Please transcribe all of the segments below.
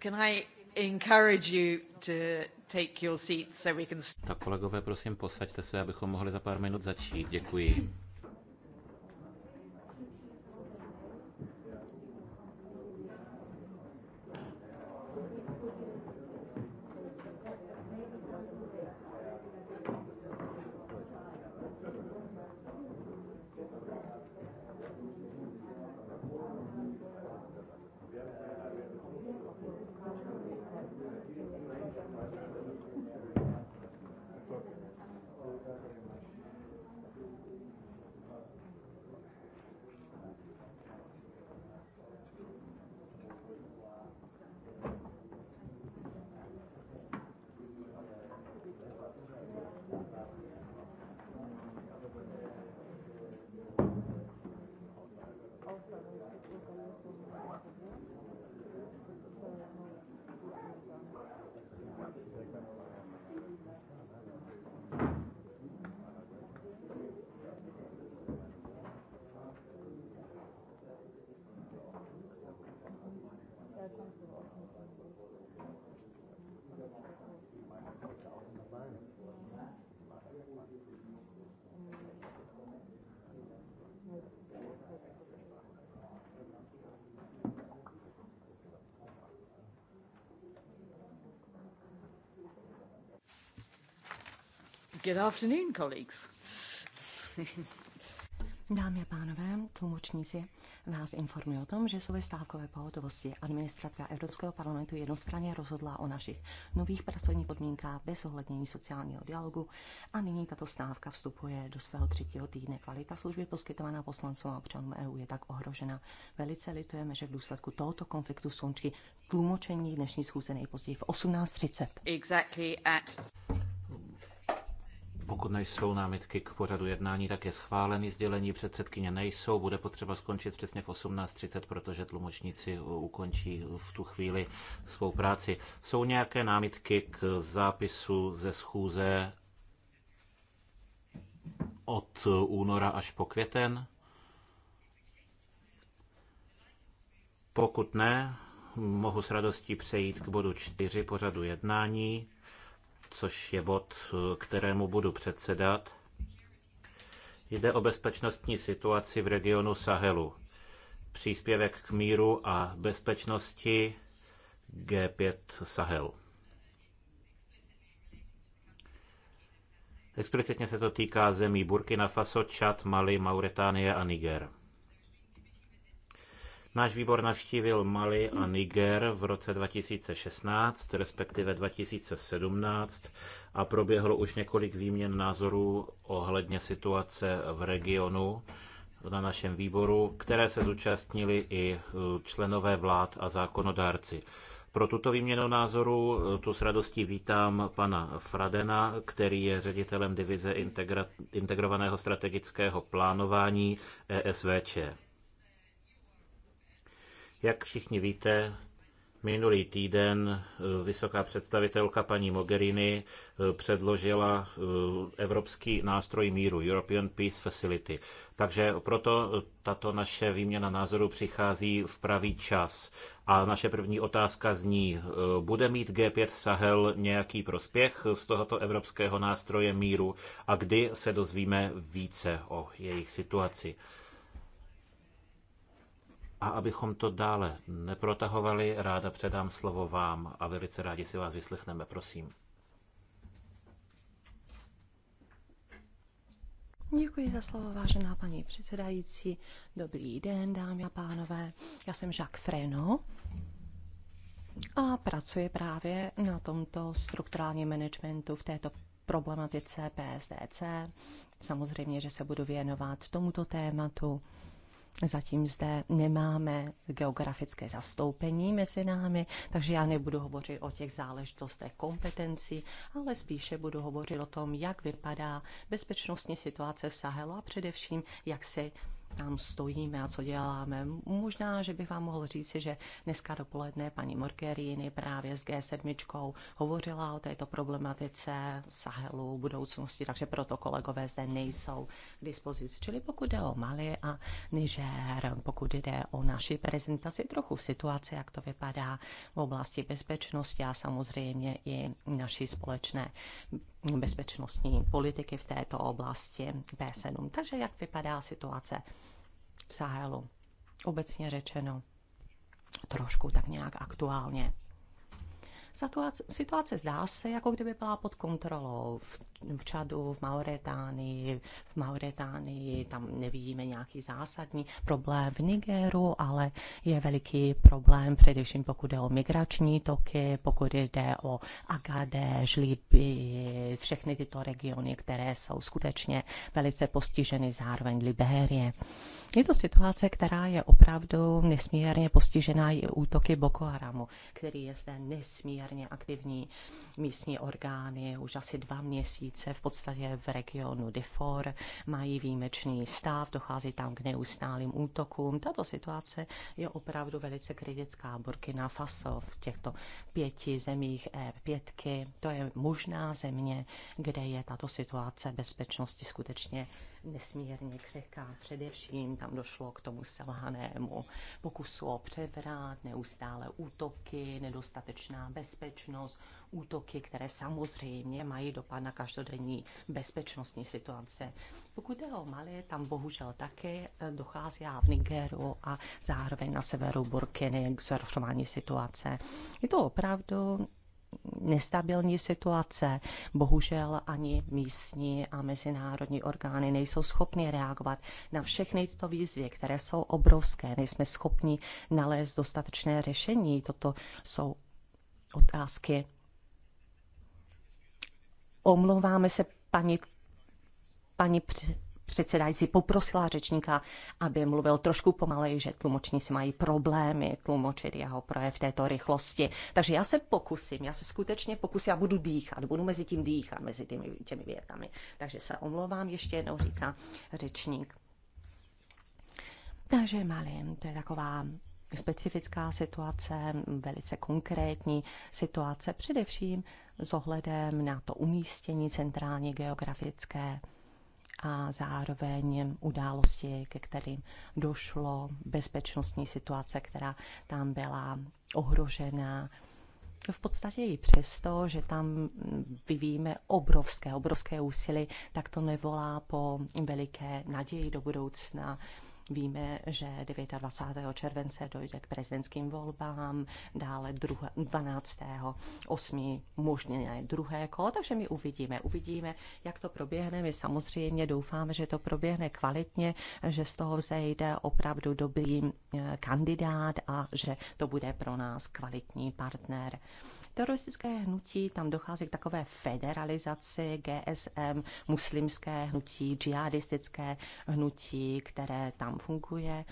can I encourage you to take your seats so we can... Tak kolegové, prosím, posaďte se, abychom mohli za pár minut začít. Děkuji. Good afternoon, colleagues. Dámy a pánové, tlumočníci nás informují o tom, že jsou ve stávkové pohotovosti. Administrativa Evropského parlamentu jednostranně rozhodla o našich nových pracovních podmínkách bez ohlednění sociálního dialogu a nyní tato stávka vstupuje do svého třetího týdne. Kvalita služby poskytovaná poslancům a občanům EU je tak ohrožena. Velice litujeme, že v důsledku tohoto konfliktu jsou tlumočení dnešní schůze nejpozději v 18.30. Exactly at... Pokud nejsou námitky k pořadu jednání, tak je schválený. Sdělení předsedkyně nejsou. Bude potřeba skončit přesně v 18.30, protože tlumočníci ukončí v tu chvíli svou práci. Jsou nějaké námitky k zápisu ze schůze od února až po květen? Pokud ne, mohu s radostí přejít k bodu 4 pořadu jednání což je bod, kterému budu předsedat. Jde o bezpečnostní situaci v regionu Sahelu. Příspěvek k míru a bezpečnosti G5 Sahel. Explicitně se to týká zemí Burkina Faso, Čad, Mali, Mauretánie a Niger. Náš výbor navštívil Mali a Niger v roce 2016, respektive 2017, a proběhlo už několik výměn názorů ohledně situace v regionu na našem výboru, které se zúčastnili i e, členové vlád a zákonodárci. Pro tuto výměnu názoru e, tu s radostí vítám pana Fradena, který je ředitelem divize integra- integrovaného strategického plánování ESVČ. Jak všichni víte, Minulý týden eh, vysoká představitelka paní Mogherini eh, předložila eh, evropský nástroj míru, European Peace Facility. Takže proto tato naše výměna názorů přichází v pravý čas. A naše první otázka zní, bude mít G5 Sahel nějaký prospěch z tohoto evropského nástroje míru a kdy se dozvíme více o jejich situaci? A abychom to dále neprotahovali, ráda předám slovo vám a velice rádi si vás vyslechneme, prosím. Děkuji za slovo, vážená paní předsedající. Dobrý den, dámy a pánové. Já jsem Jacques Freno a pracuji právě na tomto strukturálním managementu v této problematice PSDC. Samozřejmě, že se budu věnovat tomuto tématu Zatím zde nemáme geografické zastoupení mezi námi, takže já nebudu hovořit o těch záležitostech kompetencí, ale spíše budu hovořit o tom, jak vypadá bezpečnostní situace v Sahelu a především, jak se tam stojíme a co děláme. Možná, že bych vám mohl říci, že dneska dopoledne paní Morgerini právě s G7 hovořila o této problematice Sahelu, budoucnosti, takže proto kolegové zde nejsou k dispozici. Čili pokud jde o Mali a Niger, pokud jde o naši prezentaci, trochu v situaci, jak to vypadá v oblasti bezpečnosti a samozřejmě i naší společné bezpečnostní politiky v této oblasti b 7 Takže jak vypadá situace v Sahelu? Obecně řečeno, trošku tak nějak aktuálně. Situace, situace zdá se, jako kdyby byla pod kontrolou. V v Čadu, v Mauretánii. V Mauretánii tam nevidíme nějaký zásadní problém v Nigeru, ale je veliký problém především pokud jde o migrační toky, pokud jde o Agade, Žlíby, všechny tyto regiony, které jsou skutečně velice postiženy, zároveň Liberie. Je to situace, která je opravdu nesmírně postižená i útoky Boko Haramu, který je zde nesmírně aktivní. Místní orgány už asi dva měsíce tisíce v podstatě v regionu Difor mají výjimečný stav, dochází tam k neustálým útokům. Tato situace je opravdu velice kritická. Burkina Faso v těchto pěti zemích E5, eh, to je možná země, kde je tato situace bezpečnosti skutečně nesmírně křehká. Především tam došlo k tomu selhanému pokusu o převrat, neustále útoky, nedostatečná bezpečnost, útoky, které samozřejmě mají dopad na každodenní bezpečnostní situace. Pokud jde o Mali, tam bohužel také eh, dochází a v Nigeru a zároveň na severu Burkiny k zhoršování situace. Je to opravdu nestabilní situace. Bohužel ani místní a mezinárodní orgány nejsou schopny reagovat na všechny tyto výzvy, které jsou obrovské. Nejsme schopni nalézt dostatečné řešení. Toto jsou otázky. Omlouváme se paní, paní předsedající poprosila řečníka, aby mluvil trošku pomaleji, že tlumočníci mají problémy tlumočit jeho projev v této rychlosti. Takže já se pokusím, já se skutečně pokusím, já budu dýchat, budu mezi tím dýchat, mezi těmi, těmi větami. Takže se omlouvám, ještě jednou říká řečník. Takže Malin, to je taková specifická situace, velice konkrétní situace, především s ohledem na to umístění centrálně geografické a zároveň události, ke kterým došlo, bezpečnostní situace, která tam byla ohrožena. V podstatě i přesto, že tam vyvíjíme obrovské, obrovské úsilí, tak to nevolá po veliké naději do budoucna. Víme, že 29. července dojde k prezidentským volbám, dále 12. 8. možně ne druhé kolo, takže my uvidíme. Uvidíme, jak to proběhne. My samozřejmě doufáme, že to proběhne kvalitně, že z toho vzejde opravdu dobrý eh, kandidát a že to bude pro nás kvalitní partner teroristické hnutí, tam dochází k takové federalizaci GSM, muslimské hnutí, džihadistické hnutí, které tam funguje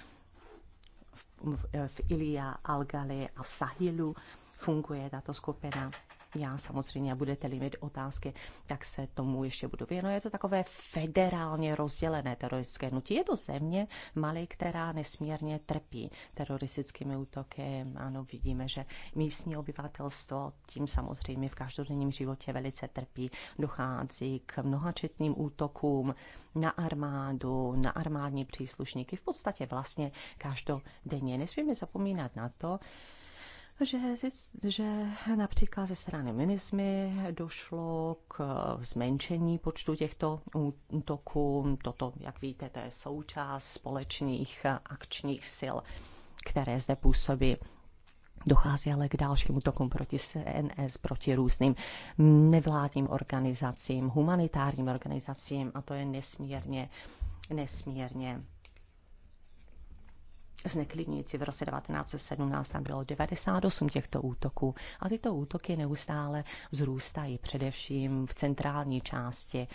v, v Ilia, Algali a v Sahilu funguje tato skupina. Já samozřejmě budete-li mít otázky, tak se tomu ještě budu věnovat. Je to takové federálně rozdělené teroristické nutí. Je to země malé, která nesmírně trpí teroristickými útoky. Ano, vidíme, že místní obyvatelstvo tím samozřejmě v každodenním životě velice trpí. Dochází k mnohačetným útokům na armádu, na armádní příslušníky. V podstatě vlastně každodenně. Nesmíme zapomínat na to, že, že například ze strany minismy došlo k eh, zmenšení počtu těchto útoků. Toto, jak víte, to je součást společných eh, akčních sil, které zde působí. Dochází ale k dalším útokům proti CNS, proti různým nevládním organizacím, humanitárním organizacím a to je nesmírně, nesmírně zneklidňující. V roce 1917 tam bylo 98 těchto útoků a tyto útoky neustále zrůstají, především v centrální části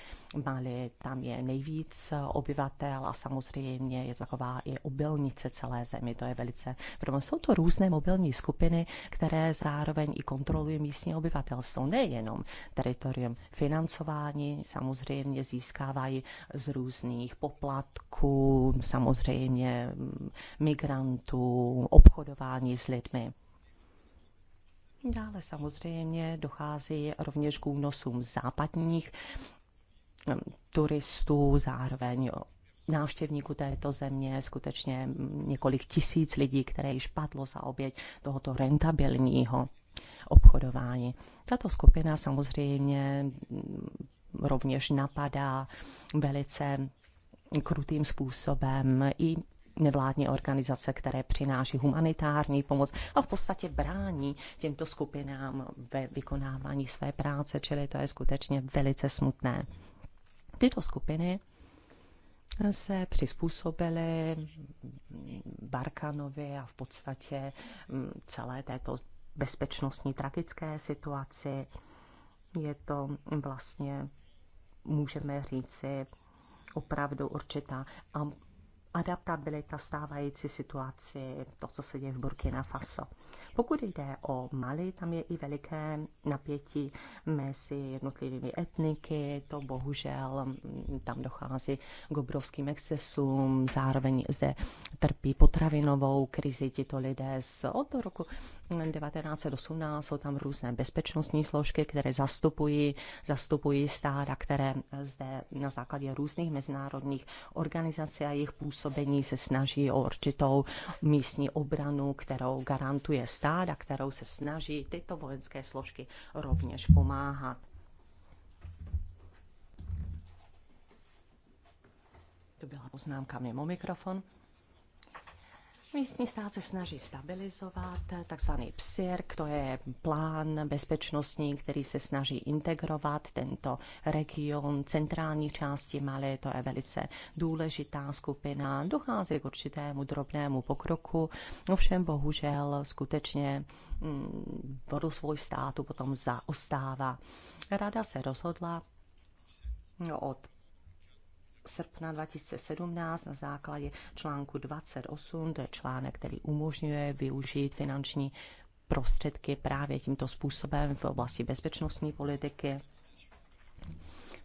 Mali. Tam je nejvíc obyvatel a samozřejmě je to taková i obilnice celé země. To je velice problém. Jsou to různé mobilní skupiny, které zároveň i kontrolují místní obyvatelstvo. Nejenom teritorium financování, samozřejmě získávají z různých poplatků, samozřejmě migr mm, migrantů, obchodování s lidmi. Dále samozřejmě dochází rovněž k únosům západních turistů, zároveň návštěvníků této země, skutečně několik tisíc lidí, které již padlo za oběť tohoto rentabilního obchodování. Tato skupina samozřejmě rovněž napadá velice krutým způsobem i nevládní organizace, které přináší humanitární pomoc a v podstatě brání těmto skupinám ve vykonávání své práce, čili to je skutečně velice smutné. Tyto skupiny se přizpůsobily Barkanovi a v podstatě mm, celé této bezpečnostní tragické situaci. Je to vlastně, můžeme říci, opravdu určitá adaptabilita stávající situaci, to, co se děje v Burkina Faso. Pokud jde o Mali, tam je i veliké napětí mezi jednotlivými etniky, to bohužel mm, tam dochází k obrovským excesům, zároveň zde trpí potravinovou krizi tito lidé z od roku 1918 jsou tam různé bezpečnostní složky, které zastupují, zastupují stáda, které zde na základě různých mezinárodních organizací a jejich působení se snaží o určitou místní obranu, kterou garantuje je stáda, kterou se snaží tyto vojenské složky rovněž pomáhat. To byla poznámka mimo mikrofon. Místní stát se snaží stabilizovat eh, takzvaný PSIRK, to je plán bezpečnostní, který se snaží integrovat tento region centrální části Mali, to je velice důležitá skupina. Dochází k určitému drobnému pokroku, ovšem bohužel skutečně mm, vodu svůj státu potom zaostává. Rada se rozhodla no, od srpna 2017 na základě článku 28, to je článek, který umožňuje využít finanční prostředky právě tímto způsobem v oblasti bezpečnostní politiky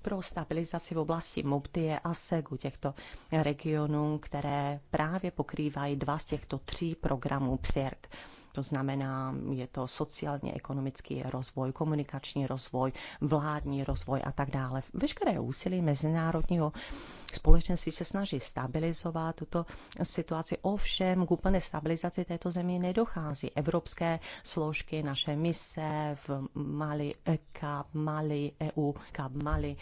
pro stabilizaci v oblasti Mobtie a Segu těchto regionů, které právě pokrývají dva z těchto tří programů PSIRK. E to znamená, je to sociálně ekonomický rozvoj, komunikační rozvoj, vládní rozvoj a tak dále. Veškeré úsilí mezinárodního společenství se snaží stabilizovat tuto situaci. Ovšem k úplné stabilizaci této země nedochází. Evropské složky, naše mise v Mali, EK, Mali, EU, Kab Mali,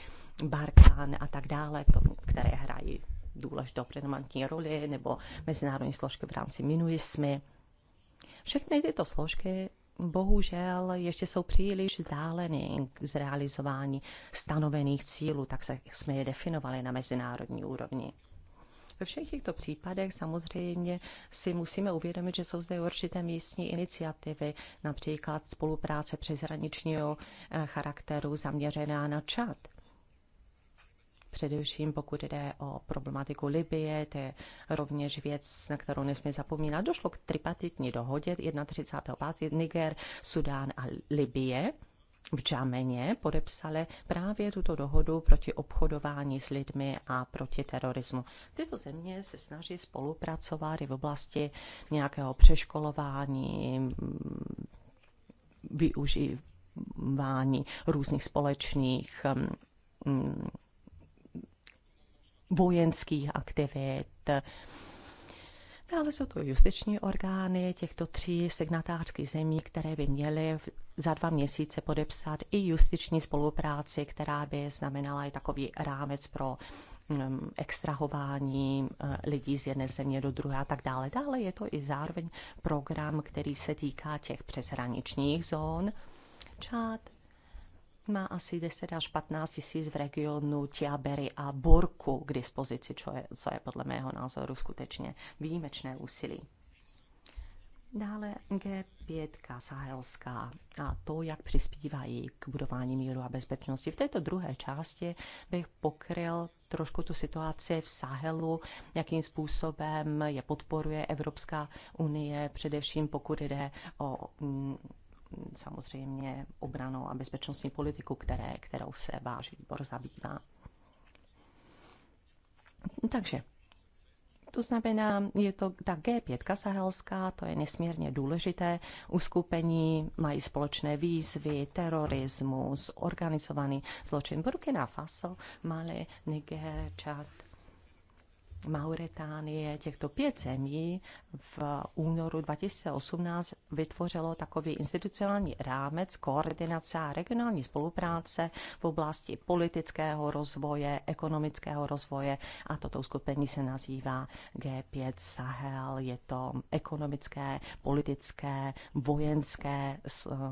Barkán a tak dále, které hrají důležitou predominantní roli, nebo mezinárodní složky v rámci MINUISMY všechny tyto složky bohužel ještě jsou příliš vzdáleny k zrealizování stanovených cílů, tak se, jsme je definovali na mezinárodní úrovni. Ve všech těchto případech samozřejmě si musíme uvědomit, že jsou zde určité místní iniciativy, například spolupráce přeshraničního eh, charakteru zaměřená na čat především pokud jde o problematiku Libie, to je rovněž věc, na kterou nesmí zapomínat. Došlo k tripatitní dohodě 31.5. Niger, Sudán a Libie v Džameně podepsali právě tuto dohodu proti obchodování s lidmi a proti terorismu. Tyto země se snaží spolupracovat i v oblasti nějakého přeškolování, využívání různých společných mm, vojenských aktivit. Dále jsou to justiční orgány těchto tří signatářských zemí, které by měly za dva měsíce podepsat i justiční spolupráci, která by znamenala i takový rámec pro mm, extrahování eh, lidí z jedné země do druhé a tak dále. Dále je to i zároveň program, který se týká těch přeshraničních zón. Čát, má asi 10 až 15 tisíc v regionu Tiabery a Borku k dispozici, co je, co je podle mého názoru skutečně výjimečné úsilí. Dále G5 sahelská a to, jak přispívají k budování míru a bezpečnosti. V této druhé části bych pokryl trošku tu situaci v Sahelu, jakým způsobem je podporuje Evropská unie, především pokud jde o mm, samozřejmě obranou a bezpečnostní politiku, které, kterou se váš výbor zabývá. Takže to znamená, je to ta G5 sahelská, to je nesmírně důležité uskupení, mají společné výzvy, terorismus, organizovaný zločin. Burkina Faso, Mali, Niger, Čad, Mauretánie těchto pět zemí v únoru 2018 vytvořilo takový institucionální rámec koordinace a regionální spolupráce v oblasti politického rozvoje, ekonomického rozvoje a toto uskupení se nazývá G5 Sahel. Je to ekonomické, politické, vojenské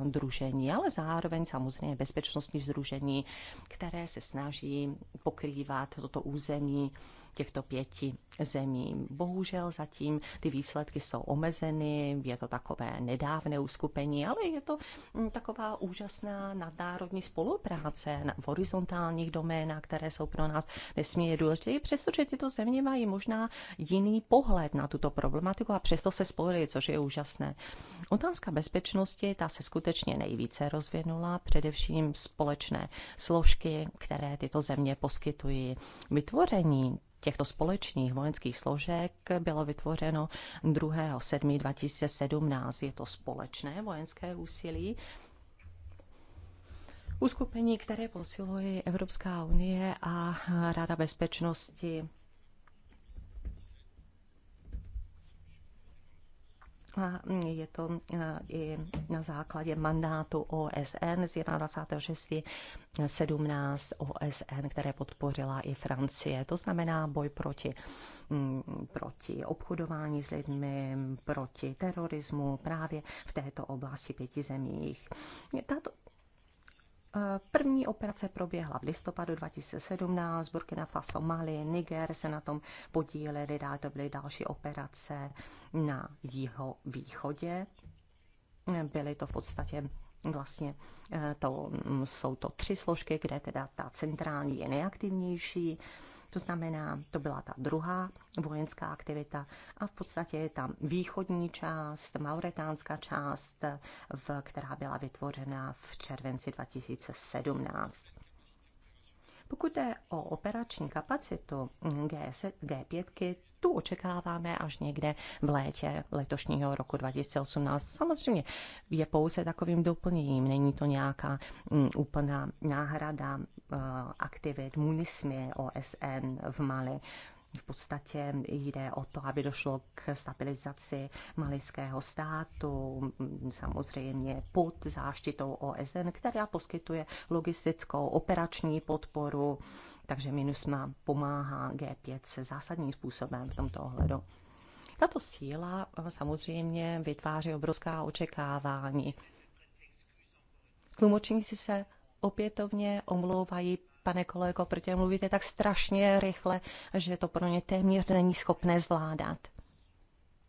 združení, eh, ale zároveň samozřejmě bezpečnostní združení, které se snaží pokrývat toto území těchto pěti zemí. Bohužel zatím ty výsledky jsou omezeny, je to takové nedávné uskupení, ale je to mm, taková úžasná nadnárodní spolupráce v horizontálních doménách, které jsou pro nás nesmírně důležité, přestože tyto země mají možná jiný pohled na tuto problematiku a přesto se spojili, což je úžasné. Otázka bezpečnosti, ta se skutečně nejvíce rozvinula, především společné složky, které tyto země poskytují. Vytvoření těchto společných vojenských složek bylo vytvořeno 2.7.2017. Je to společné vojenské úsilí, Uskupení, které posiluje Evropská unie a Rada bezpečnosti a je to e, i na základě mandátu OSN z 21.6.17 OSN, které podpořila i Francie. To znamená boj proti, mm, proti obchodování s lidmi, proti terorismu právě v této oblasti pěti zemích. Tato, První operace proběhla v listopadu 2017, Burkina Faso, Mali, Niger se na tom podíleli, dál to byly další operace na jeho východě. Byly to v podstatě vlastně eh, to, mm, jsou to tři složky, kde teda ta centrální je nejaktivnější, to znamená, to byla ta druhá vojenská aktivita a v podstatě je tam východní část, mauretánská část, v, která byla vytvořena v červenci 2017. Pokud jde o operační kapacitu G5, tu očekáváme až někde v létě letošního roku 2018. Samozřejmě je pouze takovým doplněním, není to nějaká mm, úplná náhrada eh, aktivit munismy OSN v Mali. V podstatě jde o to, aby došlo k stabilizaci malijského státu, mm, samozřejmě pod záštitou OSN, která poskytuje logistickou operační podporu, takže MINUSMA pomáhá G5 se zásadním způsobem v tomto ohledu. Tato síla eh, samozřejmě vytváří obrovská očekávání. Tlumočníci se opětovně omlouvají, pane kolego, protože mluvíte tak strašně rychle, že to pro ně téměř není schopné zvládat.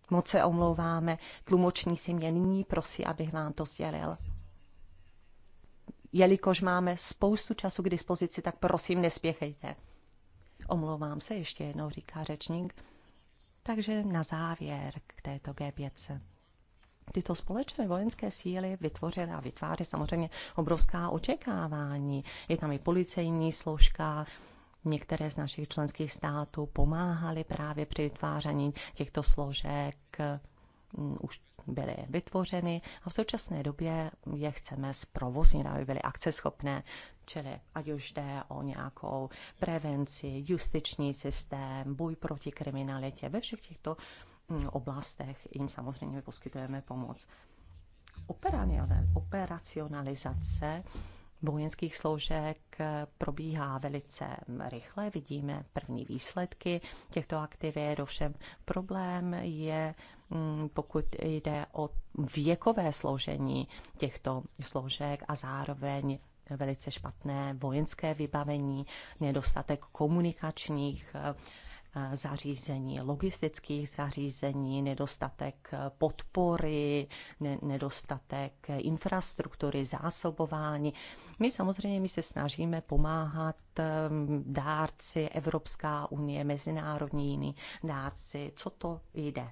Moc se omlouváme, tlumočníci mě nyní prosí, abych vám to sdělil jelikož máme spoustu času k dispozici, tak prosím nespěchejte. Omlouvám se, ještě jednou říká řečník. Takže na závěr k této G5. Tyto společné vojenské síly vytvořily a vytváří samozřejmě obrovská očekávání. Je tam i policejní složka, Některé z našich členských států pomáhaly právě při vytváření těchto složek. Už byly vytvořeny a v současné době je chceme zprovoznit, aby byly akceschopné, čili ať už jde o nějakou prevenci, justiční systém, boj proti kriminalitě, ve všech těchto mm, oblastech jim samozřejmě poskytujeme pomoc. Operacionalizace vojenských složek eh, probíhá velice mm, rychle. Vidíme první výsledky těchto aktivit, ovšem problém je Mm, pokud jde o věkové složení těchto složek a zároveň velice špatné vojenské vybavení, nedostatek komunikačních eh, eh, zařízení, logistických zařízení, nedostatek eh, podpory, nedostatek infrastruktury, zásobování. My samozřejmě my se snažíme pomáhat ehm, dárci Evropská unie, mezinárodní jiný dárci, co to jde.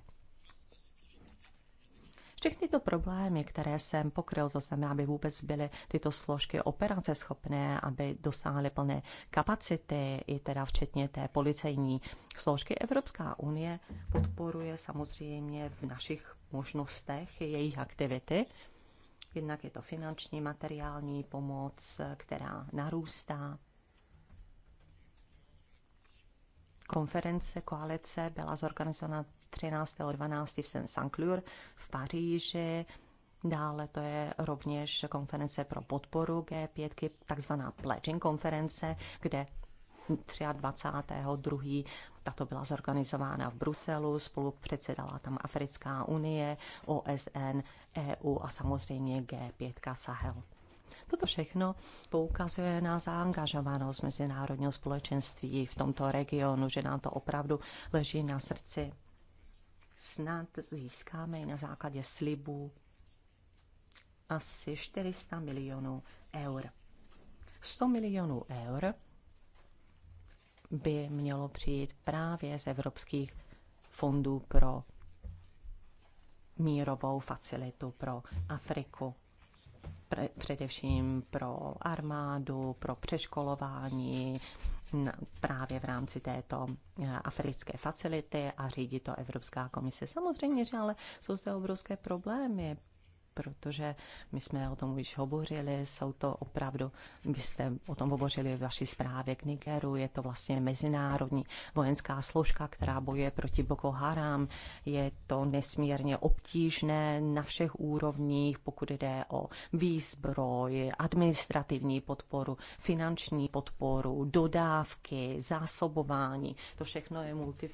Všechny ty problémy, které jsem pokryl, to znamená, aby vůbec byly tyto složky operace schopné, aby dosáhly plné kapacity, i teda včetně té policejní složky. Evropská unie podporuje samozřejmě v našich možnostech jejich aktivity. Jednak je to finanční, materiální pomoc, která narůstá konference koalice byla zorganizována 13. 12. v Saint-Clair v Paříži. Dále to je rovněž konference pro podporu G5, takzvaná pledging konference, kde 23.2. Tato byla zorganizována v Bruselu, spolu předsedala tam Africká unie, OSN, EU a samozřejmě G5 Sahel. Toto všechno poukazuje na zaangažovanost mezinárodního společenství v tomto regionu, že nám to opravdu leží na srdci. Snad získáme i na základě slibů asi 400 milionů eur. 100 milionů eur by mělo přijít právě z evropských fondů pro mírovou facilitu pro Afriku pre, především pro armádu, pro přeškolování právě v rámci této eh, africké facility a řídí to Evropská komise. Samozřejmě, že ale jsou zde obrovské problémy, protože my jsme o tom už hovořili, jsou to opravdu, vy jste o tom hovořili v vaší zprávě k Nigeru, je to vlastně mezinárodní vojenská složka, která bojuje proti Boko Haram, je to nesmírně obtížné na všech úrovních, pokud jde o výzbroj, administrativní podporu, finanční podporu, dodávky, zásobování, to všechno je multi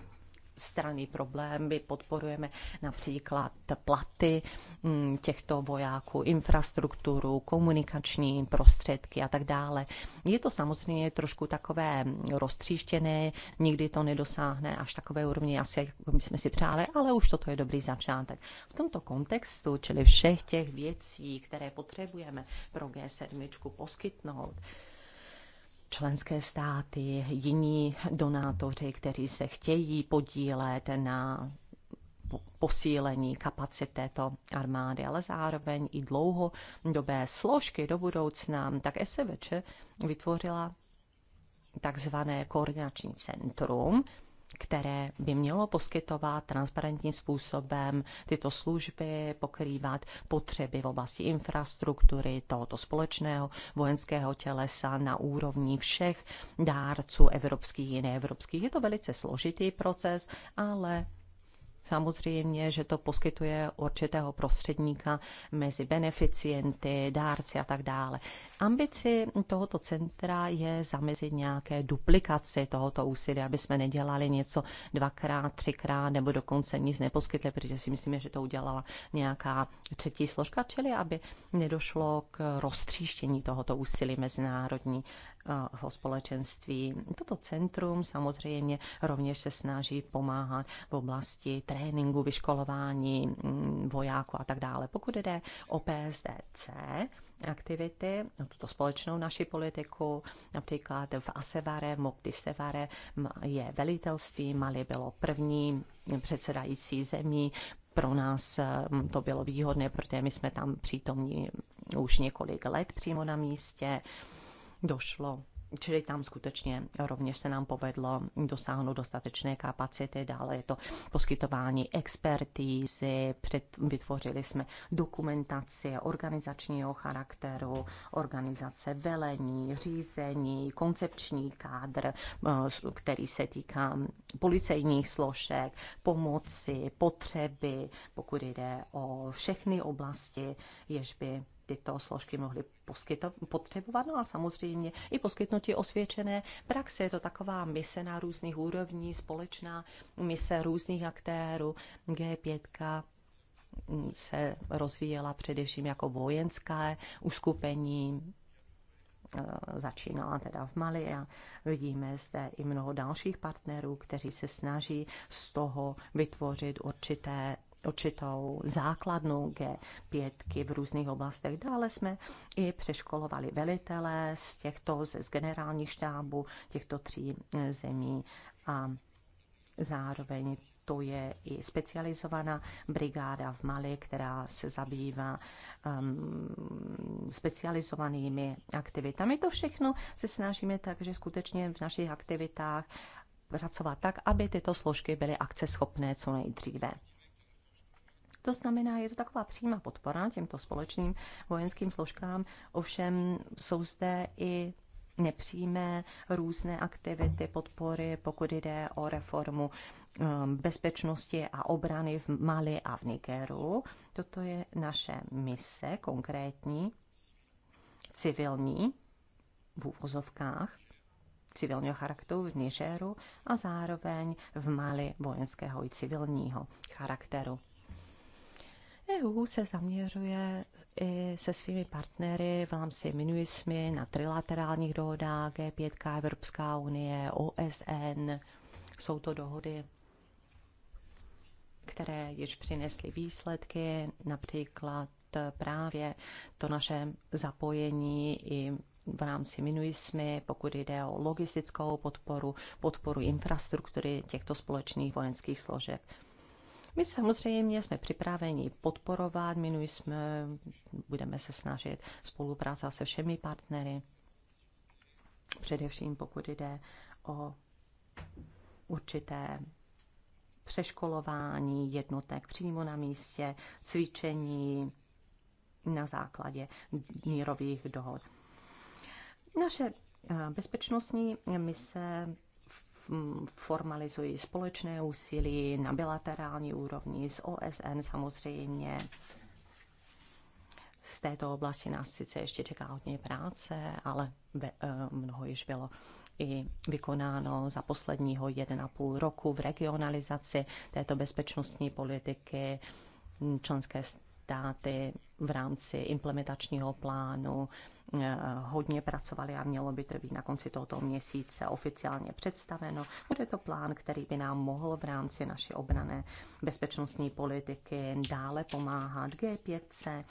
straný problém. My podporujeme například platy mm, těchto vojáků, infrastrukturu, komunikační prostředky a tak dále. Je to samozřejmě trošku takové mm, roztříštěné, nikdy to nedosáhne až takové úrovně, asi jak jsme si přáli, ale už toto je dobrý začátek. V tomto kontextu, čili všech těch věcí, které potřebujeme pro G7 poskytnout, členské státy, jiní donátoři, kteří se chtějí podílet na posílení kapacit této armády, ale zároveň i dlouhodobé složky do budoucna, tak SVČ vytvořila takzvané koordinační centrum, které by mělo poskytovat transparentním způsobem tyto služby, pokrývat potřeby v oblasti infrastruktury tohoto společného vojenského tělesa na úrovni všech dárců evropských i neevropských. Je to velice složitý proces, ale Samozřejmě, že to poskytuje určitého prostředníka mezi beneficienty, dárci a tak dále. Ambici tohoto centra je zamezit nějaké duplikaci tohoto úsilí, aby jsme nedělali něco dvakrát, třikrát nebo dokonce nic neposkytli, protože si myslíme, že to udělala nějaká třetí složka, čili aby nedošlo k roztříštění tohoto úsilí mezinárodní v eh, společenství. Toto centrum samozřejmě rovněž se snaží pomáhat v oblasti tréninku, vyškolování mm, vojáků a tak dále. Pokud jde o PSDC, aktivity, no, tuto společnou naši politiku, například v Asevare, Mopti Sevare je velitelství, Mali bylo první předsedající zemí, pro nás to bylo výhodné, protože my jsme tam přítomní už několik let přímo na místě došlo. Čili tam skutečně rovněž se nám povedlo dosáhnout dostatečné kapacity. Dále je to poskytování expertízy, před, vytvořili jsme dokumentaci organizačního charakteru, organizace velení, řízení, koncepční kádr, eh, který se týká policejních složek, pomoci, potřeby, pokud jde o všechny oblasti, jež by tyto složky mohly potřebovat. No a samozřejmě i poskytnutí osvědčené praxe. Je to taková mise na různých úrovních společná mise různých aktérů. G5 se rozvíjela především jako vojenské uskupení, e, začínala teda v Mali a vidíme zde i mnoho dalších partnerů, kteří se snaží z toho vytvořit určité určitou základnou G5 v různých oblastech. Dále jsme i přeškolovali velitele z těchto, z generální štábu těchto tří e, zemí a zároveň to je i specializovaná brigáda v Mali, která se zabývá um, specializovanými aktivitami. To všechno se snažíme tak, že skutečně v našich aktivitách pracovat tak, aby tyto složky byly akceschopné co nejdříve. To znamená, je to taková přímá podpora těmto společným vojenským složkám, ovšem jsou zde i nepřímé různé aktivity podpory, pokud jde o reformu um, bezpečnosti a obrany v Mali a v Nigeru. Toto je naše mise konkrétní, civilní, v úvozovkách, civilního charakteru v Nigeru a zároveň v Mali vojenského i civilního charakteru. EU se zaměřuje i se svými partnery v rámci MINUISMY na trilaterálních dohodách G5, Evropská unie, OSN. Jsou to dohody, které již přinesly výsledky, například právě to naše zapojení i v rámci MINUISMY, pokud jde o logistickou podporu, podporu infrastruktury těchto společných vojenských složek. My samozřejmě jsme připraveni podporovat, my jsme, budeme se snažit spolupracovat se všemi partnery, především pokud jde o určité přeškolování jednotek přímo na místě, cvičení na základě mírových dohod. Naše eh, bezpečnostní mise formalizují společné úsilí na bilaterální úrovni s OSN samozřejmě. Z této oblasti nás sice ještě čeká hodně práce, ale eh, mnoho již bylo i vykonáno za posledního 1,5 roku v regionalizaci této bezpečnostní politiky členské státy v rámci implementačního plánu Eh, hodně pracovali a mělo by to být na konci tohoto měsíce oficiálně představeno. Bude to plán, který by nám mohl v rámci naší obrané bezpečnostní politiky dále pomáhat G5C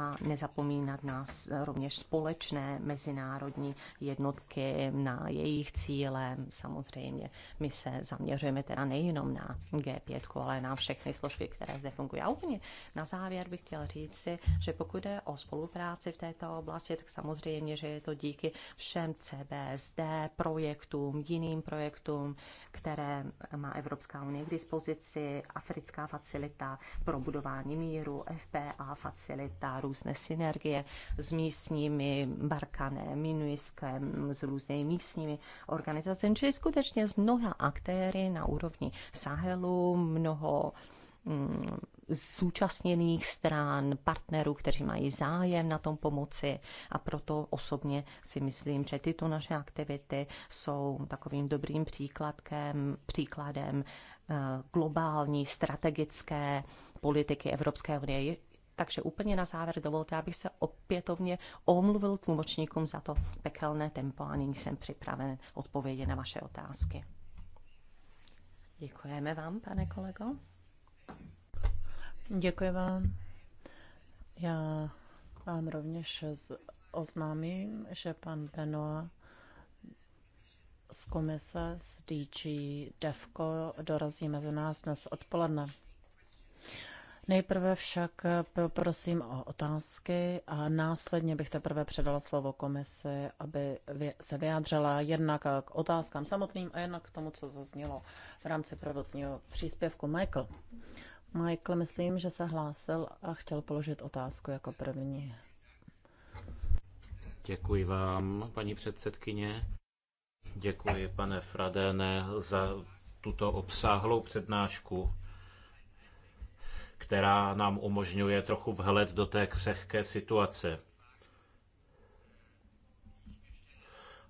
a nezapomínat na rovněž společné mezinárodní jednotky, na jejich cíle. Samozřejmě my se zaměřujeme teda nejenom na G5, ale na všechny složky, které zde fungují. A úplně na závěr bych chtěl říci, že pokud jde o spolupráci v této oblasti, tak samozřejmě, že je to díky všem CBSD projektům, jiným projektům, které má Evropská unie k dispozici, africká facilita pro budování míru, FPA facilita, různé synergie s místními Barkané, Minuiskem, s různými místními organizacemi, čili skutečně s mnoha aktéry na úrovni Sahelu, mnoho Mm, zúčastněných stran, partnerů, kteří mají zájem na tom pomoci a proto osobně si myslím, že tyto naše aktivity jsou takovým dobrým příkladkem, příkladem eh, globální strategické politiky Evropské unie. Takže úplně na závěr dovolte, abych se opětovně omluvil tlumočníkům za to pekelné tempo a nyní jsem připraven odpovědět na vaše otázky. Děkujeme vám, pane kolego. Děkuji vám. Já vám rovněž oznámím, že pan Benoa z komise z DG DEFCO dorazí mezi nás dnes odpoledne. Nejprve však poprosím o otázky a následně bych teprve předala slovo komisi, aby se vyjádřila jednak k otázkám samotným a jednak k tomu, co zaznělo v rámci prvotního příspěvku. Michael. Michael, myslím, že se hlásil a chtěl položit otázku jako první. Děkuji vám, paní předsedkyně. Děkuji, pane Fradéne, za tuto obsáhlou přednášku, která nám umožňuje trochu vhled do té křehké situace.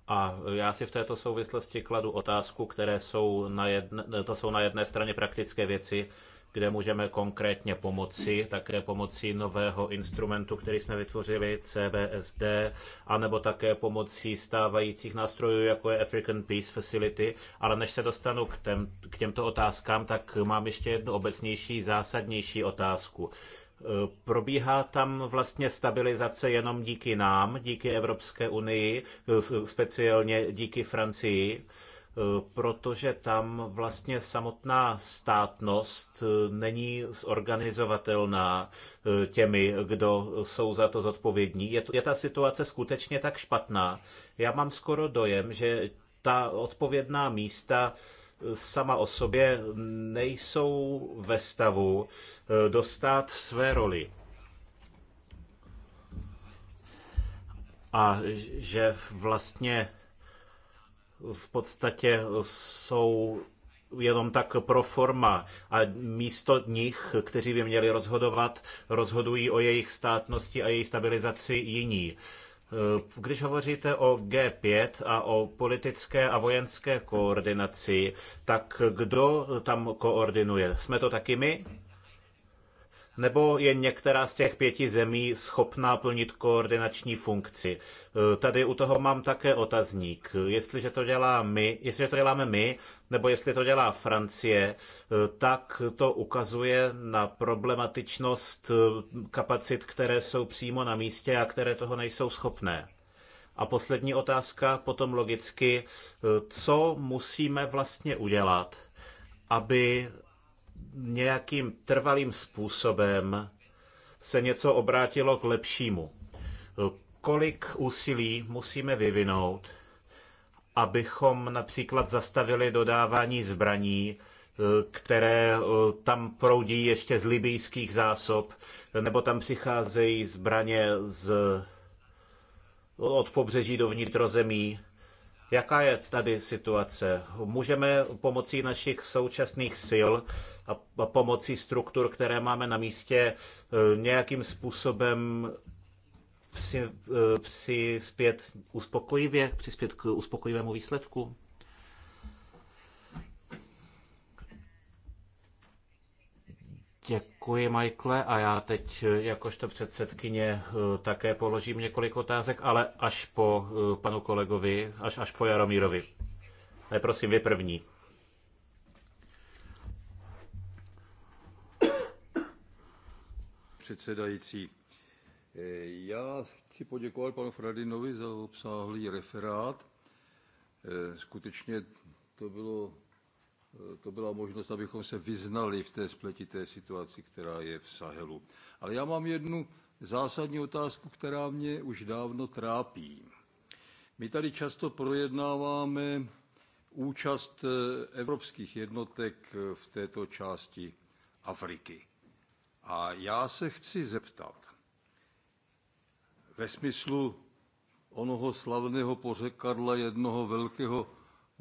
A já si v této souvislosti kladu otázku, které jsou na jedne, to jsou na jedné straně praktické věci, kde můžeme konkrétně pomoci, také pomocí nového instrumentu, který jsme vytvořili, CBSD, anebo také pomocí stávajících nástrojů, jako je African Peace Facility. Ale než se dostanu k, těm, k těmto otázkám, tak mám ještě jednu obecnější, zásadnější otázku. Probíhá tam vlastně stabilizace jenom díky nám, díky Evropské unii, speciálně díky Francii. Eh, protože tam vlastně samotná státnost eh, není zorganizovatelná eh, těmi, kdo jsou za to zodpovědní. Je, to je ta situace skutečně tak špatná? Já mám skoro dojem, že ta odpovědná místa sama o sobě nejsou ve stavu dostat své roli. A že vlastně v podstatě jsou jenom tak pro forma a místo nich, kteří by měli rozhodovat, rozhodují o jejich státnosti a její stabilizaci jiní. Když hovoříte o G5 a o politické a vojenské koordinaci, tak kdo tam koordinuje? Jsme to taky my? nebo je některá z těch pěti zemí schopná plnit koordinační funkci? Eh, tady u toho mám také otazník. Jestliže to, dělá my, jestliže to děláme my, nebo jestli to dělá Francie, eh, tak to ukazuje na problematičnost eh, kapacit, které jsou přímo na místě a které toho nejsou schopné. A poslední otázka, potom logicky, co musíme vlastně udělat, aby nějakým trvalým způsobem se něco obrátilo k lepšímu. Kolik úsilí musíme vyvinout, abychom například zastavili dodávání zbraní, které eh, tam proudí ještě z libijských zásob, nebo tam přicházejí zbraně z, od pobřeží do vnitrozemí. Jaká je tady situace? Můžeme pomocí našich současných sil a pomocí struktur, které máme na místě, e, nějakým způsobem e, přispět uspokojivě, přispět k uspokojivému výsledku? Děkuji, Michael a já teď eh, jakožto předsedkyně eh, také položím několik otázek, ale až po eh, panu kolegovi, až, až po Jaromírovi. Ne, prosím, vy první. Předsedající, já chci poděkovat panu Fradinovi za obsáhlý referát. Skutečně to bylo to byla možnost, abychom se vyznali v té spletité situaci, která je v Sahelu. Ale já mám jednu zásadní otázku, která mě už dávno trápí. My tady často projednáváme účast eh, evropských jednotek eh, v této části Afriky. A já se chci zeptat, ve smyslu onoho slavného pořekadla jednoho velkého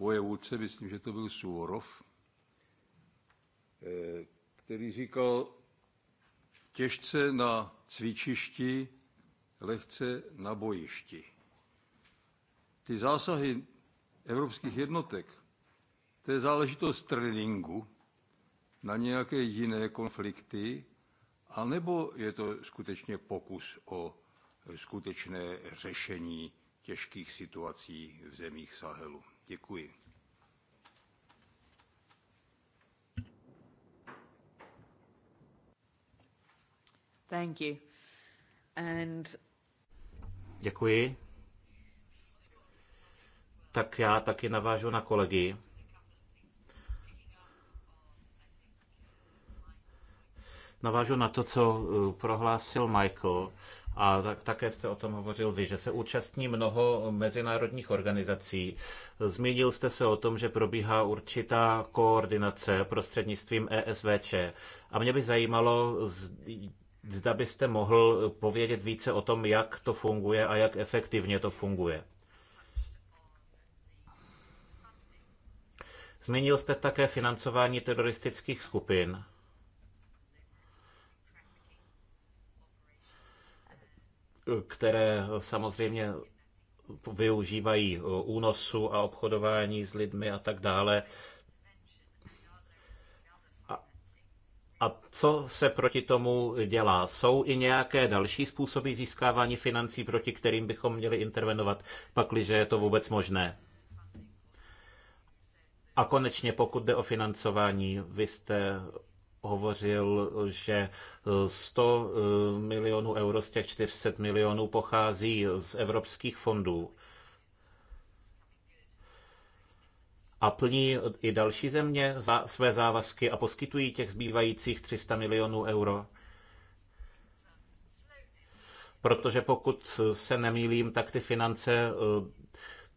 vojevůdce, myslím, že to byl Suvorov, eh, který říkal, těžce na cvičišti, lehce na bojišti. Ty zásahy evropských jednotek, to je záležitost tréninku na nějaké jiné konflikty, anebo je to skutečně pokus o eh, skutečné řešení těžkých situací v zemích Sahelu? Děkuji. Thank you. And... Děkuji. Tak já taky navážu na kolegy. Navážu na to, co eh, prohlásil Michael a také jste o tom hovořil vy, že se účastní mnoho mezinárodních organizací. Zmínil jste se o tom, že probíhá určitá koordinace prostřednictvím ESVČ. A mě by zajímalo, zda byste mohl povědět více o tom, jak to funguje a jak efektivně to funguje. Zmínil jste také financování teroristických skupin. které samozřejmě využívají eh, únosu a obchodování s lidmi a tak dále. A co se proti tomu dělá? Jsou i nějaké další způsoby získávání financí, proti kterým bychom měli intervenovat, pakliže je to vůbec možné? A konečně, pokud jde o financování, vy jste hovořil, že 100 eh, eh, milionů euro z těch 400 milionů pochází z evropských fondů. a plní i další země za své závazky a poskytují těch zbývajících 300 milionů euro? Protože pokud se nemýlím, tak ty finance eh,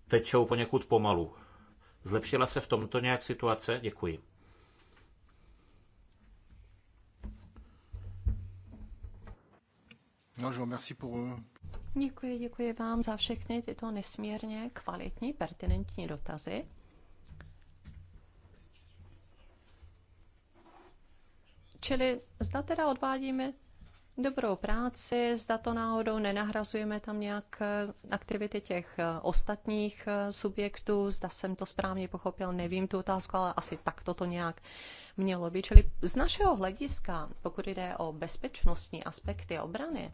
tečou poněkud pomalu. Zlepšila se v tomto nějak situace? Děkuji. No, je merci pour eux. Děkuji, děkuji vám za všechny tyto nesmírně kvalitní, pertinentní dotazy. Čili zda teda odvádíme dobrou práci, zda to náhodou nenahrazujeme tam nějak eh, aktivity těch eh, ostatních eh, subjektů, zda jsem to správně pochopil, nevím tu otázku, ale asi tak to nějak mělo být. Čili z našeho hlediska, pokud jde o bezpečnostní aspekty obrany,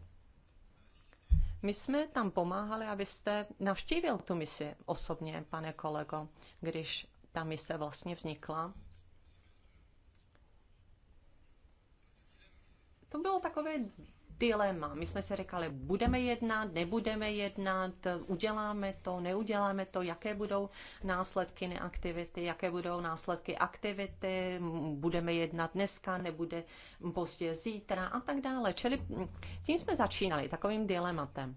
my jsme tam pomáhali, abyste navštívil tu misi osobně, pane kolego, když ta mise vlastně vznikla. To bylo takové dilema. My jsme se říkali, budeme jednat, nebudeme jednat, uděláme to, neuděláme to, jaké budou následky neaktivity, jaké budou následky aktivity, budeme jednat dneska, nebude pozdě zítra a tak dále. Čili tím jsme začínali, takovým dilematem.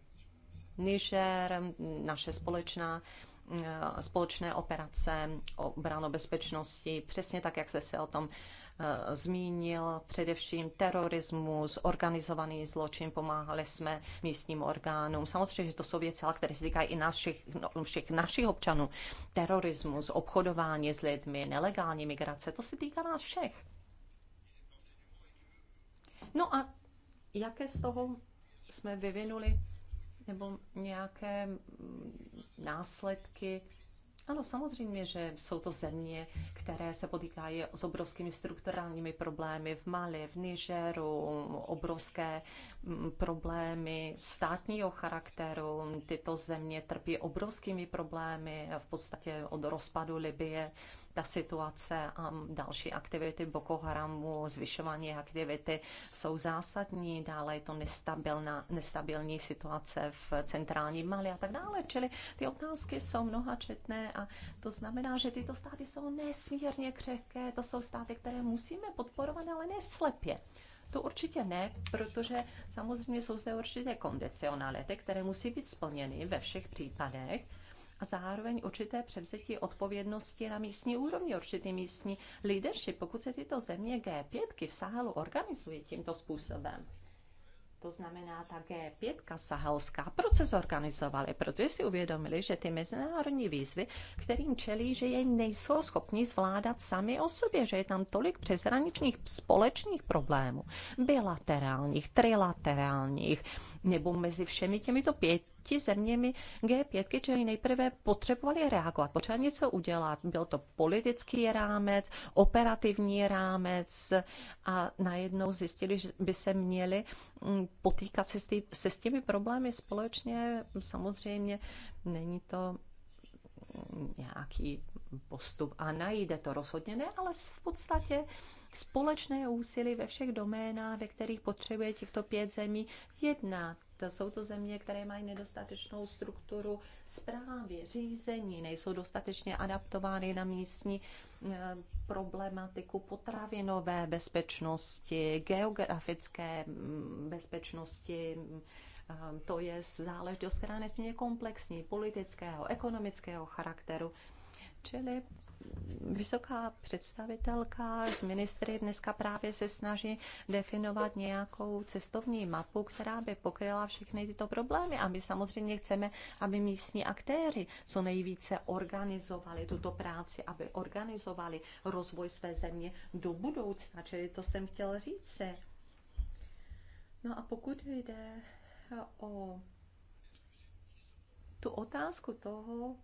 Niger, naše společná eh, společné operace o bezpečnosti. přesně tak, jak jste se o tom Eh, zmínil, především terorismus, organizovaný zločin, pomáhali jsme místním orgánům. Samozřejmě, že to jsou věci, které se týkají i nás no, všech našich občanů. Terorismus, obchodování s lidmi, nelegální migrace, to se týká nás všech. No a jaké z toho jsme vyvinuli nebo nějaké mm, následky ano, samozřejmě, že jsou to země, které se potýkají s obrovskými strukturálními problémy v Mali, v Nigeru, obrovské mm, problémy státního charakteru. Tyto země trpí obrovskými problémy v podstatě od rozpadu Libie ta situace a další aktivity Boko Haramu, zvyšování aktivity jsou zásadní, dále je to nestabilná, nestabilní situace v centrální Mali a tak dále. Čili ty otázky jsou mnoha četné a to znamená, že tyto státy jsou nesmírně křehké, to jsou státy, které musíme podporovat, ale neslepě. To určitě ne, protože samozřejmě jsou zde určité kondicionality, které musí být splněny ve všech případech a zároveň určité převzetí odpovědnosti na místní úrovni, určitý místní leadership, pokud se tyto země G5 v Sahelu organizují tímto způsobem. To znamená, ta G5 sahelská proces organizovali, protože si uvědomili, že ty mezinárodní výzvy, kterým čelí, že je nejsou schopni zvládat sami o sobě, že je tam tolik přeshraničních společných problémů, bilaterálních, trilaterálních, nebo mezi všemi těmito pěti zeměmi G5, čili nejprve potřebovali reagovat, potřebovali něco udělat. Byl to politický rámec, operativní rámec a najednou zjistili, že by se měli mm, potýkat se s, tý, se s těmi problémy společně. Samozřejmě není to mm, nějaký postup a najde to rozhodně ne, ale v podstatě společné úsilí ve všech doménách, ve kterých potřebuje těchto pět zemí jednat to jsou to země, které mají nedostatečnou strukturu zprávy, řízení, nejsou dostatečně adaptovány na místní eh, problematiku potravinové bezpečnosti, geografické mm, bezpečnosti, eh, to je záležitost, která je nesmírně komplexní, politického, ekonomického charakteru. Čili vysoká představitelka z ministry dneska právě se snaží definovat nějakou cestovní mapu, která by pokryla všechny tyto problémy. A my samozřejmě chceme, aby místní aktéři co nejvíce organizovali tuto práci, aby organizovali rozvoj své země do budoucna. Čili to jsem chtěl říct. No a pokud jde o tu otázku toho,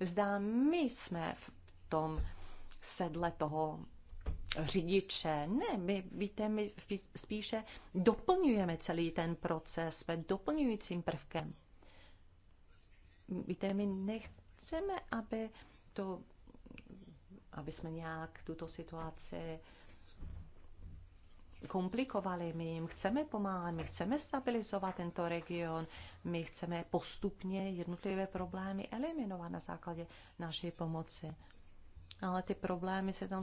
Zdá my jsme v tom sedle toho řidiče. Ne, my, víte, my spíše doplňujeme celý ten proces, jsme doplňujícím prvkem. Víte, my nechceme, aby to, aby jsme nějak tuto situaci komplikovali. My jim chceme pomáhat, my chceme stabilizovat tento region, my chceme postupně jednotlivé problémy eliminovat na základě naší pomoci ale ty problémy se tam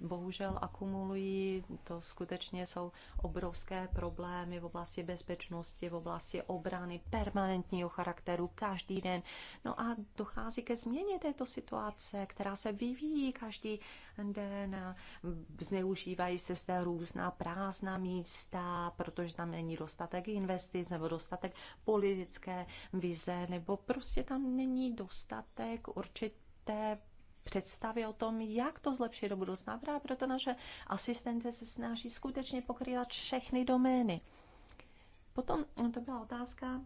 bohužel akumulují. To skutečně jsou obrovské problémy v oblasti bezpečnosti, v oblasti obrany permanentního charakteru každý den. No a dochází ke změně této situace, která se vyvíjí každý den a zneužívají se zde různá prázdná místa, protože tam není dostatek investic nebo dostatek politické vize, nebo prostě tam není dostatek určitě té představy o tom, jak to zlepšit do budoucna. Právě proto naše asistence se snaží skutečně pokrývat všechny domény. Potom no, to byla otázka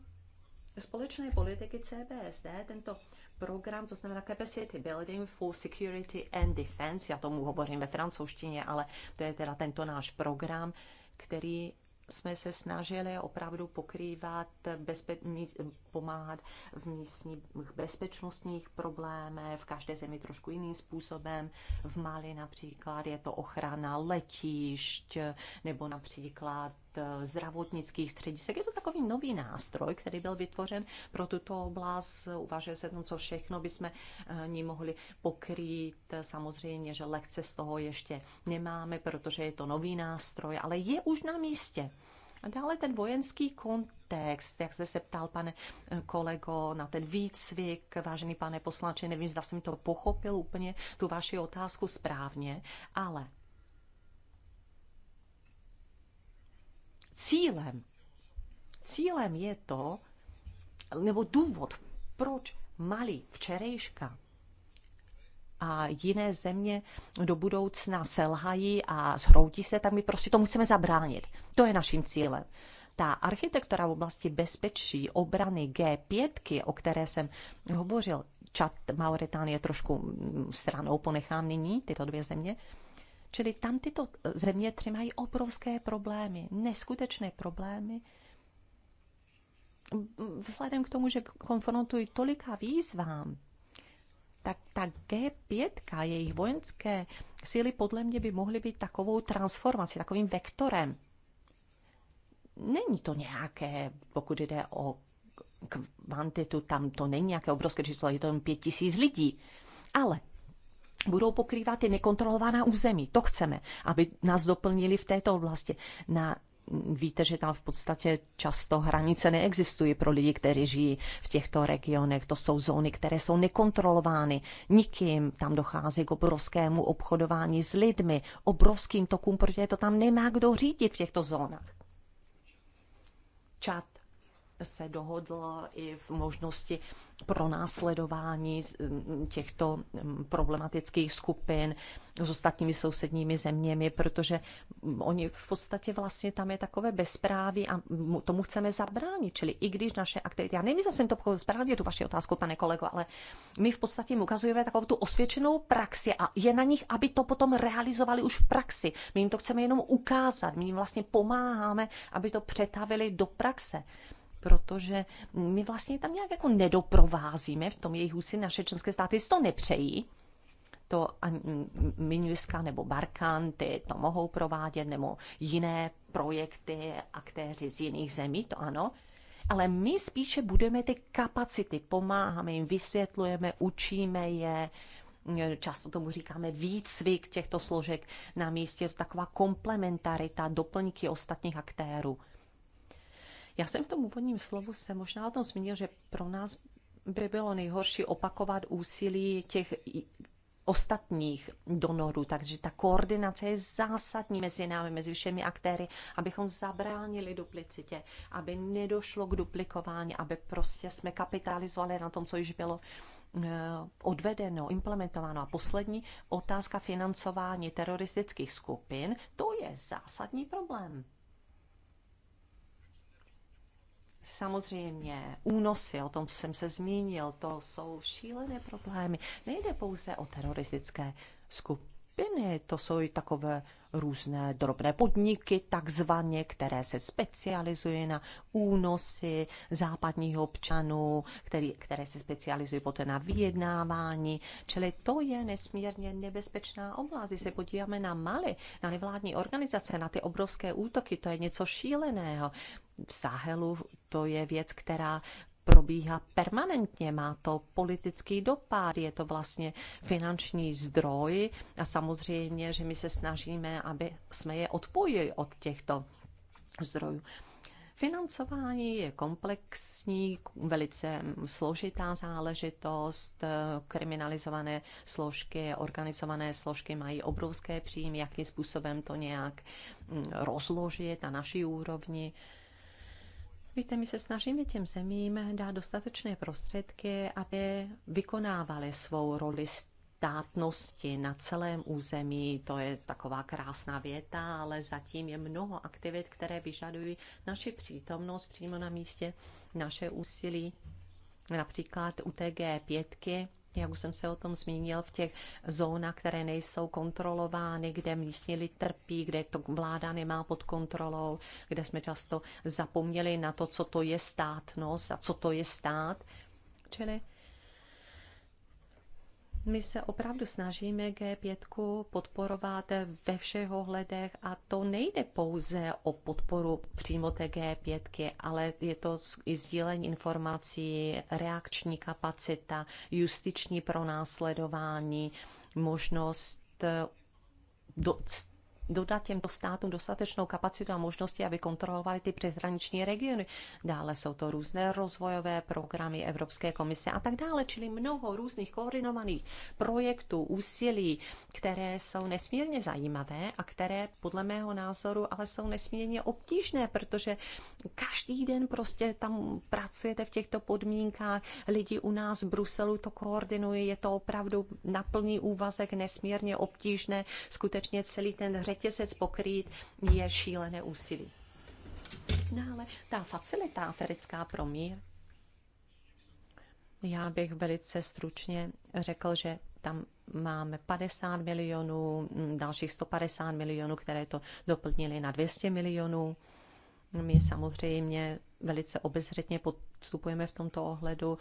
společné politiky CBSD, tento program, to znamená Capacity Building for Security and Defense, já tomu hovořím ve francouzštině, ale to je teda tento náš program, který jsme se snažili opravdu pokrývat bezpe- pomáhat v místních bezpečnostních problémech, v každé zemi trošku jiným způsobem. V Mali například je to ochrana letišť nebo například eh, zdravotnických středisek. Je to takový nový nástroj, který byl vytvořen pro tuto oblast. Uvažuje se tom, co všechno bychom eh, ní mohli pokrýt. Samozřejmě, že lekce z toho ještě nemáme, protože je to nový nástroj, ale je už na místě. A dále ten vojenský kontext, jak jste se ptal, pane eh, kolego, na ten výcvik, vážený pane poslanče, nevím, zda jsem to pochopil úplně, tu vaši otázku správně, ale cílem, cílem je to, nebo důvod, proč Mali včerejška a jiné země do budoucna selhají a zhroutí se, tak my prostě tomu chceme zabránit. To je naším cílem. Ta architektura v oblasti bezpečí, obrany G5, o které jsem hovořil, Čad, Mauritánie trošku mm, stranou ponechám nyní, tyto dvě země, čili tam tyto země tři mají obrovské problémy, neskutečné problémy, mm, mm, vzhledem k tomu, že konfrontují tolika výzvám, tak ta G5, jejich vojenské síly, podle mě by mohly být takovou transformací, takovým vektorem. Není to nějaké, pokud jde o kvantitu, tam to není nějaké obrovské číslo, je to jen pět tisíc lidí. Ale budou pokrývat i nekontrolovaná území. To chceme, aby nás doplnili v této oblasti. Na víte, že tam v podstatě často hranice neexistují pro lidi, kteří žijí v těchto regionech. To jsou zóny, které jsou nekontrolovány nikým. Tam dochází k obrovskému obchodování s lidmi, obrovským tokům, protože to tam nemá kdo řídit v těchto zónách. Čat se dohodl i v možnosti pro následování mm, těchto mm, problematických skupin s ostatními sousedními zeměmi, protože mm, oni v podstatě vlastně tam je takové bezprávy a tomu chceme zabránit. Čili i když naše aktivity, já nevím, zase jsem to správně, tu vaši otázku, pane kolego, ale my v podstatě jim ukazujeme takovou tu osvědčenou praxi a je na nich, aby to potom realizovali už v praxi. My jim to chceme jenom ukázat, my jim vlastně pomáháme, aby to přetavili do praxe protože my vlastně tam nějak jako nedoprovázíme v tom jejich úsilí, naše členské státy si to nepřejí, to Minuska nebo Barkan, ty to mohou provádět, nebo jiné projekty, aktéři z jiných zemí, to ano. Ale my spíše budeme ty kapacity, pomáháme jim, vysvětlujeme, učíme je, často tomu říkáme výcvik těchto složek na místě, taková komplementarita, doplňky ostatních aktérů. Já jsem v tom úvodním slovu se možná o tom zmínil, že pro nás by bylo nejhorší opakovat úsilí těch ostatních donorů. Takže ta koordinace je zásadní mezi námi, mezi všemi aktéry, abychom zabránili duplicitě, aby nedošlo k duplikování, aby prostě jsme kapitalizovali na tom, co již bylo eh, odvedeno, implementováno. A poslední otázka financování teroristických skupin, to je zásadní problém. Samozřejmě, únosy, o tom jsem se zmínil, to jsou šílené problémy. Nejde pouze o teroristické skupiny, to jsou i takové různé drobné podniky, takzvaně, které se specializují na únosy západních občanů, který, které se specializují poté na vyjednávání. Čili to je nesmírně nebezpečná oblast. Když se podíváme na Mali, na nevládní organizace, na ty obrovské útoky, to je něco šíleného. V Sahelu to je věc, která probíhá permanentně, má to politický dopad, je to vlastně finanční zdroj a samozřejmě, že my se snažíme, aby jsme je odpojili od těchto zdrojů. Financování je komplexní, velice složitá záležitost. Kriminalizované složky, organizované složky mají obrovské příjmy, jakým způsobem to nějak mm, rozložit na naší úrovni. Víte, my se snažíme těm zemím dát dostatečné prostředky, aby vykonávali svou roli státnosti na celém území. To je taková krásná věta, ale zatím je mnoho aktivit, které vyžadují naši přítomnost přímo na místě, naše úsilí. Například u TG5 Vlastně, jak už jsem se o tom zmínil, v těch zónách, které nejsou kontrolovány, kde místní lid trpí, kde to vláda nemá pod kontrolou, kde jsme často zapomněli na to, co to je státnost a co to je stát. Čili my se opravdu snažíme G5 podporovat ve všech ohledech a to nejde pouze o podporu přímo té G5, ale je to i sdílení informací, reakční kapacita, justiční pronásledování, možnost eh, do, dodat těmto státům dostatečnou kapacitu a možnosti, aby kontrolovali ty přeshraniční regiony. Dále jsou to různé rozvojové programy Evropské komise a tak dále, čili mnoho různých koordinovaných projektů, úsilí, které jsou nesmírně zajímavé a které podle mého názoru ale jsou nesmírně obtížné, protože každý den prostě tam pracujete v těchto podmínkách, lidi u nás v Bruselu to koordinují, je to opravdu na plný úvazek nesmírně obtížné, skutečně celý ten řek řetězec pokrýt, je šílené úsilí. Dále no, ta facilita africká pro mír. Já bych velice stručně řekl, že tam máme 50 milionů, mm, dalších 150 milionů, které to doplnili na 200 milionů. My samozřejmě velice obezřetně podstupujeme v tomto ohledu,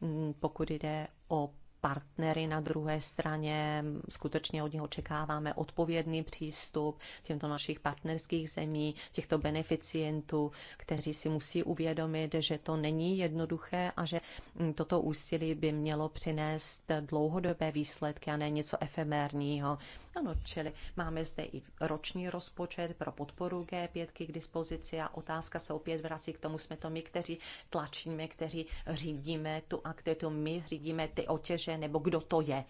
mm, pokud jde o partnery na druhé straně. Skutečně od něho očekáváme odpovědný přístup těmto našich partnerských zemí, těchto beneficientů, kteří si musí uvědomit, že to není jednoduché a že toto úsilí by mělo přinést dlouhodobé výsledky a ne něco efemérního. Ano, čili máme zde i roční rozpočet pro podporu G5 k dispozici a otázka se opět vrací k tomu, jsme to my, kteří tlačíme, kteří řídíme tu aktivitu, my řídíme ty otěže, nebo kdo to je.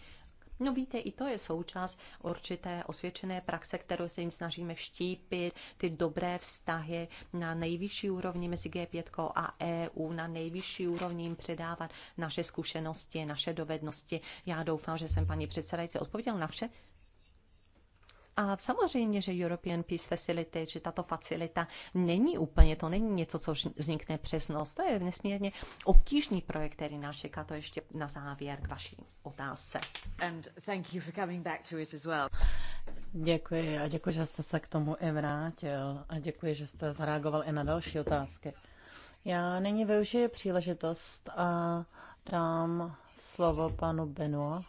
No víte, i to je součást určité osvědčené praxe, kterou se jim snažíme vštípit, ty dobré vztahy na nejvyšší úrovni mezi G5 a EU, na nejvyšší úrovni jim předávat naše zkušenosti, naše dovednosti. Já doufám, že jsem paní předsedající odpověděl na vše, a samozřejmě, že European Peace Facility, že tato facilita není úplně, to není něco, co vznikne přes noc. To je nesmírně obtížný projekt, který nás čeká. To ještě na závěr k vaší otázce. And thank you for coming back to it as well. Děkuji a děkuji, že jste se k tomu i vrátil a děkuji, že jste zareagoval i na další otázky. Já nyní využiju příležitost a dám slovo panu Benoit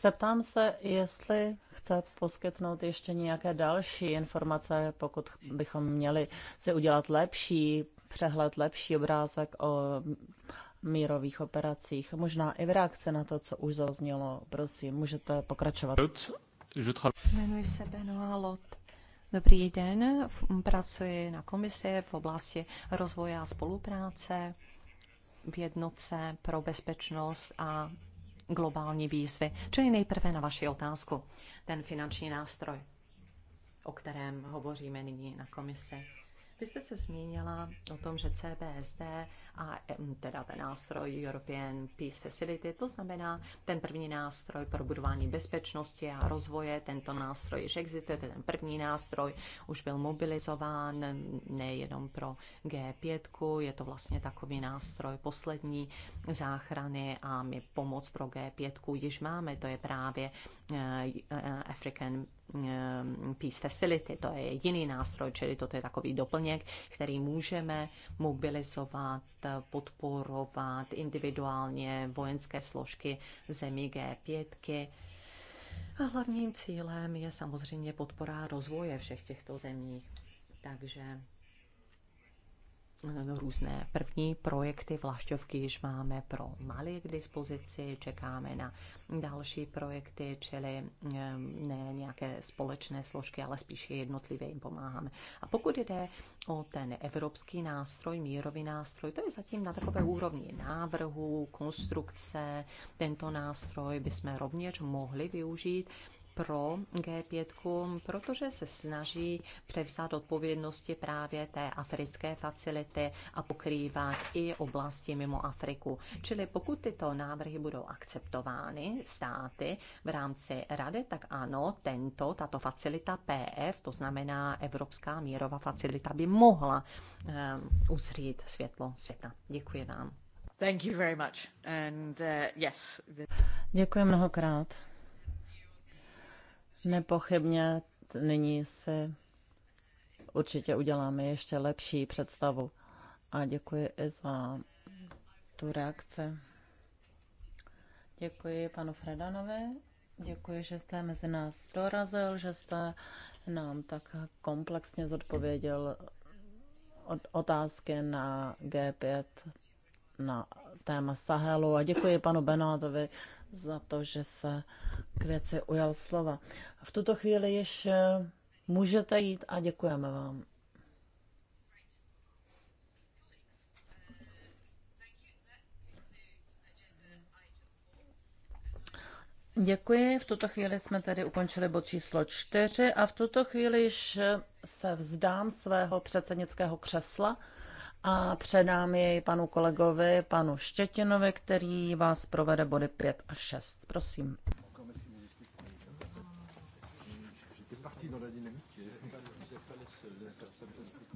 Zeptám se, jestli chce poskytnout ještě nějaké další informace, pokud bychom měli si udělat lepší přehled, lepší obrázek o mírových operacích. Možná i v reakci na to, co už zaznělo. Prosím, můžete pokračovat. Jmenuji se Benoit Lot. Dobrý den, pracuji na komisi v oblasti rozvoje a spolupráce v jednotce pro bezpečnost a globální výzvy. Čili nejprve na vaši otázku, ten finanční nástroj, o kterém hovoříme nyní na komisi. Vy jste se zmínila o tom, že CBSD a mm, teda ten nástroj European Peace Facility, to znamená ten první nástroj pro budování bezpečnosti a rozvoje, tento nástroj již existuje, ten první nástroj už byl mobilizován mm, nejenom pro G5, je to vlastně takový nástroj poslední záchrany a my pomoc pro G5 již máme, to je právě Eh, African eh, Peace Facility. To je jediný nástroj, čili toto je takový doplněk, který můžeme mobilizovat, podporovat individuálně vojenské složky zemí G5. A hlavním cílem je samozřejmě podpora rozvoje všech těchto zemí. Takže různé první projekty vlašťovky již máme pro Mali k dispozici, čekáme na další projekty, čili ne nějaké společné složky, ale spíše jednotlivě jim pomáháme. A pokud jde o ten evropský nástroj, mírový nástroj, to je zatím na takové úrovni návrhu, konstrukce. Tento nástroj bychom rovněž mohli využít pro G5, protože se snaží převzat odpovědnosti právě té africké facility a pokrývat i oblasti mimo Afriku. Čili pokud tyto návrhy budou akceptovány státy v rámci rady, tak ano, tento, tato facilita PF, to znamená Evropská mírová facilita, by mohla um, uzřít světlo světa. Děkuji vám. Thank you very much. And, uh, yes. Děkuji mnohokrát. Nepochybně nyní si určitě uděláme ještě lepší představu. A děkuji i za tu reakci. Děkuji panu Fredanovi, děkuji, že jste mezi nás dorazil, že jste nám tak komplexně zodpověděl otázky na G5, na téma Sahelu a děkuji panu Benátovi za to, že se k věci ujal slova. V tuto chvíli již eh, můžete jít a děkujeme vám. Děkuji. V tuto chvíli jsme tedy ukončili bod číslo čtyři a v tuto chvíli již eh, se vzdám svého předsednického křesla a předám jej panu kolegovi, panu Štětinovi, který vás provede body 5 a 6. Prosím. dans la dynamique et ça me laisse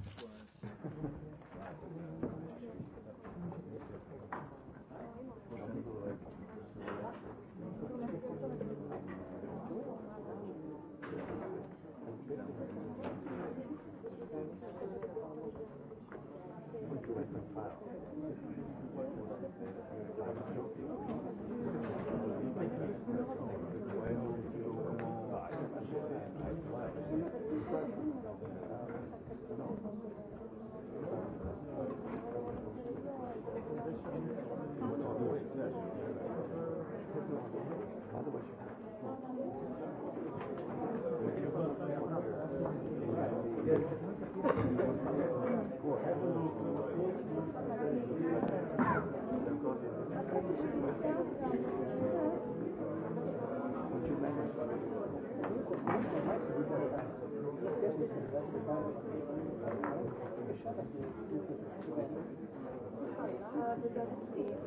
pourquoi Thank you.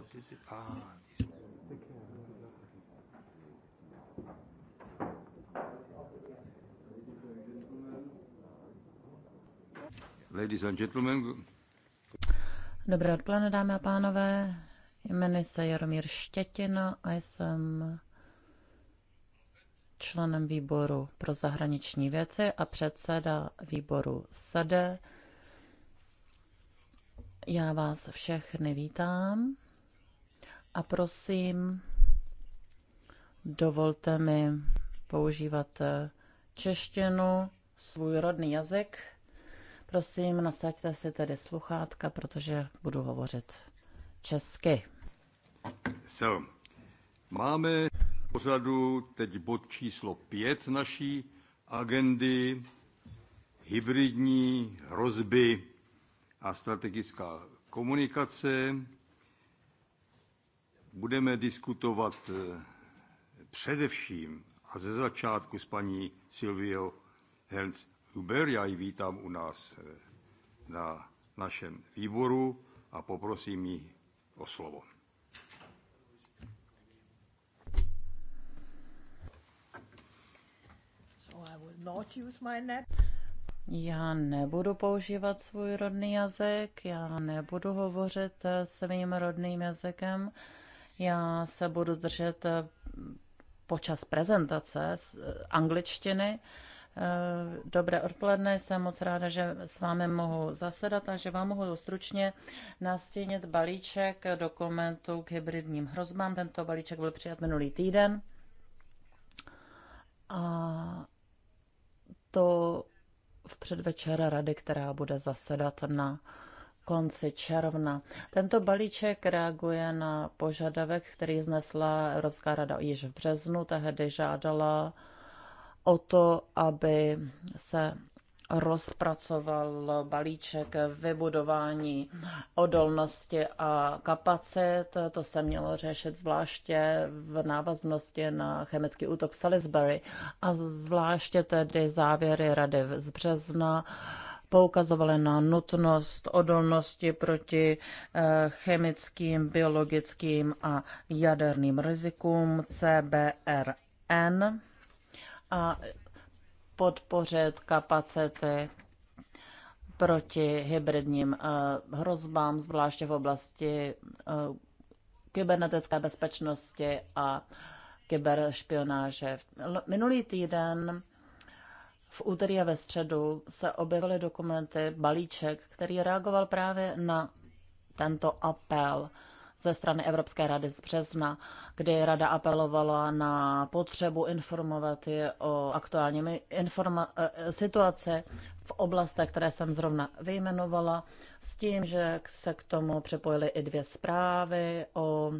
participe. Ladies and gentlemen. Dobré odpoledne, dámy a pánové. Jmenuji se Jaromír Štětina a jsem členem výboru pro zahraniční věci a předseda výboru SEDE. Já vás všechny vítám a prosím, dovolte mi používat eh, češtinu, svůj rodný jazyk. Prosím, nasaďte si tedy sluchátka, protože budu hovořit česky. So, máme pořadu teď bod číslo pět naší agendy hybridní hrozby a strategická komunikace budeme diskutovat eh, především a ze začátku s paní Silvio Helc Huber. Já ji vítám u nás eh, na našem výboru a poprosím ji o slovo. Já nebudu používat svůj rodný jazyk, já nebudu hovořit eh, svým rodným jazykem. Já se budu držet eh, počas prezentace z eh, angličtiny. Eh, dobré odpoledne, jsem moc ráda, že s vámi mohu zasedat a že vám mohu stručně nastínit balíček dokumentů k hybridním hrozbám. Tento balíček byl přijat minulý týden. A to v předvečer rady, která bude zasedat na konci června. Tento balíček reaguje na požadavek, který znesla Evropská rada již v březnu. Tehdy žádala o to, aby se rozpracoval balíček vybudování odolnosti a kapacit. To se mělo řešit zvláště v návaznosti na chemický útok Salisbury a zvláště tedy závěry rady z března poukazovali na nutnost odolnosti proti eh, chemickým, biologickým a jaderným rizikům CBRN a podpořit kapacity proti hybridním eh, hrozbám, zvláště v oblasti eh, kybernetické bezpečnosti a kyberšpionáže. Minulý týden v úterý a ve středu se objevily dokumenty, balíček, který reagoval právě na tento apel ze strany Evropské rady z března, kdy rada apelovala na potřebu informovat je o aktuální informa- e, e, situaci v oblastech, které jsem zrovna vyjmenovala, s tím, že se k tomu připojily i dvě zprávy o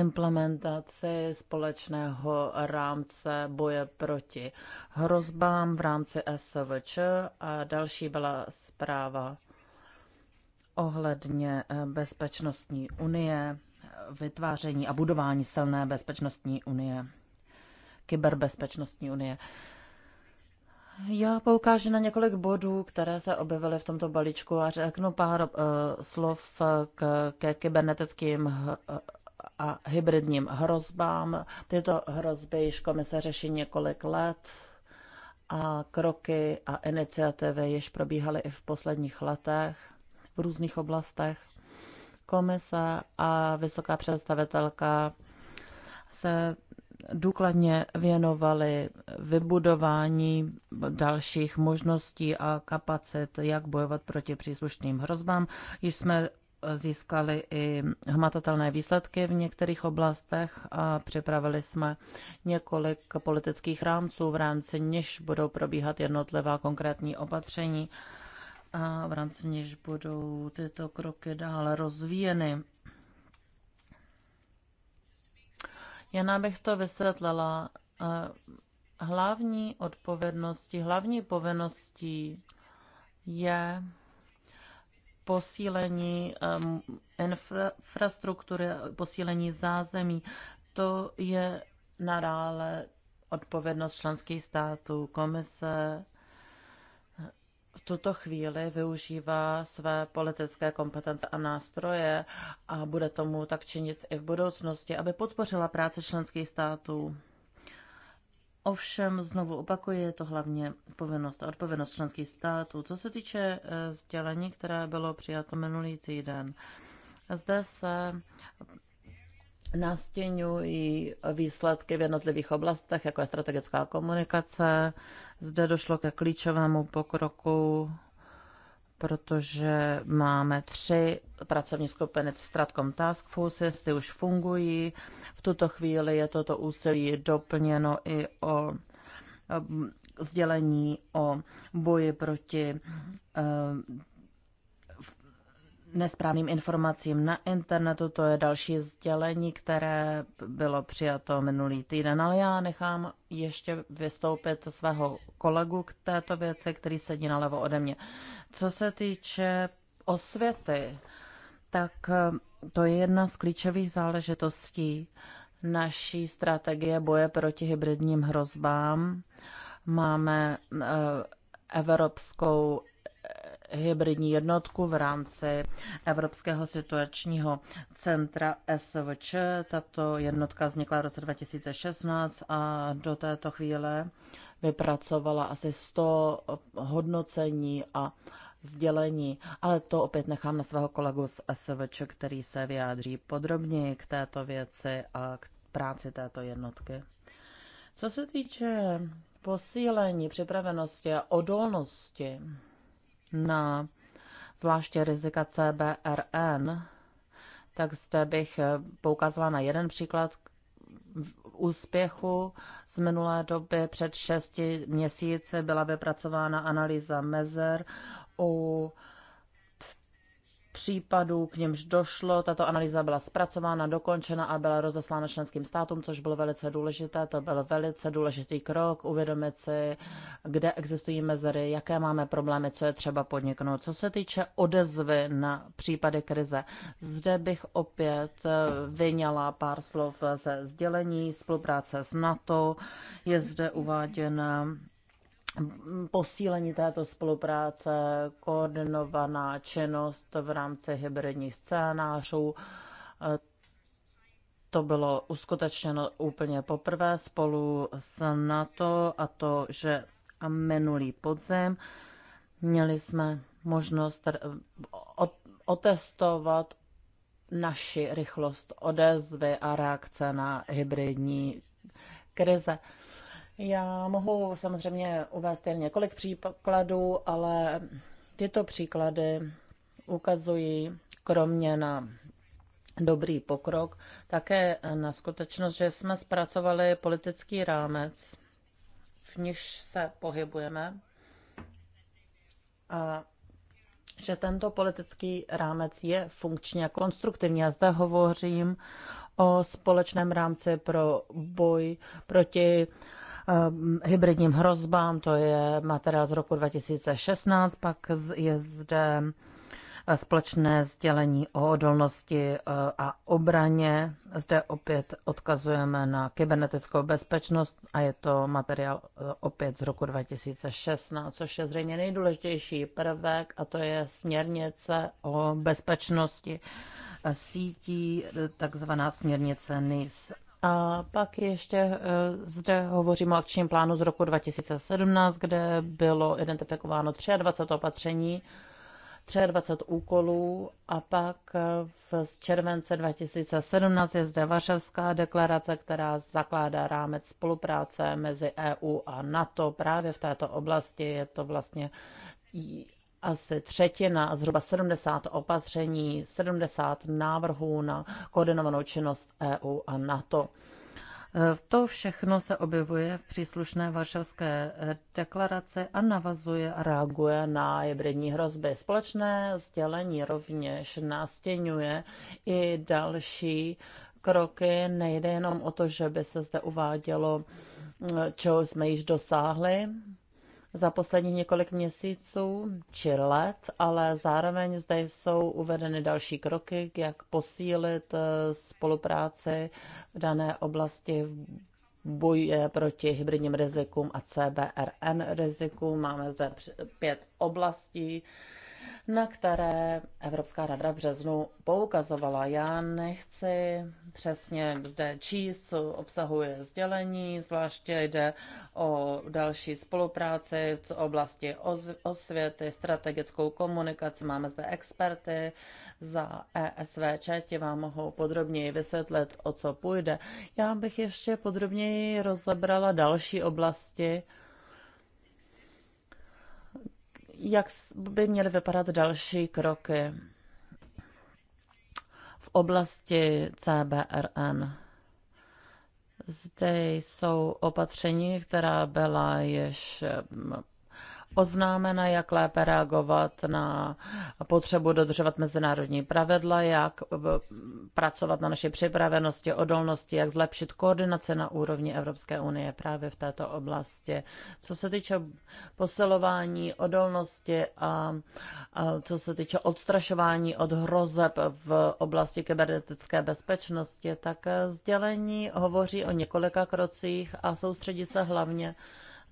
implementaci společného rámce boje proti hrozbám v rámci SVČ a další byla zpráva ohledně eh, bezpečnostní unie, vytváření a budování silné bezpečnostní unie, kyberbezpečnostní unie. Já poukážu na několik bodů, které se objevily v tomto balíčku a řeknu pár uh, slov k, ke kybernetickým a hybridním hrozbám. Tyto hrozby již komise řeší několik let a kroky a iniciativy již probíhaly i v posledních letech v různých oblastech. Komise a vysoká představitelka se důkladně věnovali vybudování dalších možností a kapacit, jak bojovat proti příslušným hrozbám. Již jsme získali i hmatatelné výsledky v některých oblastech a připravili jsme několik politických rámců, v rámci něž budou probíhat jednotlivá konkrétní opatření a v rámci něž budou tyto kroky dále rozvíjeny. Jen abych to vysvětlila, eh, hlavní odpovědností, hlavní povinností je posílení infra, infrastruktury, posílení zázemí. To je nadále odpovědnost členských států. Komise v tuto chvíli využívá své politické kompetence a nástroje a bude tomu tak činit i v budoucnosti, aby podpořila práci členských států. Ovšem, znovu opakuji, je to hlavně povinnost a odpovědnost členských států. Co se týče eh, sdělení, které bylo přijato minulý týden, zde se nastěňují výsledky v jednotlivých oblastech, jako je strategická komunikace. Zde došlo ke klíčovému pokroku protože máme tři pracovní skupiny Stratcom Task Forces, ty už fungují. V tuto chvíli je toto úsilí doplněno i o sdělení o boji proti eh, nesprávným informacím na internetu. To je další sdělení, které bylo přijato minulý týden, ale já nechám ještě vystoupit svého kolegu k této věci, který sedí nalevo ode mě. Co se týče osvěty, tak eh, to je jedna z klíčových záležitostí naší strategie boje proti hybridním hrozbám. Máme eh, evropskou hybridní jednotku v rámci Evropského situačního centra SVČ. Tato jednotka vznikla v roce 2016 a do této chvíle vypracovala asi 100 hodnocení a sdělení, ale to opět nechám na svého kolegu z SVČ, který se vyjádří podrobněji k této věci a k práci této jednotky. Co se týče posílení připravenosti a odolnosti na zvláště rizika CBRN, tak zde bych eh, poukazala na jeden příklad úspěchu. Z minulé doby před šesti měsíci byla vypracována analýza mezer u případů, k němž došlo. Tato analýza byla zpracována, dokončena a byla rozeslána členským státům, což bylo velice důležité. To byl velice důležitý krok, uvědomit si, kde existují mezery, jaké máme problémy, co je třeba podniknout. Co se týče odezvy na případy krize, zde bych opět eh, vyněla pár slov ze sdělení spolupráce s NATO. Je zde uváděna posílení této spolupráce, koordinovaná činnost v rámci hybridních scénářů. Eh, to bylo uskutečněno úplně poprvé spolu s NATO a to, že minulý podzim měli jsme možnost eh, otestovat naši rychlost odezvy a reakce na hybridní krize. Já mohu samozřejmě uvést jen několik příkladů, ale tyto příklady ukazují kromě na dobrý pokrok, také na skutečnost, že jsme zpracovali politický rámec, v níž se pohybujeme a že tento politický rámec je funkčně a konstruktivní. Já zde hovořím o společném rámci pro boj proti uh, Eh, hybridním hrozbám, to je materiál z roku 2016, pak je zde eh, společné sdělení o odolnosti eh, a obraně. Zde opět odkazujeme na kybernetickou bezpečnost a je to materiál opět z roku 2016, což je zřejmě nejdůležitější prvek a to je směrnice o bezpečnosti sítí, takzvaná směrnice NIS. A pak ještě eh, zde hovořím o akčním plánu z roku 2017, kde bylo identifikováno 23 opatření, 23 úkolů a pak eh, v července 2017 je zde Varšavská deklarace, která zakládá rámec spolupráce mezi EU a NATO právě v této oblasti. Je to vlastně asi třetina, zhruba 70 opatření, 70 návrhů na koordinovanou činnost EU a NATO. E, to všechno se objevuje v příslušné varšavské e, deklaraci a navazuje a reaguje na hybridní hrozby. Společné sdělení rovněž nastěňuje i další kroky. Nejde jenom o to, že by se zde uvádělo, e, čeho jsme již dosáhli za posledních několik měsíců či let, ale zároveň zde jsou uvedeny další kroky, jak posílit eh, spolupráci v dané oblasti v boje proti hybridním rizikům a CBRN rizikům. Máme zde pět oblastí, na které Evropská rada v březnu poukazovala. Já nechci přesně zde číst, co obsahuje sdělení, zvláště jde o další spolupráci v oblasti osvěty, strategickou komunikaci. Máme zde experty za ESV ti vám mohou podrobněji vysvětlit, o co půjde. Já bych ještě podrobněji rozebrala další oblasti, jak by měly vypadat další kroky v oblasti CBRN. Zde jsou opatření, která byla již oznámena, jak lépe reagovat na potřebu dodržovat mezinárodní pravidla, jak eh, pracovat na naší připravenosti, odolnosti, jak zlepšit koordinaci na úrovni Evropské unie právě v této oblasti. Co se týče posilování odolnosti a, a co se týče odstrašování od hrozeb v oblasti kybernetické bezpečnosti, tak eh, sdělení hovoří o několika krocích a soustředí se hlavně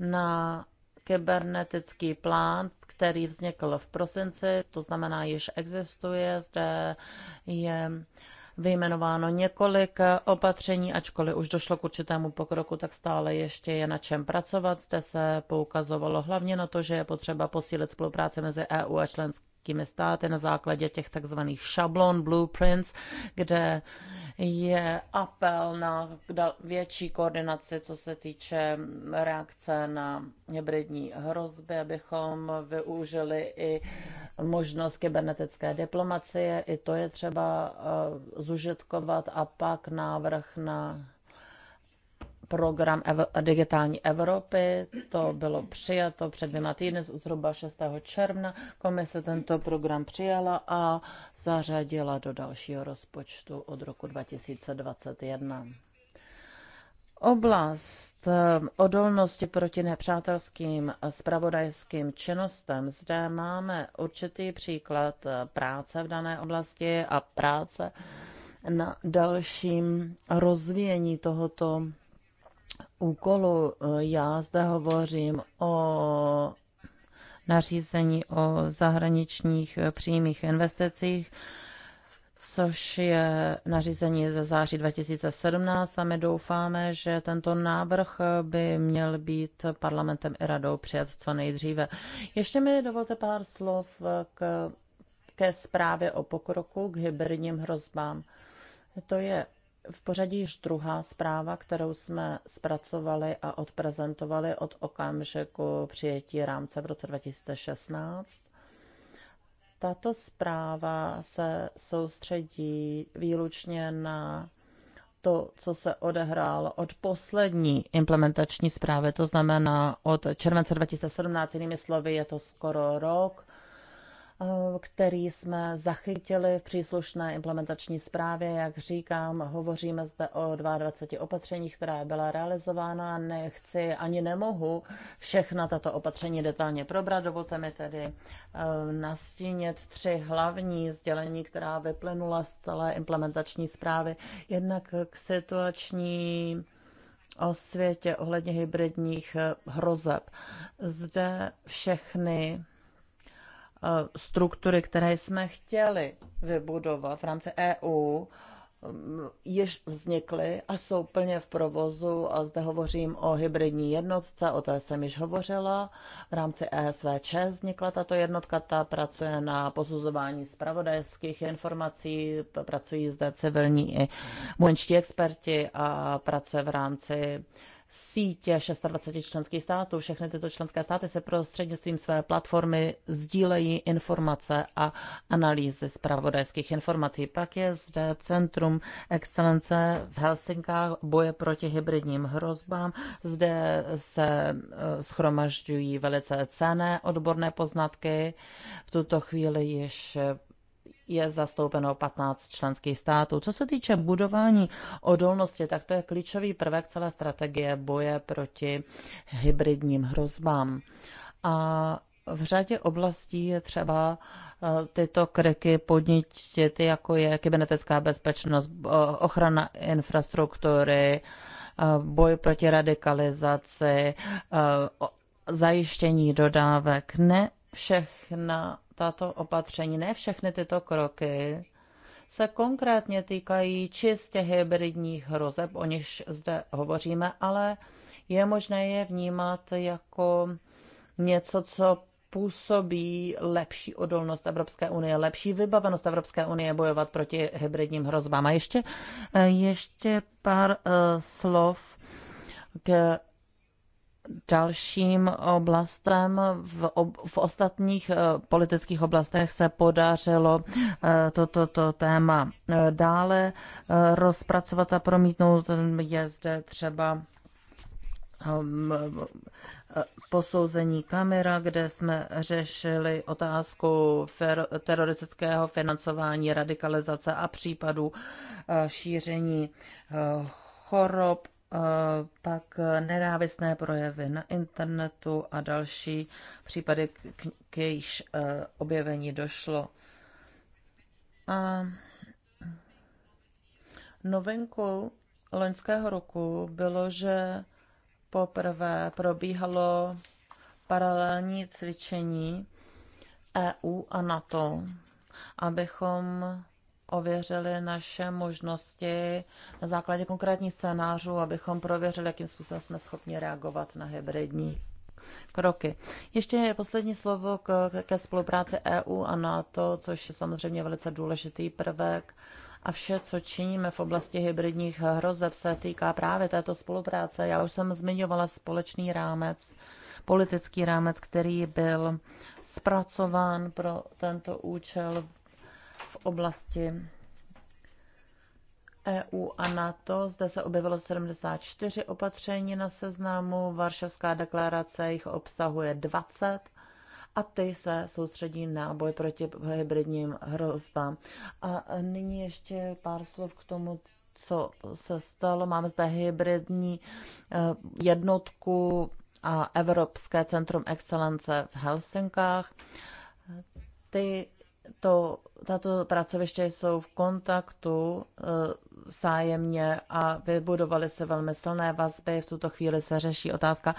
na kybernetický plán, který vznikl v prosinci, to znamená, již existuje, zde je vyjmenováno několik opatření, ačkoliv už došlo k určitému pokroku, tak stále ještě je na čem pracovat. Zde se poukazovalo hlavně na to, že je potřeba posílit spolupráci mezi EU a členskými členskými státy na základě těch takzvaných šablon, blueprints, kde je apel na větší koordinaci, co se týče reakce na hybridní hrozby, abychom využili i možnost kybernetické diplomacie, i to je třeba eh, zužitkovat a pak návrh na program Ev- digitální Evropy. To bylo přijato před dvěma týdny, zhruba 6. června. Komise tento program přijala a zařadila do dalšího rozpočtu od roku 2021. Oblast eh, odolnosti proti nepřátelským eh, spravodajským činnostem. Zde máme určitý příklad eh, práce v dané oblasti a práce na dalším rozvíjení tohoto úkolu. Eh, já zde hovořím o nařízení o zahraničních eh, přímých investicích, což je nařízení ze září 2017 a my doufáme, že tento návrh eh, by měl být parlamentem i radou přijat co nejdříve. Ještě mi dovolte pár slov k, ke zprávě o pokroku k hybridním hrozbám. To je v pořadí již druhá zpráva, kterou jsme zpracovali a odprezentovali od okamžiku přijetí rámce v roce 2016. Tato zpráva se soustředí výlučně na to, co se odehrálo od poslední implementační zprávy, to znamená od července 2017, jinými slovy je to skoro rok, Eh, který jsme zachytili v příslušné implementační zprávě. Jak říkám, hovoříme zde o 22 opatřeních, která byla realizována. Nechci ani nemohu všechna tato opatření detailně probrat. Dovolte mi tedy eh, nastínit tři hlavní sdělení, která vyplynula z celé implementační zprávy. Jednak k situační o světě ohledně hybridních eh, hrozeb. Zde všechny Eh, struktury, které jsme chtěli vybudovat v rámci EU, mm, již vznikly a jsou plně v provozu a zde hovořím o hybridní jednotce, o té jsem již hovořila. V rámci ESVČ vznikla tato jednotka, ta pracuje na posuzování zpravodajských informací, pracují zde civilní i vojenští experti a pracuje v rámci sítě 26 členských států. Všechny tyto členské státy se prostřednictvím své platformy sdílejí informace a analýzy zpravodajských informací. Pak je zde Centrum excelence v Helsinkách boje proti hybridním hrozbám. Zde se eh, schromažďují velice cené odborné poznatky. V tuto chvíli již je zastoupeno 15 členských států. Co se týče budování odolnosti, tak to je klíčový prvek celé strategie boje proti hybridním hrozbám. A v řadě oblastí je třeba eh, tyto kriky podnítit, jako je kybernetická bezpečnost, eh, ochrana infrastruktury, eh, boj proti radikalizaci, zajištění dodávek. Ne všechna tato opatření, ne všechny tyto kroky se konkrétně týkají čistě hybridních hrozeb, o nichž zde hovoříme, ale je možné je vnímat jako něco, co působí lepší odolnost Evropské unie, lepší vybavenost Evropské unie bojovat proti hybridním hrozbám. A ještě, ještě pár uh, slov k dalším oblastem. V, v ostatních eh, politických oblastech se podařilo eh, toto to, to téma eh, dále rozpracovat a promítnout. Je zde třeba ehm, posouzení kamera, kde jsme řešili otázku teroristického financování, radikalizace a případů šíření chorob pak nenávistné projevy na internetu a další případy, k, k jejichž eh, objevení došlo. A novinkou loňského roku bylo, že poprvé probíhalo paralelní cvičení EU a NATO, abychom ověřili naše možnosti na základě konkrétních scénářů, abychom prověřili, jakým způsobem jsme schopni reagovat na hybridní kroky. Ještě je poslední slovo k, ke spolupráci EU a NATO, což je samozřejmě velice důležitý prvek. A vše, co činíme v oblasti hybridních hrozeb, se týká právě této spolupráce. Já už jsem zmiňovala společný rámec, politický rámec, který byl zpracován pro tento účel v oblasti EU a NATO. Zde se objevilo 74 opatření na seznamu, Varšavská deklarace jich obsahuje 20 a ty se soustředí na boj proti hybridním hrozbám. A nyní ještě pár slov k tomu, co se stalo. Máme zde hybridní eh, jednotku a Evropské centrum excelence v Helsinkách. Ty to tato pracoviště jsou v kontaktu sájemně eh, a vybudovaly se velmi silné vazby. V tuto chvíli se řeší otázka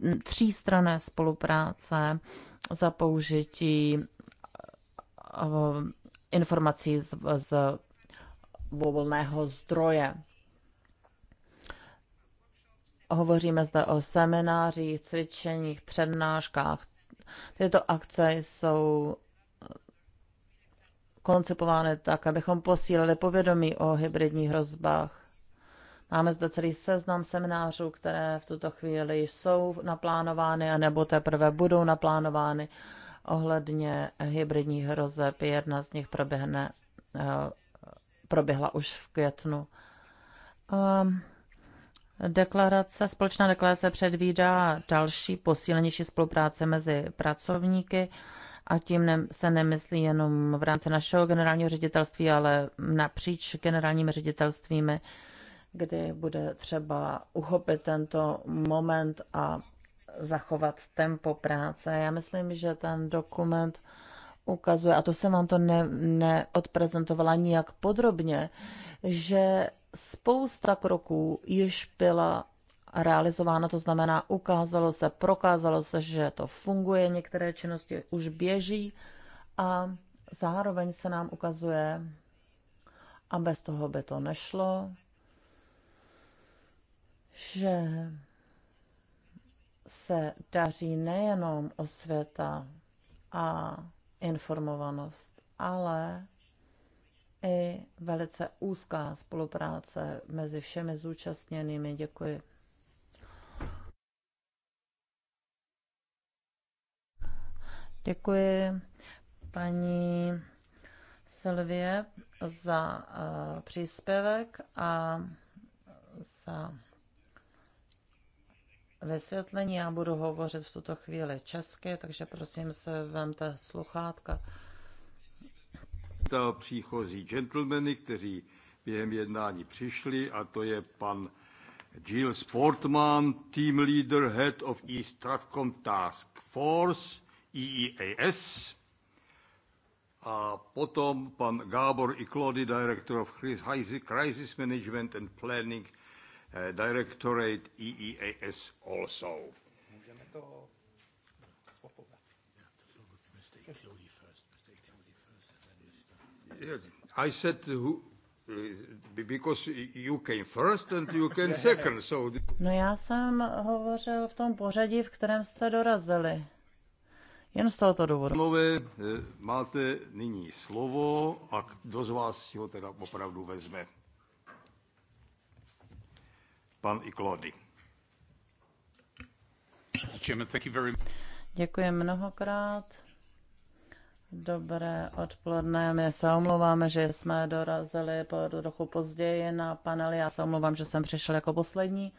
hm, třístrané spolupráce za použití eh, informací z, z volného zdroje. Hovoříme zde o seminářích, cvičeních, přednáškách. Tyto akce jsou koncipovány tak, abychom posílili povědomí o hybridních hrozbách. Máme zde celý seznam seminářů, které v tuto chvíli jsou naplánovány, a nebo teprve budou naplánovány ohledně hybridních hrozeb. Jedna z nich proběhne, eh, proběhla už v květnu. Ehm, deklarace, společná deklarace předvídá další posílenější spolupráce mezi pracovníky a tím ne, se nemyslí jenom v rámci našeho generálního ředitelství, ale napříč generálními ředitelstvími, kdy bude třeba uchopit tento moment a zachovat tempo práce. Já myslím, že ten dokument ukazuje, a to jsem vám to ne, neodprezentovala nijak podrobně, že spousta kroků již byla realizována, to znamená, ukázalo se, prokázalo se, že to funguje, některé činnosti už běží a zároveň se nám ukazuje, a bez toho by to nešlo, že se daří nejenom osvěta a informovanost, ale i velice úzká spolupráce mezi všemi zúčastněnými. Děkuji. Děkuji paní Silvie za uh, příspěvek a za vysvětlení. Já budu hovořit v tuto chvíli česky, takže prosím se vemte sluchátka. Ta příchozí gentlemany, kteří během jednání přišli, a to je pan Jill Sportman, team leader, head of East Stratcom Task Force, EEAS. A potom pan Gábor Iklody, Director of Crisis Management and Planning eh, Directorate EEAS also. Můžeme to I said who, eh, because you came first and you came second, so... No já jsem hovořil v tom pořadí, v kterém jste dorazili. Jen z tohoto důvodu. Nové, eh, máte nyní slovo a kdo z vás si ho teda opravdu vezme? Pan Iklody. Děkuji mnohokrát. Dobré odpoledne, my se omlouváme, že jsme dorazili po trochu později na panel. Já se omlouvám, že jsem přišel jako poslední.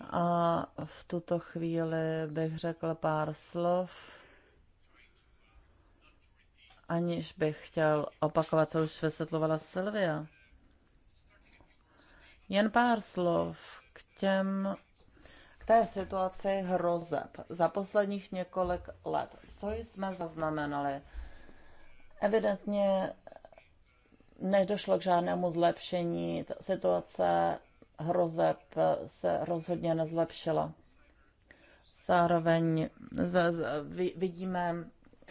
A v tuto chvíli bych řekl pár slov, aniž bych chtěl opakovat, co už vysvětlovala Silvia. Jen pár slov k těm k té situaci hrozeb za posledních několik let. Co jsme zaznamenali? Evidentně nedošlo k žádnému zlepšení. Ta situace hrozeb se rozhodně nezlepšila. Zároveň z, z, vidíme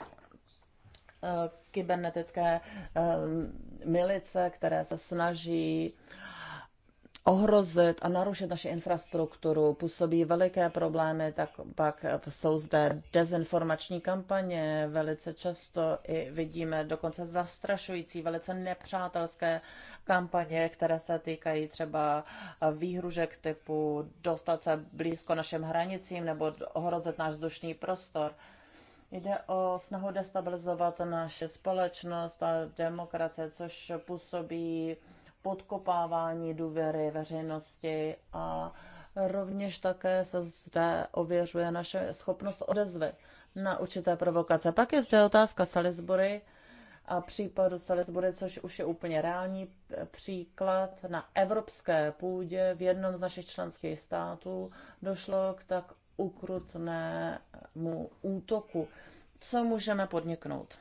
eh, kybernetické eh, milice, které se snaží uh, ohrozit a narušit naši infrastrukturu, působí veliké problémy, tak pak jsou zde dezinformační kampaně, velice často i vidíme dokonce zastrašující, velice nepřátelské kampaně, které se týkají třeba výhružek typu dostat se blízko našim hranicím nebo ohrozit náš vzdušný prostor. Jde o snahu destabilizovat naše společnost a demokracie, což působí podkopávání důvěry veřejnosti a rovněž také se zde ověřuje naše schopnost odezvy na určité provokace. Pak je zde otázka Salisbury a případu Salisbury, což už je úplně reální příklad. Na evropské půdě v jednom z našich členských států došlo k tak ukrutnému útoku. Co můžeme podniknout?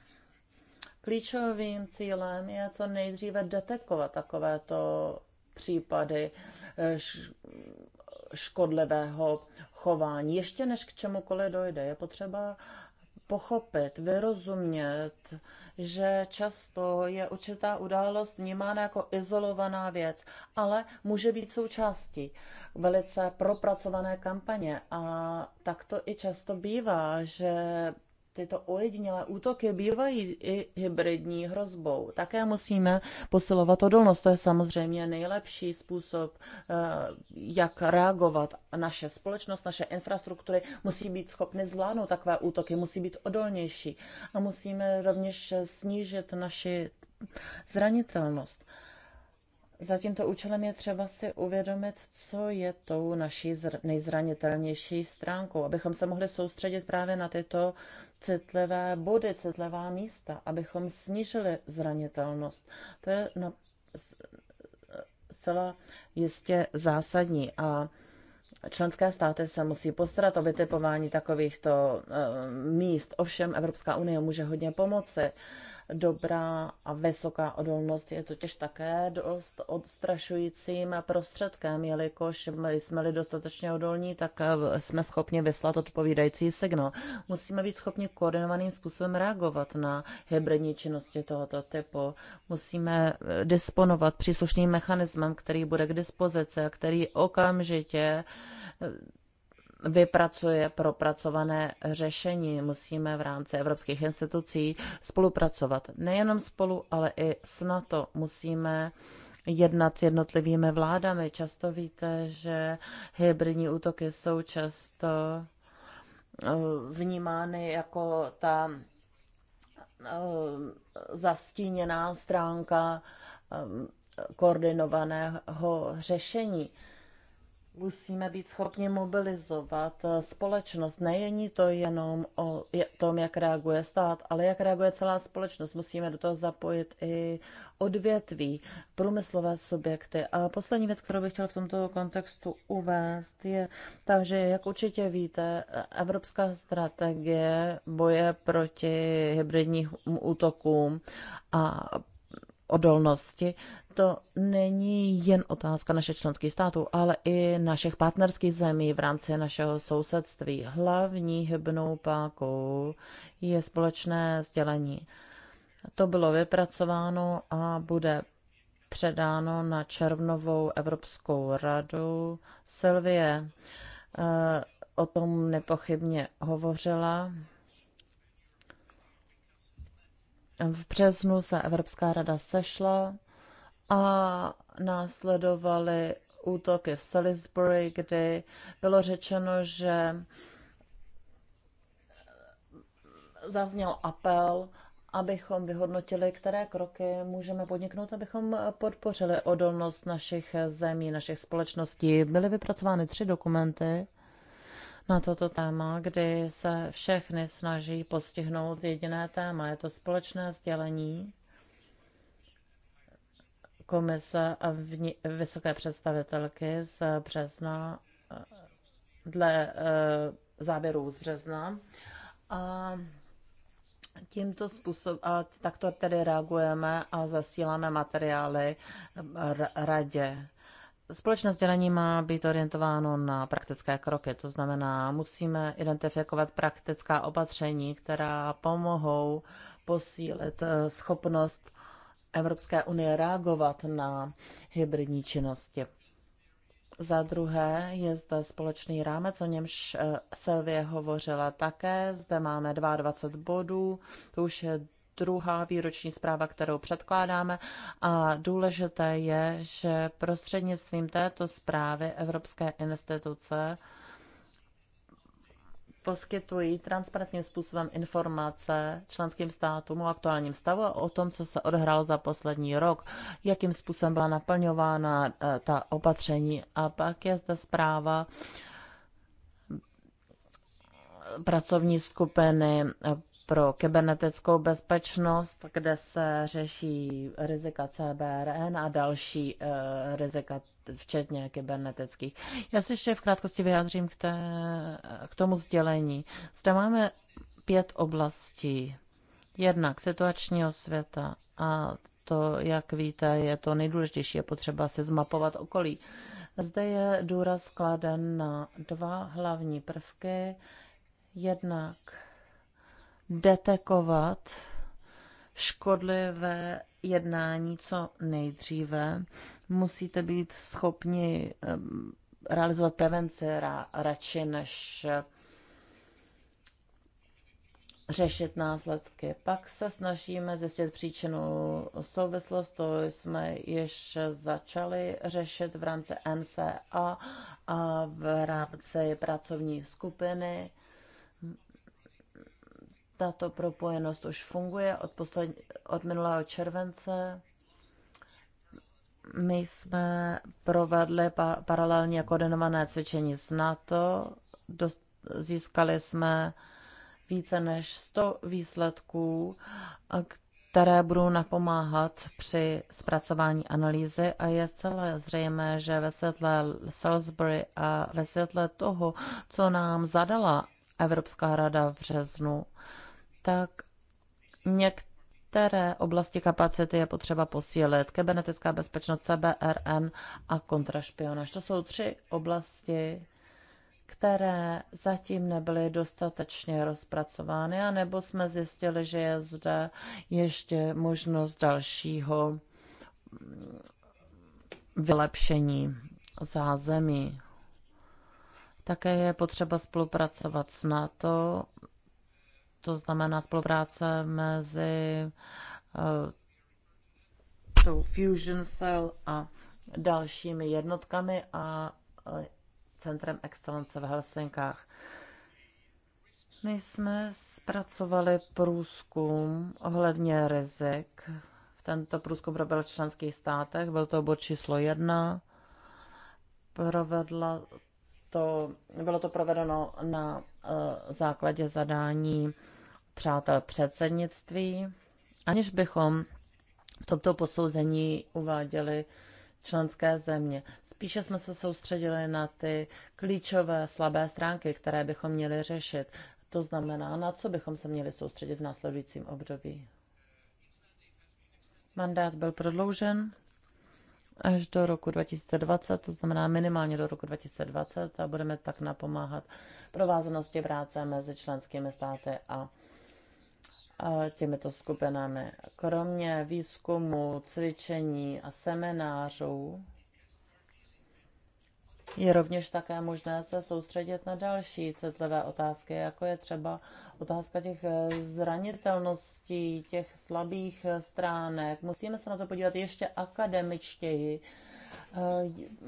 Klíčovým cílem je co nejdříve detekovat takovéto případy eh, škodlivého chování. Ještě než k čemukoliv dojde, je potřeba pochopit, vyrozumět, že často je určitá událost vnímána jako izolovaná věc, ale může být součástí velice propracované kampaně. A tak to i často bývá, že tyto ojedinělé útoky bývají i hybridní hrozbou. Také musíme posilovat odolnost. To je samozřejmě nejlepší způsob, eh, jak reagovat. Naše společnost, naše infrastruktury musí být schopny zvládnout takové útoky, musí být odolnější a musíme rovněž snížit naši zranitelnost. Za tímto účelem je třeba si uvědomit, co je tou naší nejzranitelnější stránkou, abychom se mohli soustředit právě na tyto citlivé body, citlivá místa, abychom snížili zranitelnost. To je na, zcela jistě zásadní a členské státy se musí postarat o vytipování takovýchto eh, míst. Ovšem Evropská unie může hodně pomoci dobrá a vysoká odolnost je totiž také dost odstrašujícím prostředkem, jelikož my jsme-li dostatečně odolní, tak eh, jsme schopni vyslat odpovídající signál. Musíme být schopni koordinovaným způsobem reagovat na hybridní činnosti tohoto typu. Musíme eh, disponovat příslušným mechanismem, který bude k dispozici a který okamžitě eh, vypracuje propracované řešení. Musíme v rámci evropských institucí spolupracovat. Nejenom spolu, ale i s NATO. Musíme jednat s jednotlivými vládami. Často víte, že hybridní útoky jsou často eh, vnímány jako ta eh, zastíněná stránka eh, koordinovaného řešení musíme být schopni mobilizovat eh, společnost. Není to jenom o tom, jak reaguje stát, ale jak reaguje celá společnost. Musíme do toho zapojit i odvětví, průmyslové subjekty. A poslední věc, kterou bych chtěl v tomto kontextu uvést, je ta, že, jak určitě víte, evropská strategie boje proti hybridním útokům a odolnosti, to není jen otázka našich členských států, ale i našich partnerských zemí v rámci našeho sousedství. Hlavní hybnou pákou je společné sdělení. To bylo vypracováno a bude předáno na červnovou Evropskou radu. Silvie eh, o tom nepochybně hovořila. V březnu se Evropská rada sešla a následovaly útoky v Salisbury, kdy bylo řečeno, že zazněl apel, abychom vyhodnotili, které kroky můžeme podniknout, abychom podpořili odolnost našich zemí, našich společností. Byly vypracovány tři dokumenty na toto téma, kdy se všechny snaží postihnout jediné téma. Je to společné sdělení komise a vysoké představitelky z března, dle eh, záběrů z března. A Tímto způsobem, a takto tedy reagujeme a zasíláme materiály radě. Společné sdělení má být orientováno na praktické kroky, to znamená, musíme identifikovat praktická opatření, která pomohou posílit eh, schopnost Evropské unie reagovat na hybridní činnosti. Za druhé je zde společný rámec, o němž eh, Silvie hovořila také. Zde máme 22 bodů, to už je druhá výroční zpráva, kterou předkládáme a důležité je, že prostřednictvím této zprávy Evropské instituce poskytují transparentním způsobem informace členským státům o aktuálním stavu a o tom, co se odehrálo za poslední rok, jakým způsobem byla naplňována eh, ta opatření. A pak je zde zpráva pracovní skupiny pro kyberneteckou bezpečnost, kde se řeší rizika CBRN a další uh, rizika, včetně kybernetických. Já se ještě v krátkosti vyjádřím k, té, k tomu sdělení. Zde máme pět oblastí. Jednak situačního světa a to, jak víte, je to nejdůležitější, je potřeba si zmapovat okolí. Zde je důraz kladen na dva hlavní prvky. Jednak detekovat škodlivé jednání co nejdříve. Musíte být schopni realizovat prevenci ra- radši, než eh, řešit následky. Pak se snažíme zjistit příčinu souvislost, to jsme ještě začali řešit v rámci NCA a v rámci pracovní skupiny. Tato propojenost už funguje od, posled, od minulého července. My jsme provedli pa, paralelně koordinované cvičení s NATO. Dost, získali jsme více než 100 výsledků, které budou napomáhat při zpracování analýzy a je zcela zřejmé, že ve světle Salisbury a ve světle toho, co nám zadala Evropská rada v březnu, tak některé oblasti kapacity je potřeba posílit. Kybernetická bezpečnost, CBRN a kontrašpionáž. To jsou tři oblasti, které zatím nebyly dostatečně rozpracovány, anebo jsme zjistili, že je zde ještě možnost dalšího vylepšení zázemí. Také je potřeba spolupracovat s NATO to znamená spolupráce mezi uh, tou Fusion Cell a dalšími jednotkami a uh, Centrem excelence v Helsinkách. My jsme zpracovali průzkum ohledně rizik. Tento průzkum probil v členských státech, byl to bod číslo jedna. Provedla to, bylo to provedeno na uh, základě zadání přátel předsednictví, aniž bychom v tomto posouzení uváděli členské země. Spíše jsme se soustředili na ty klíčové slabé stránky, které bychom měli řešit. To znamená, na co bychom se měli soustředit v následujícím období. Mandát byl prodloužen až do roku 2020, to znamená minimálně do roku 2020 a budeme tak napomáhat provázanosti práce mezi členskými státy a těmito skupinami. Kromě výzkumu, cvičení a seminářů je rovněž také možné se soustředit na další citlivé otázky, jako je třeba otázka těch eh, zranitelností, těch slabých eh, stránek. Musíme se na to podívat ještě akademičtěji. Eh,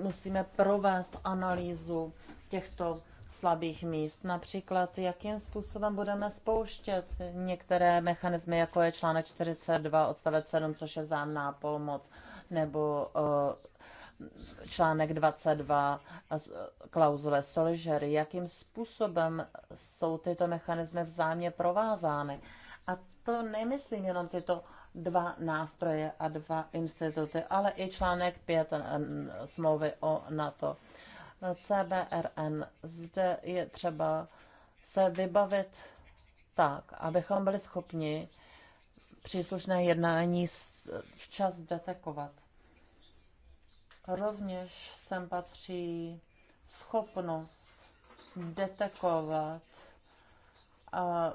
musíme provést analýzu těchto slabých míst. Například, jakým způsobem budeme spouštět některé mechanismy, jako je článek 42 odstavec 7, což je vzájemná pomoc, nebo eh, článek 22 eh, klauzule Soliger, jakým způsobem jsou tyto mechanismy vzájemně provázány. A to nemyslím jenom tyto dva nástroje a dva instituty, ale i článek 5 eh, smlouvy o NATO. CBRN. Zde je třeba se vybavit tak, abychom byli schopni příslušné jednání včas detekovat. Rovněž sem patří schopnost detekovat a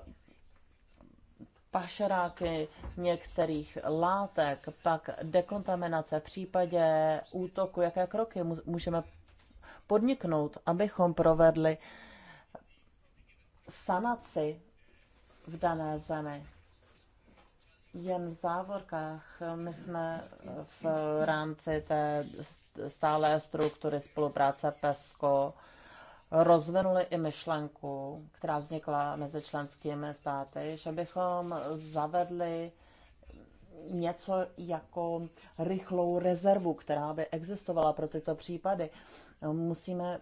pašeráky některých látek, pak dekontaminace v případě útoku, jaké kroky můžeme podniknout, abychom provedli sanaci v dané zemi. Jen v závorkách my jsme v rámci té stálé struktury spolupráce PESCO rozvinuli i myšlenku, která vznikla mezi členskými státy, že bychom zavedli něco jako rychlou rezervu, která by existovala pro tyto případy. Musíme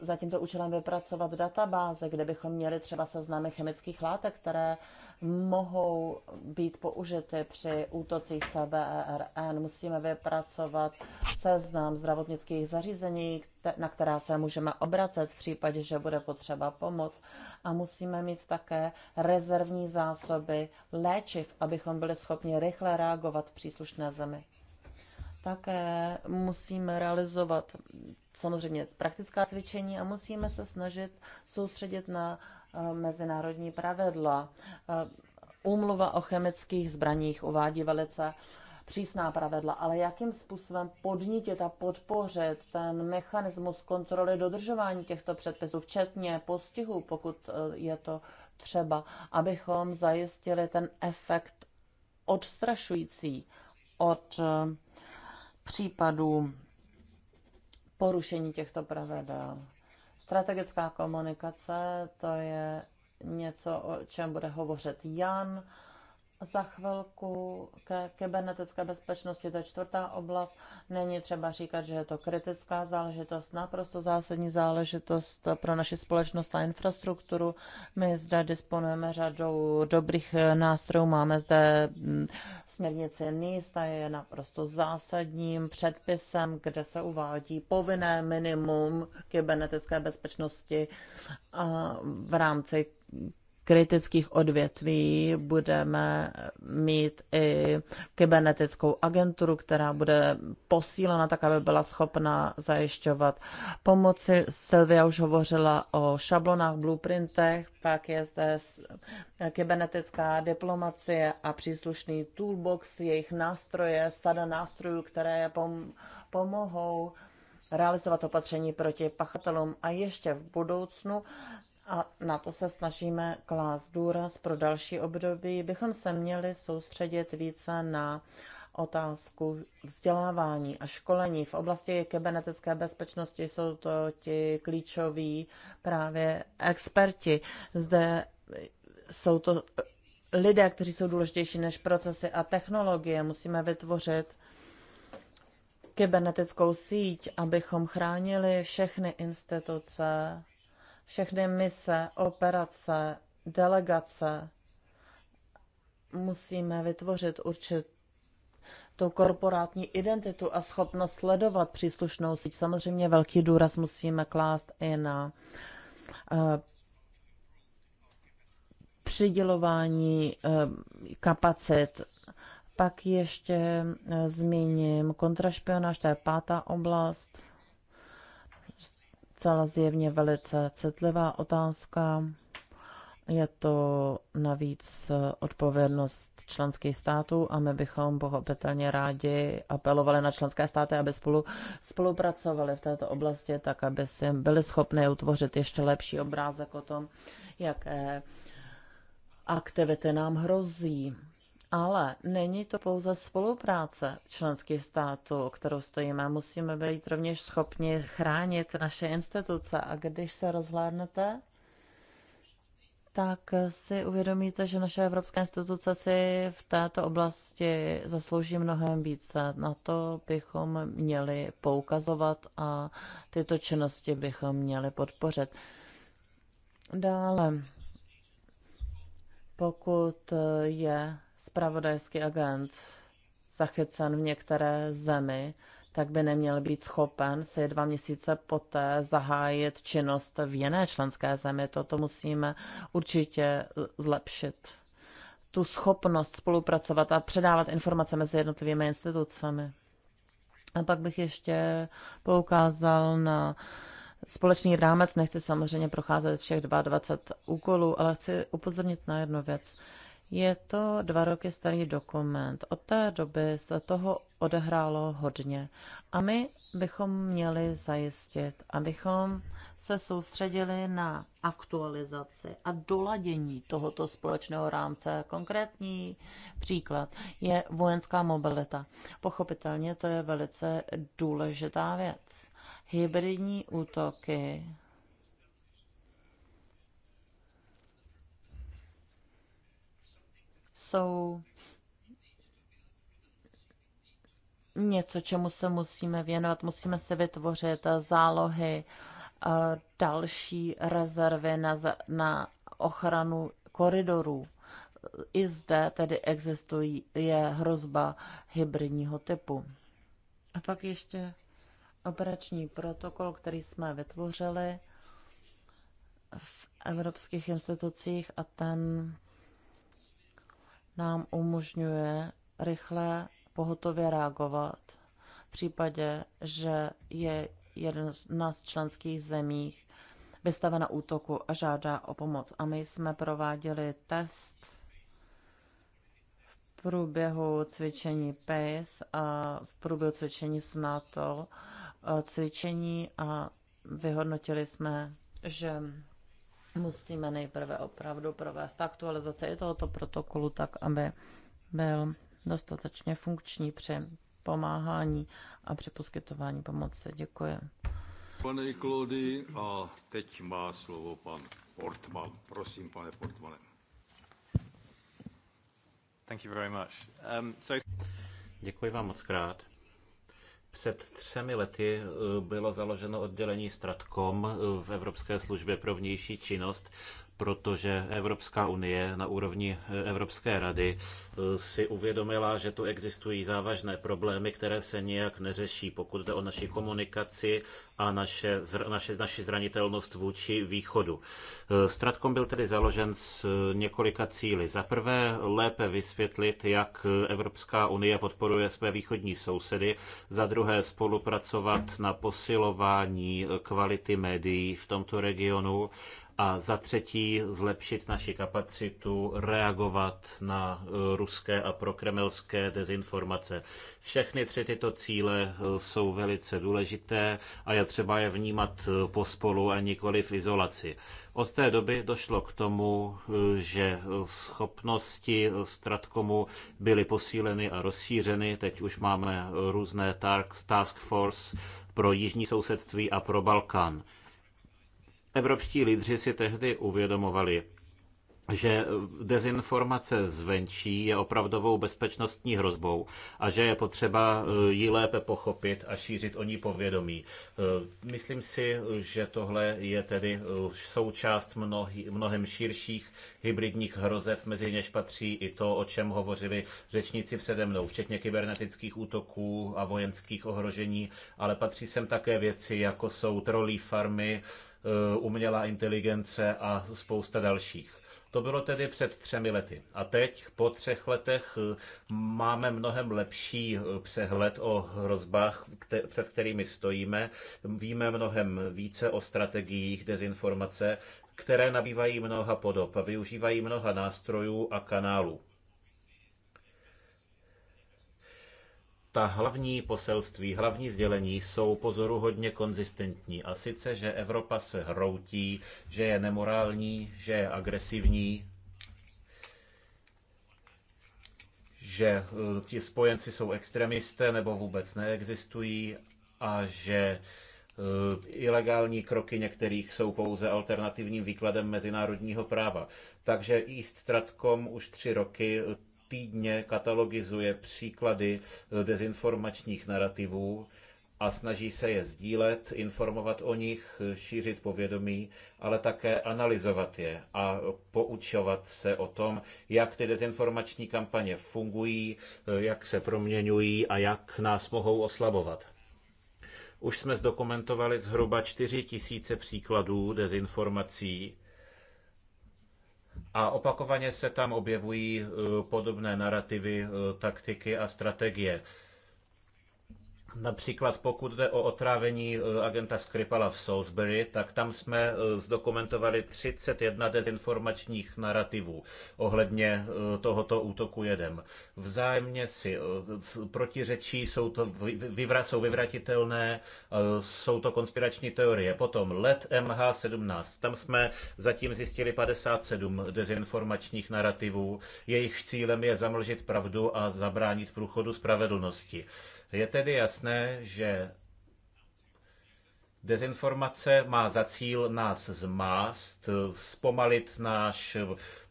za tímto účelem vypracovat databáze, kde bychom měli třeba seznamy chemických látek, které mohou být použity při útocích CBRN. E musíme vypracovat seznam zdravotnických zařízení, na která se můžeme obracet v případě, že bude potřeba pomoc. A musíme mít také rezervní zásoby léčiv, abychom byli schopni rychle reagovat v příslušné zemi. Také musíme realizovat samozřejmě praktická cvičení a musíme se snažit soustředit na eh, mezinárodní pravidla. Eh, úmluva o chemických zbraních uvádí velice přísná pravidla, ale jakým způsobem podnítit a podpořit ten mechanismus kontroly dodržování těchto předpisů, včetně postihu, pokud eh, je to třeba, abychom zajistili ten efekt odstrašující od případů porušení těchto pravidel. Strategická komunikace, to je něco, o čem bude hovořit Jan za chvilku ke kybernetické bezpečnosti. To je čtvrtá oblast. Není třeba říkat, že je to kritická záležitost, naprosto zásadní záležitost pro naši společnost a infrastrukturu. My zde disponujeme řadou dobrých nástrojů. Máme zde mm, směrnici NIS, ta je naprosto zásadním předpisem, kde se uvádí povinné minimum kybernetické bezpečnosti v rámci kritických odvětví. Budeme mít i kybernetickou agenturu, která bude posílena tak, aby byla schopna zajišťovat pomoci. Silvia už hovořila o šablonách, blueprintech, pak je zde kybernetická diplomacie a příslušný toolbox, jejich nástroje, sada nástrojů, které pom- pomohou realizovat opatření proti pachatelům a ještě v budoucnu a na to se snažíme klást důraz pro další období, bychom se měli soustředit více na otázku vzdělávání a školení. V oblasti kybernetické bezpečnosti jsou to ti klíčoví právě experti. Zde jsou to lidé, kteří jsou důležitější než procesy a technologie. Musíme vytvořit kybernetickou síť, abychom chránili všechny instituce všechny mise, operace, delegace. Musíme vytvořit určitou korporátní identitu a schopnost sledovat příslušnou síť. Samozřejmě velký důraz musíme klást i na eh, přidělování eh, kapacit. Pak ještě eh, zmíním kontrašpionáž, to je pátá oblast zcela zjevně velice citlivá otázka. Je to navíc odpovědnost členských států a my bychom pochopitelně rádi apelovali na členské státy, aby spolu spolupracovali v této oblasti, tak aby si byli schopni utvořit ještě lepší obrázek o tom, jaké aktivity nám hrozí ale není to pouze spolupráce členských států, kterou stojíme. Musíme být rovněž schopni chránit naše instituce. A když se rozhlédnete, tak si uvědomíte, že naše evropské instituce si v této oblasti zaslouží mnohem více. Na to bychom měli poukazovat a tyto činnosti bychom měli podpořit. Dále, pokud je spravodajský agent zachycen v některé zemi, tak by neměl být schopen si dva měsíce poté zahájit činnost v jiné členské zemi. Toto musíme určitě zlepšit. Tu schopnost spolupracovat a předávat informace mezi jednotlivými institucemi. A pak bych ještě poukázal na společný rámec. Nechci samozřejmě procházet všech 22 úkolů, ale chci upozornit na jednu věc. Je to dva roky starý dokument. Od té doby se toho odehrálo hodně. A my bychom měli zajistit, abychom se soustředili na aktualizaci a doladění tohoto společného rámce. Konkrétní příklad je vojenská mobilita. Pochopitelně to je velice důležitá věc. Hybridní útoky jsou něco, čemu se musíme věnovat. Musíme se vytvořit zálohy, eh, další rezervy na, na ochranu koridorů. I zde tedy existuje hrozba hybridního typu. A pak ještě operační protokol, který jsme vytvořili v evropských institucích a ten nám umožňuje rychle pohotově reagovat v případě, že je jeden z nás členských zemích vystavena útoku a žádá o pomoc. A my jsme prováděli test v průběhu cvičení PACE a v průběhu cvičení s NATO cvičení a vyhodnotili jsme, že musíme nejprve opravdu provést aktualizaci i tohoto protokolu tak, aby byl dostatečně funkční při pomáhání a při poskytování pomoci. Děkuji. Pane Klody, a teď má slovo pan Portman. Prosím, pane Portmane. Thank you very much. Um, so... Děkuji vám moc krát. Před třemi lety eh, bylo založeno oddělení Stratcom eh, v Evropské službě pro vnější činnost, protože Evropská unie na úrovni eh, Evropské rady eh, si uvědomila, že tu existují závažné problémy, které se nijak neřeší, pokud jde o naši komunikaci a naše, naše, naši zranitelnost vůči východu. Stratkom eh, byl tedy založen s několika cíly. Za prvé lépe vysvětlit, jak Evropská unie podporuje své východní sousedy, za druhé spolupracovat na posilování kvality médií v tomto regionu a za třetí zlepšit naši kapacitu reagovat na eh, ruské a prokremelské dezinformace. Všechny tři tyto cíle eh, jsou velice důležité a je třeba je vnímat eh, pospolu a nikoli v izolaci. Od té doby došlo k tomu, že schopnosti Stratkomu byly posíleny a rozšířeny. Teď už máme různé task force pro jižní sousedství a pro Balkán. Evropští lídři si tehdy uvědomovali, že dezinformace zvenčí je opravdovou bezpečnostní hrozbou a že je potřeba eh, ji lépe pochopit a šířit o ní povědomí. Eh, myslím si, že tohle je tedy eh, součást mnohy, mnohem širších hybridních hrozeb, mezi něž patří i to, o čem hovořili řečníci přede mnou, včetně kybernetických útoků a vojenských ohrožení, ale patří sem také věci, jako jsou trolí farmy, Eh, umělá inteligence a spousta dalších. To bylo tedy před třemi lety. A teď, po třech letech, eh, máme mnohem lepší eh, přehled o hrozbách, před kterými stojíme. Víme mnohem více o strategiích dezinformace, které nabývají mnoha podob a využívají mnoha nástrojů a kanálů. ta hlavní poselství, hlavní sdělení jsou pozoru hodně konzistentní. A sice, že Evropa se hroutí, že je nemorální, že je agresivní, že eh, ti spojenci jsou extremisté nebo vůbec neexistují a že eh, ilegální kroky některých jsou pouze alternativním výkladem mezinárodního práva. Takže East Stratcom už tři roky eh, týdně katalogizuje příklady eh, dezinformačních narrativů a snaží se je sdílet, informovat o nich, eh, šířit povědomí, ale také analyzovat je a poučovat se o tom, jak ty dezinformační kampaně fungují, eh, jak se proměňují a jak nás mohou oslabovat. Už jsme zdokumentovali zhruba 4 tisíce příkladů dezinformací a opakovaně se tam objevují eh, podobné narrativy, eh, taktiky a strategie. Například pokud jde o otrávení e, agenta Skripala v Salisbury, tak tam jsme e, zdokumentovali 31 dezinformačních narrativů ohledně e, tohoto útoku jedem. Vzájemně si protiřečí, jsou to vyvra, jsou vyvratitelné, jsou to konspirační teorie. Potom let MH17, tam jsme zatím zjistili 57 dezinformačních narrativů. Jejich cílem je zamlžit pravdu a zabránit průchodu spravedlnosti. Je tedy jasné, že Dezinformace má za cíl nás zmást, zpomalit náš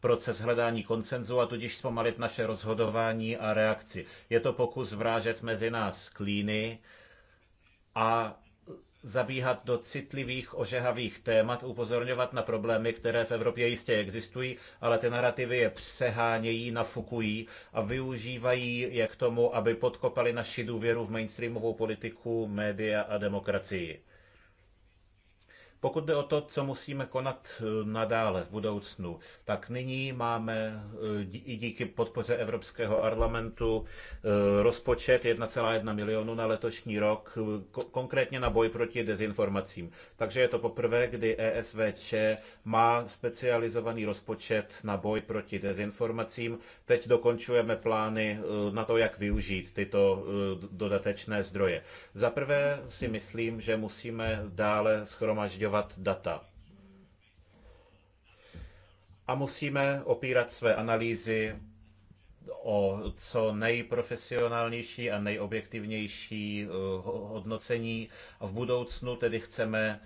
proces hledání koncenzu a tudíž zpomalit naše rozhodování a reakci. Je to pokus vrážet mezi nás klíny a zabíhat do citlivých, ožehavých témat, upozorňovat na problémy, které v Evropě jistě existují, ale ty narrativy je přehánějí, nafukují a využívají je k tomu, aby podkopali naši důvěru v mainstreamovou politiku, média a demokracii. Pokud jde o to, co musíme konat eh, nadále v budoucnu, tak nyní máme eh, i díky podpoře Evropského parlamentu eh, rozpočet 1,1 milionu na letošní rok, konkrétně na boj proti dezinformacím. Takže je to poprvé, kdy ESVČ má specializovaný rozpočet na boj proti dezinformacím. Teď dokončujeme plány na to, jak využít tyto dodatečné zdroje. Za prvé si myslím, že musíme dále schromažďovat zveřejňovat data. A musíme opírat své analýzy o co nejprofesionálnější a nejobjektivnější eh, hodnocení a v budoucnu tedy chceme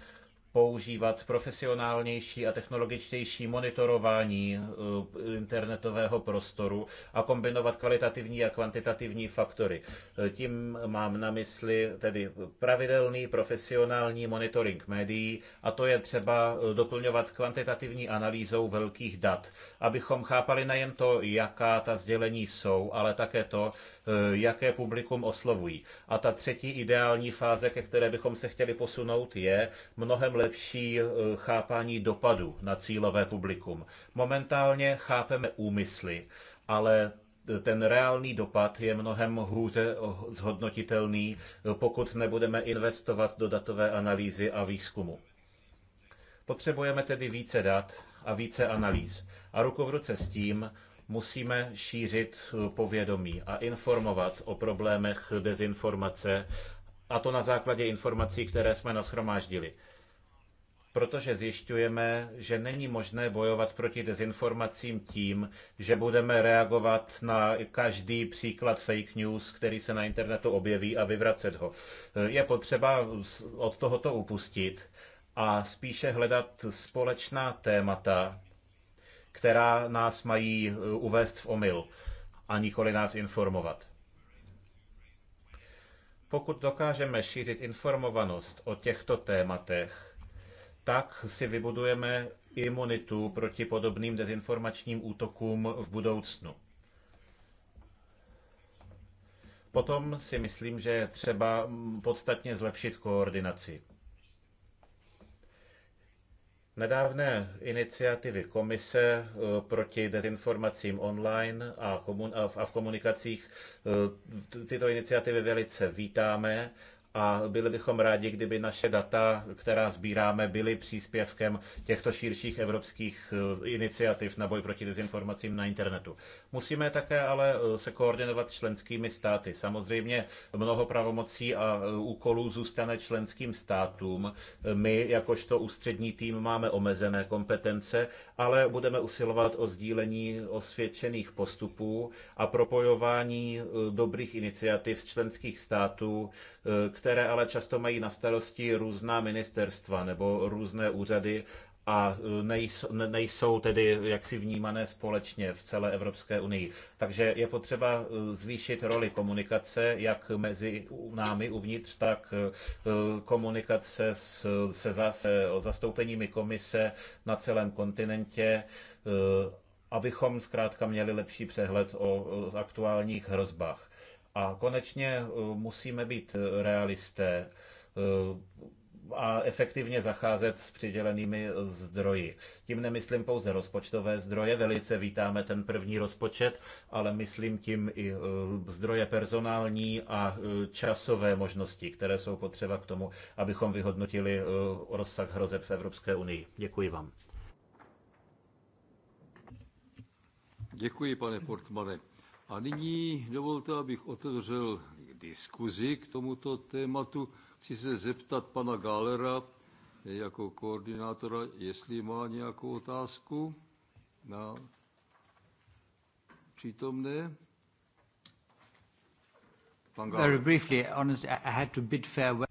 používat profesionálnější a technologičtější monitorování eh, internetového prostoru a kombinovat kvalitativní a kvantitativní faktory. Eh, tím mám na mysli tedy pravidelný profesionální monitoring médií a to je třeba eh, doplňovat kvantitativní analýzou velkých dat, abychom chápali nejen to, jaká ta sdělení jsou, ale také to, jaké publikum oslovují. A ta třetí ideální fáze, ke které bychom se chtěli posunout, je mnohem lepší eh, chápání dopadu na cílové publikum. Momentálně chápeme úmysly, ale eh, ten reálný dopad je mnohem hůře eh, zhodnotitelný, pokud nebudeme investovat do datové analýzy a výzkumu. Potřebujeme tedy více dat a více analýz. A ruku v ruce s tím musíme šířit povědomí a informovat o problémech dezinformace, a to na základě informací, které jsme nashromáždili protože zjišťujeme, že není možné bojovat proti dezinformacím tím, že budeme reagovat na každý příklad fake news, který se na internetu objeví a vyvracet ho. Je potřeba od tohoto upustit a spíše hledat společná témata, která nás mají eh, uvést v omyl a nikoli nás informovat. Pokud dokážeme šířit informovanost o těchto tématech, tak si vybudujeme imunitu proti podobným dezinformačním útokům v budoucnu. Potom si myslím, že je třeba podstatně zlepšit koordinaci. Nedávné iniciativy komise eh, proti dezinformacím online a, v komunikacích, eh, tyto iniciativy velice vítáme a byli bychom rádi, kdyby naše data, která sbíráme, byly příspěvkem těchto širších evropských eh, iniciativ na boj proti dezinformacím na internetu. Musíme také ale eh, se koordinovat s členskými státy. Samozřejmě mnoho pravomocí a eh, úkolů zůstane členským státům. My, jakožto ústřední tým, máme omezené kompetence, ale budeme usilovat o sdílení osvědčených postupů a propojování dobrých iniciativ z členských států, které ale často mají na starosti různá ministerstva nebo různé úřady a e, nejsou tedy jaksi vnímané společně v celé Evropské unii. Takže je potřeba e, zvýšit roli komunikace, jak mezi námi uvnitř, tak e, komunikace s, se zase zastoupeními komise na celém kontinentě, abychom zkrátka měli lepší přehled o aktuálních hrozbách. A konečně eh, musíme být eh, realisté eh, a efektivně zacházet s přidělenými zdroji. Tím nemyslím pouze rozpočtové zdroje, velice vítáme ten první rozpočet, ale myslím tím i zdroje personální a časové možnosti, které jsou potřeba k tomu, abychom vyhodnotili rozsah hrozeb v Evropské unii. Děkuji vám. Děkuji, pane Portmane. A nyní dovolte, abych otevřel diskuzi k tomuto tématu. Chci se zeptat pana Gálera jako koordinátora, jestli má nějakou otázku na přítomné. Pan Gáler. Very briefly, honestly, I had to bid farewell.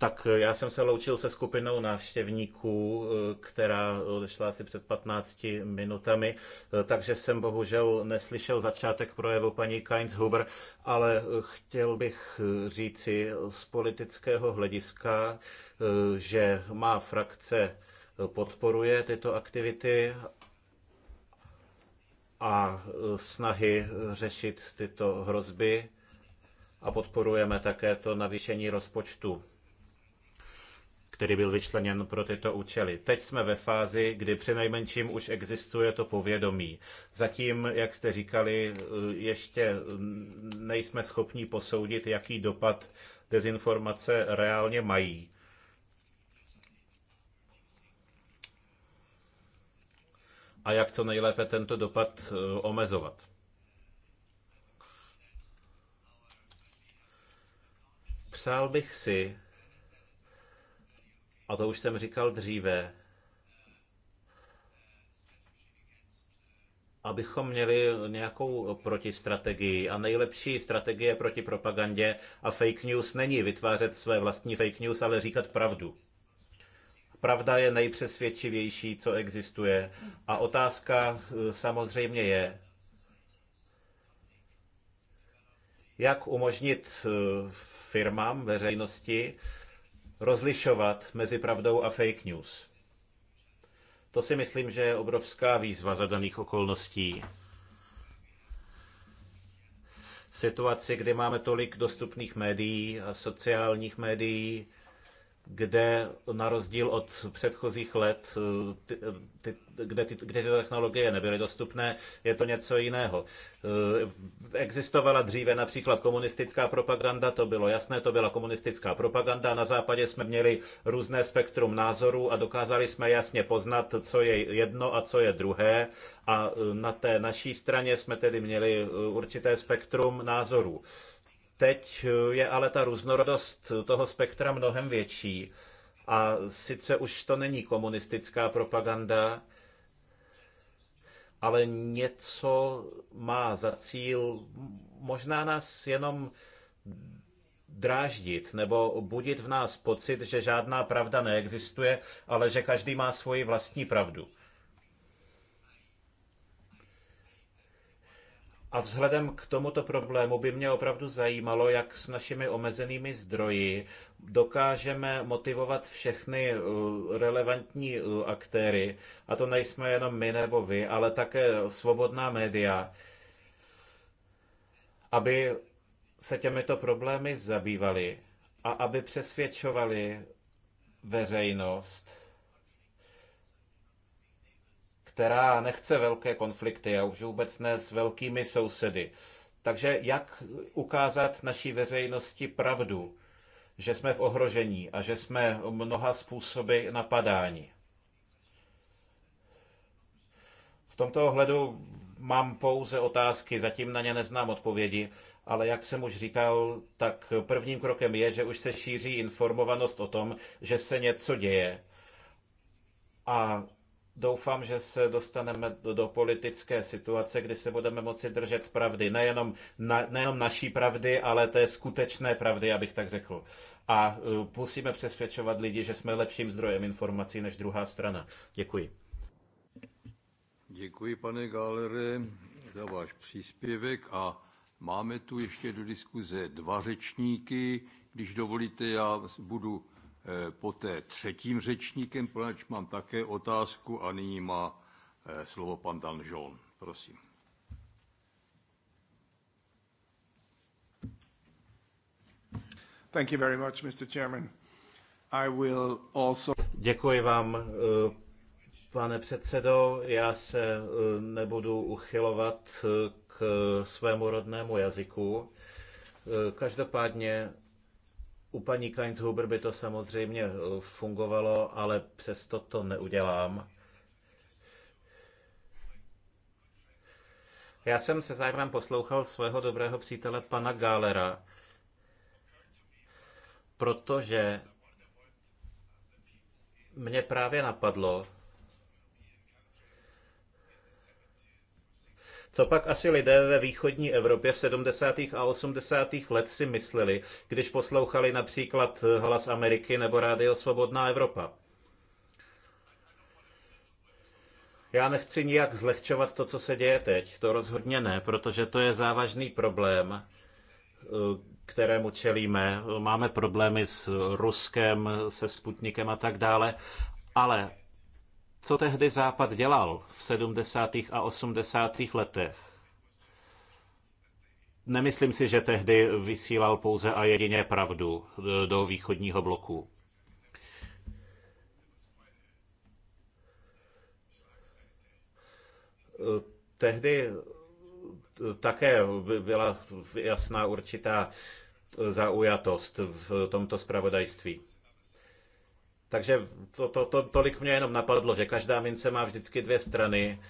Tak eh, já jsem se loučil se skupinou návštěvníků, eh, která odešla asi před 15 minutami, eh, takže jsem bohužel neslyšel začátek projevu paní Kainz Huber, ale chtěl bych říci z politického hlediska, že má frakce podporuje tyto aktivity a snahy řešit tyto hrozby a podporujeme také to navýšení rozpočtu který byl vyčleněn pro tyto účely. Teď jsme ve fázi, kdy nejmenším už existuje to povědomí. Zatím, jak jste říkali, eh, ještě nejsme schopni posoudit, jaký dopad dezinformace reálně mají. A jak co nejlépe tento dopad eh, omezovat. Přál bych si, a to už jsem říkal dříve, abychom měli nějakou protistrategii. A nejlepší strategie proti propagandě a fake news není vytvářet své vlastní fake news, ale říkat pravdu. Pravda je nejpřesvědčivější, co existuje. A otázka eh, samozřejmě je, jak umožnit eh, firmám, veřejnosti, rozlišovat mezi pravdou a fake news. To si myslím, že je obrovská výzva za daných okolností. V situaci, kdy máme tolik dostupných médií a sociálních médií, kde na rozdíl od předchozích let, eh, ty, eh, ty, kde, ty, kde ty technologie nebyly dostupné, je to něco jiného. Eh, existovala dříve například komunistická propaganda, to bylo jasné, to byla komunistická propaganda. Na západě jsme měli různé spektrum názorů a dokázali jsme jasně poznat, co je jedno a co je druhé. A na té naší straně jsme tedy měli určité spektrum názorů. Teď eh, je ale ta různorodost toho spektra mnohem větší. A sice už to není komunistická propaganda, ale něco má za cíl možná nás jenom dráždit nebo budit v nás pocit, že žádná pravda neexistuje, ale že každý má svoji vlastní pravdu. A vzhledem k tomuto problému by mě opravdu zajímalo, jak s našimi omezenými zdroji dokážeme motivovat všechny eh, relevantní eh, aktéry, a to nejsme jenom my nebo vy, ale také svobodná média, aby se těmito problémy zabývali a aby přesvědčovali veřejnost – která nechce velké konflikty a už vůbec ne s velkými sousedy. Takže jak ukázat naší veřejnosti pravdu, že jsme v ohrožení a že jsme mnoha způsoby napadáni? V tomto ohledu mám pouze otázky, zatím na ně neznám odpovědi, ale jak jsem už říkal, tak prvním krokem je, že už se šíří informovanost o tom, že se něco děje. A Doufám, že se dostaneme do politické situace, kdy se budeme moci držet pravdy. Nejenom, na, nejenom naší pravdy, ale té skutečné pravdy, abych tak řekl. A e, musíme přesvědčovat lidi, že jsme lepším zdrojem informací než druhá strana. Děkuji. Děkuji, pane Galere za váš příspěvek a máme tu ještě do diskuze dva řečníky. Když dovolíte, já budu Eh, poté třetím řečníkem, poněvadž mám také otázku a nyní má eh, slovo pan Dan Danžon. Prosím. Thank you very much, Mr. Chairman. I will also... Děkuji vám, eh, pane předsedo. Já se nebudu uchylovat k svému rodnému jazyku. Každopádně u paní Kainzhuber by to samozřejmě eh, fungovalo, ale přesto to neudělám. Já jsem se zájmem poslouchal svého dobrého přítele pana Gálera, protože mě právě napadlo, Co pak asi lidé ve východní Evropě v 70. a 80. let si mysleli, když poslouchali například Hlas Ameriky nebo Rádio Svobodná Evropa? Já nechci nijak zlehčovat to, co se děje teď. To rozhodně ne, protože to je závažný problém, eh, kterému čelíme. Máme problémy s Ruskem, se Sputnikem a tak dále. Ale co tehdy Západ dělal v 70. a 80. letech? Nemyslím si, že tehdy vysílal pouze a jedině pravdu do východního bloku. Tehdy také byla jasná určitá zaujatost v tomto spravodajství. Takže to, to, to, tolik mě jenom napadlo, že každá mince má vždycky dvě strany.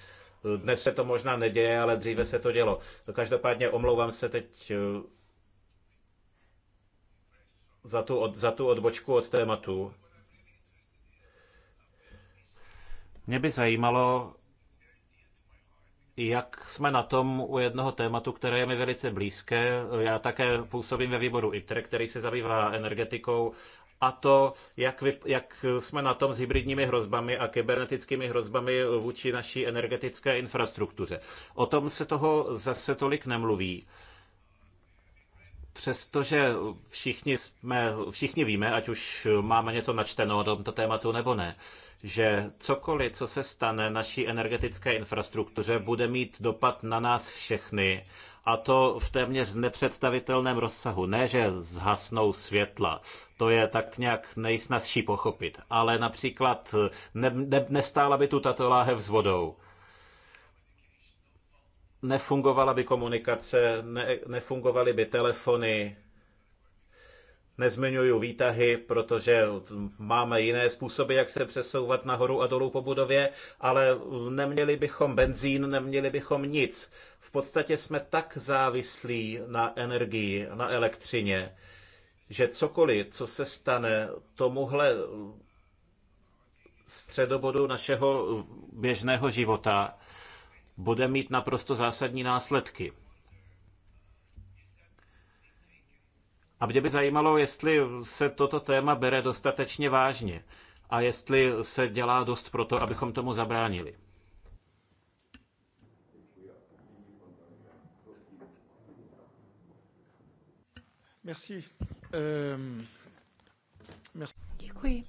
Dnes se to možná neděje, ale dříve se to dělo. Každopádně omlouvám se teď eh, za tu, od, za tu odbočku od tématu. Mě by zajímalo, jak jsme na tom u jednoho tématu, které je mi velice blízké. Já také působím ve výboru ITRE, který se zabývá energetikou a to, jak, vy, jak jsme na tom s hybridními hrozbami a kybernetickými hrozbami vůči naší energetické infrastruktuře. O tom se toho zase tolik nemluví přestože všichni, jsme, všichni víme, ať už máme něco načteno o tomto tématu nebo ne, že cokoliv, co se stane naší energetické infrastruktuře, bude mít dopad na nás všechny a to v téměř nepředstavitelném rozsahu. Ne, že zhasnou světla, to je tak nějak nejsnazší pochopit, ale například ne, ne, nestála by tu tato láhev s vodou nefungovala by komunikace, ne, nefungovaly by telefony, nezmiňuju výtahy, protože máme jiné způsoby, jak se přesouvat nahoru a dolů po budově, ale neměli bychom benzín, neměli bychom nic. V podstatě jsme tak závislí na energii, na elektřině, že cokoliv, co se stane tomuhle středobodu našeho běžného života, bude mít naprosto zásadní následky. A mě by zajímalo, jestli se toto téma bere dostatečně vážně a jestli se dělá dost pro to, abychom tomu zabránili. Merci. Um, merci. Děkuji.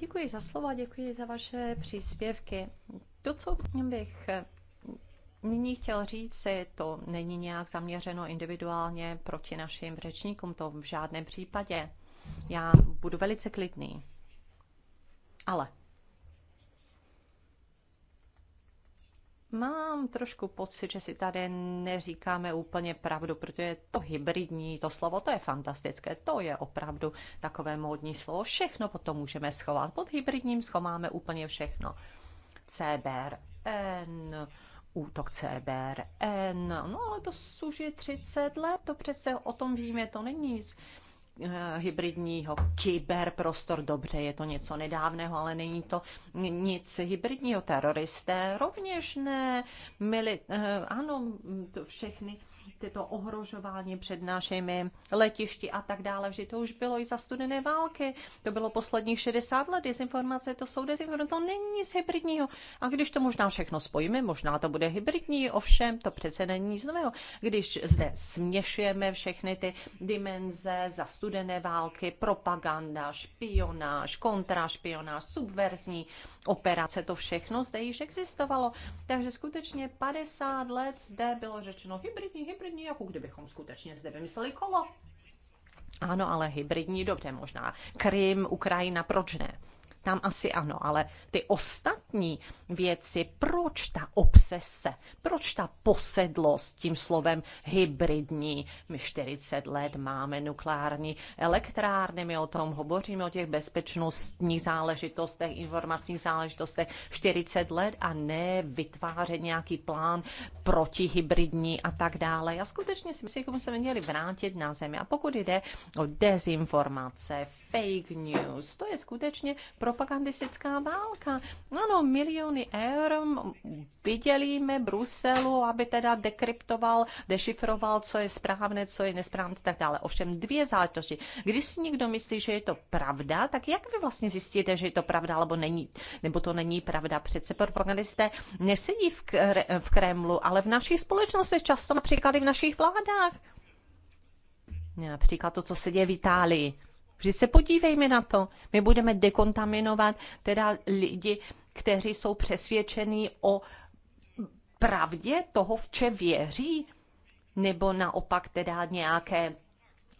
Děkuji za slova, děkuji za vaše příspěvky. To, co bych nyní chtěl říct si, to není nějak zaměřeno individuálně proti našim řečníkům, to v žádném případě. Já budu velice klidný. Ale mám trošku pocit, že si tady neříkáme úplně pravdu, protože to hybridní, to slovo, to je fantastické, to je opravdu takové módní slovo. Všechno potom můžeme schovat. Pod hybridním schováme úplně všechno. CBRN, útok CBRN. No ale to už je 30 let, to přece o tom víme, to není nic eh, hybridního. Kyberprostor, dobře, je to něco nedávného, ale není to nic hybridního. Teroristé rovněž ne. Mili, eh, ano, to všechny tyto ohrožování před našimi letišti a tak dále, že to už bylo i za studené války, to bylo posledních 60 let, dezinformace, to jsou dezinformace, to není nic hybridního. A když to možná všechno spojíme, možná to bude hybridní, ovšem to přece není nic nového. Když zde směšujeme všechny ty dimenze za studené války, propaganda, špionáž, kontrašpionáž, subverzní operace, to všechno zde již existovalo. Takže skutečně 50 let zde bylo řečeno hybridní, hybridní, jako kdybychom skutečně zde vymysleli kolo. Ano, ale hybridní, dobře, možná Krym, Ukrajina, proč ne? tam asi ano, ale ty ostatní věci, proč ta obsese, proč ta posedlost tím slovem hybridní, my 40 let máme nukleární elektrárny, my o tom hovoříme, o těch bezpečnostních záležitostech, informačních záležitostech 40 let a ne vytvářet nějaký plán protihybridní a tak dále. Já skutečně si myslím, že se měli vrátit na zemi. A pokud jde o dezinformace, fake news, to je skutečně pro propagandistická válka. Ano, miliony eur vydělíme Bruselu, aby teda dekryptoval, dešifroval, co je správné, co je nesprávné, tak dále. Ovšem dvě záležitosti. Když si někdo myslí, že je to pravda, tak jak vy vlastně zjistíte, že je to pravda, nebo není, nebo to není pravda? Přece propagandisté nesedí v, kre, v Kremlu, ale v naší společnosti často například i v našich vládách. Například to, co se děje v Itálii. Vždy se podívejme na to. My budeme dekontaminovat teda lidi, kteří jsou přesvědčení o pravdě toho, v če věří, nebo naopak teda nějaké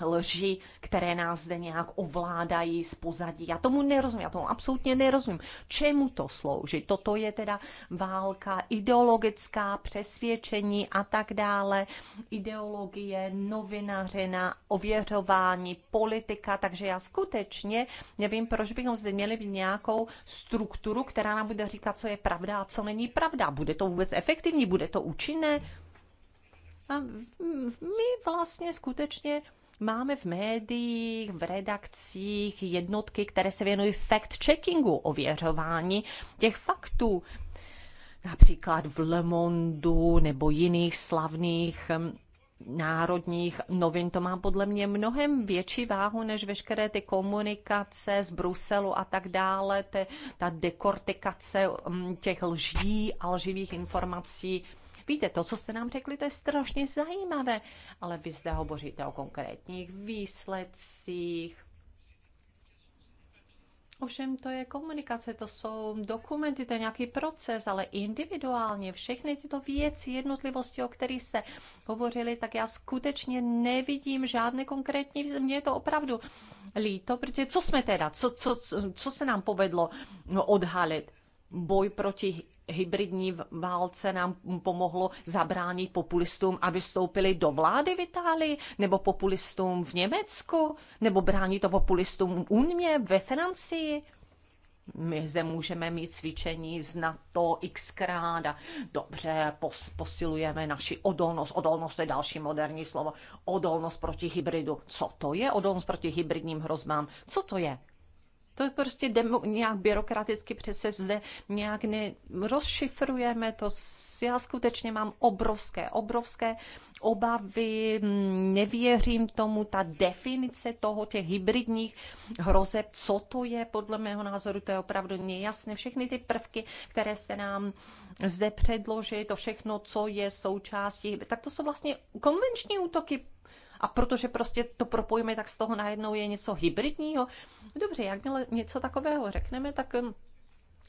lži, které nás zde nějak ovládají z pozadí. Já tomu nerozumím, já tomu absolutně nerozumím. Čemu to slouží? Toto je teda válka ideologická, přesvědčení a tak dále, ideologie, novinařina, ověřování, politika, takže já skutečně nevím, proč bychom zde měli být nějakou strukturu, která nám bude říkat, co je pravda a co není pravda. Bude to vůbec efektivní, bude to účinné? A my vlastně skutečně Máme v médiích, v redakcích jednotky, které se věnují fact-checkingu, ověřování těch faktů. Například v Le Monde nebo jiných slavných hm, národních novin. To má podle mě mnohem větší váhu než veškeré ty komunikace z Bruselu a tak dále, te, ta dekortikace hm, těch lží a lživých informací Víte, to, co jste nám řekli, to je strašně zajímavé, ale vy zde hovoříte o konkrétních výsledcích. Ovšem to je komunikace, to jsou dokumenty, to je nějaký proces, ale individuálně všechny tyto věci, jednotlivosti, o kterých se hovořili, tak já skutečně nevidím žádné konkrétní, mně je to opravdu líto, protože co jsme teda, co, co, co se nám povedlo no, odhalit? Boj proti hybridní válce nám pomohlo zabránit populistům, aby vstoupili do vlády v Itálii, nebo populistům v Německu, nebo bránit to populistům u mě ve Francii. My zde můžeme mít cvičení z NATO xkrát a dobře pos, posilujeme naši odolnost. Odolnost to je další moderní slovo. Odolnost proti hybridu. Co to je odolnost proti hybridním hrozbám? Co to je? To prostě demo, nějak byrokraticky přece zde nějak rozšifrujeme To já skutečně mám obrovské, obrovské obavy, nevěřím tomu, ta definice toho těch hybridních hrozeb, co to je, podle mého názoru, to je opravdu nejasné. Všechny ty prvky, které se nám zde předloží, to všechno, co je součástí, tak to jsou vlastně konvenční útoky a protože prostě to propojíme, tak z toho najednou je něco hybridního. Dobře, jakmile něco takového řekneme, tak hm,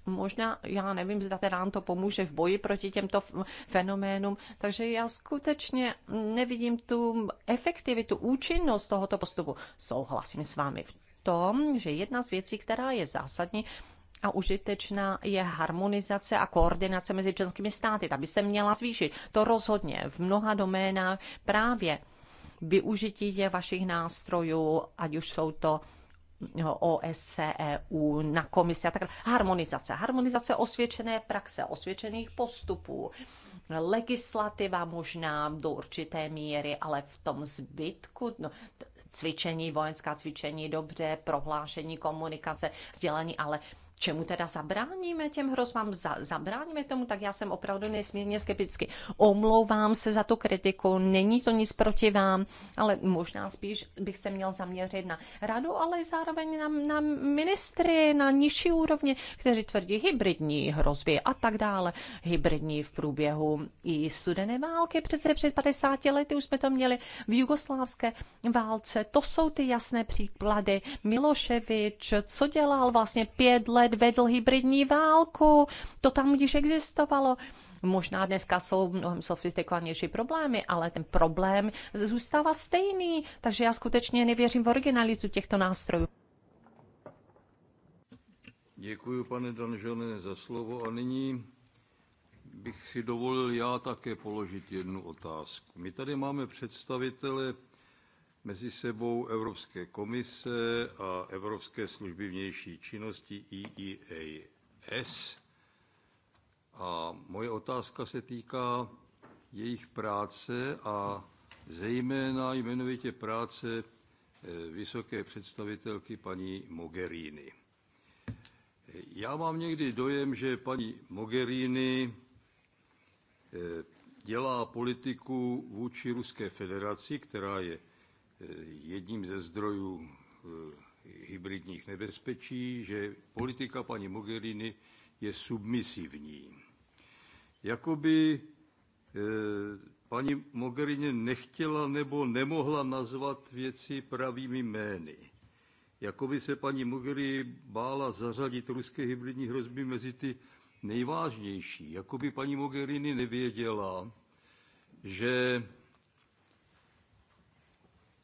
možná, já nevím, zda teda nám to pomůže v boji proti těmto fenoménům, takže já skutečně nevidím tu efektivitu, účinnost tohoto postupu. Souhlasím s vámi v tom, že jedna z věcí, která je zásadní, a užitečná je harmonizace a koordinace mezi členskými státy. Ta by se měla zvýšit. To rozhodně v mnoha doménách právě využití těch vašich nástrojů, ať už jsou to OSCEU, na komisi a tak Harmonizace. Harmonizace osvědčené praxe, osvědčených postupů, legislativa možná do určité míry, ale v tom zbytku no, cvičení, vojenská cvičení, dobře, prohlášení, komunikace, vzdělání, ale čemu teda zabráníme těm hrozbám, za, zabráníme tomu, tak já jsem opravdu nesmírně skepticky. Omlouvám se za tu kritiku, není to nic proti vám, ale možná spíš bych se měl zaměřit na radu, ale zároveň na, na ministry na nižší úrovni, kteří tvrdí hybridní hrozby a tak dále. Hybridní v průběhu i studené války, přece před 50 lety už jsme to měli v jugoslávské válce. To jsou ty jasné příklady. Miloševič, co dělal vlastně pět let let vedl hybridní válku, to tam již existovalo. Možná dneska jsou mnohem sofistikovanější problémy, ale ten problém zůstává stejný, takže já skutečně nevěřím v originalitu těchto nástrojů. Děkuji, pane Danžone, za slovo. A nyní bych si dovolil já také položit jednu otázku. My tady máme představitele mezi sebou Evropské komise a Evropské služby vnější činnosti EEAS. A moje otázka se týká jejich práce a zejména jmenovitě práce eh, vysoké představitelky paní Mogherini. Eh, já mám někdy dojem, že paní Mogherini eh, dělá politiku vůči Ruské federaci, která je Eh, jedním ze zdrojů eh, hybridních nebezpečí, že politika paní Mogherini je submisivní. Jakoby eh, paní Mogherini nechtěla nebo nemohla nazvat věci pravými jmény. Jakoby se paní Mogherini bála zařadit ruské hybridní hrozby mezi ty nejvážnější. Jakoby paní Mogherini nevěděla, že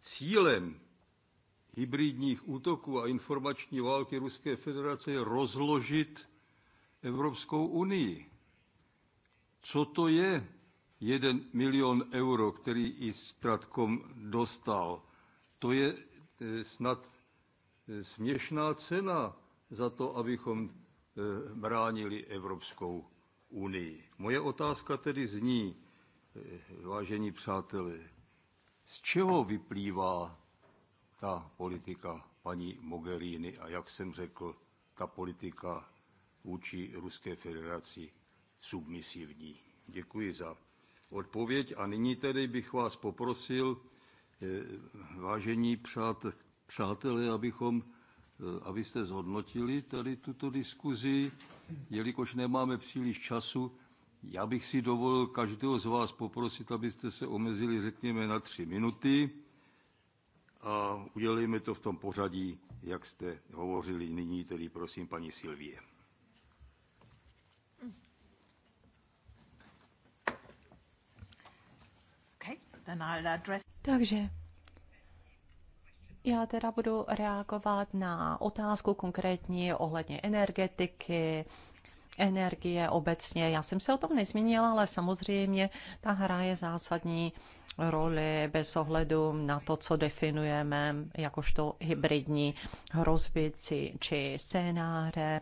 Cílem hybridních útoků a informační války Ruské federace je rozložit Evropskou unii. Co to je jeden milion euro, který i Stratkom dostal? To je eh, snad eh, směšná cena za to, abychom eh, bránili Evropskou unii. Moje otázka tedy zní, vážení přátelé, z čeho vyplývá ta politika paní Mogherini a jak jsem řekl, ta politika vůči Ruské federaci submisivní. Děkuji za odpověď a nyní tedy bych vás poprosil, eh, vážení přátelé, abychom, eh, abyste zhodnotili tady tuto diskuzi, jelikož nemáme příliš času, já bych si dovolil každého z vás poprosit, abyste se omezili, řekněme, na tři minuty a udělejme to v tom pořadí, jak jste hovořili nyní, tedy prosím paní Silvie. Takže já teda budu reagovat na otázku konkrétně ohledně energetiky, energie obecně. Já jsem se o tom nezmínila, ale samozřejmě ta hra je zásadní roli bez ohledu na to, co definujeme jakožto hybridní hrozby či scénáře.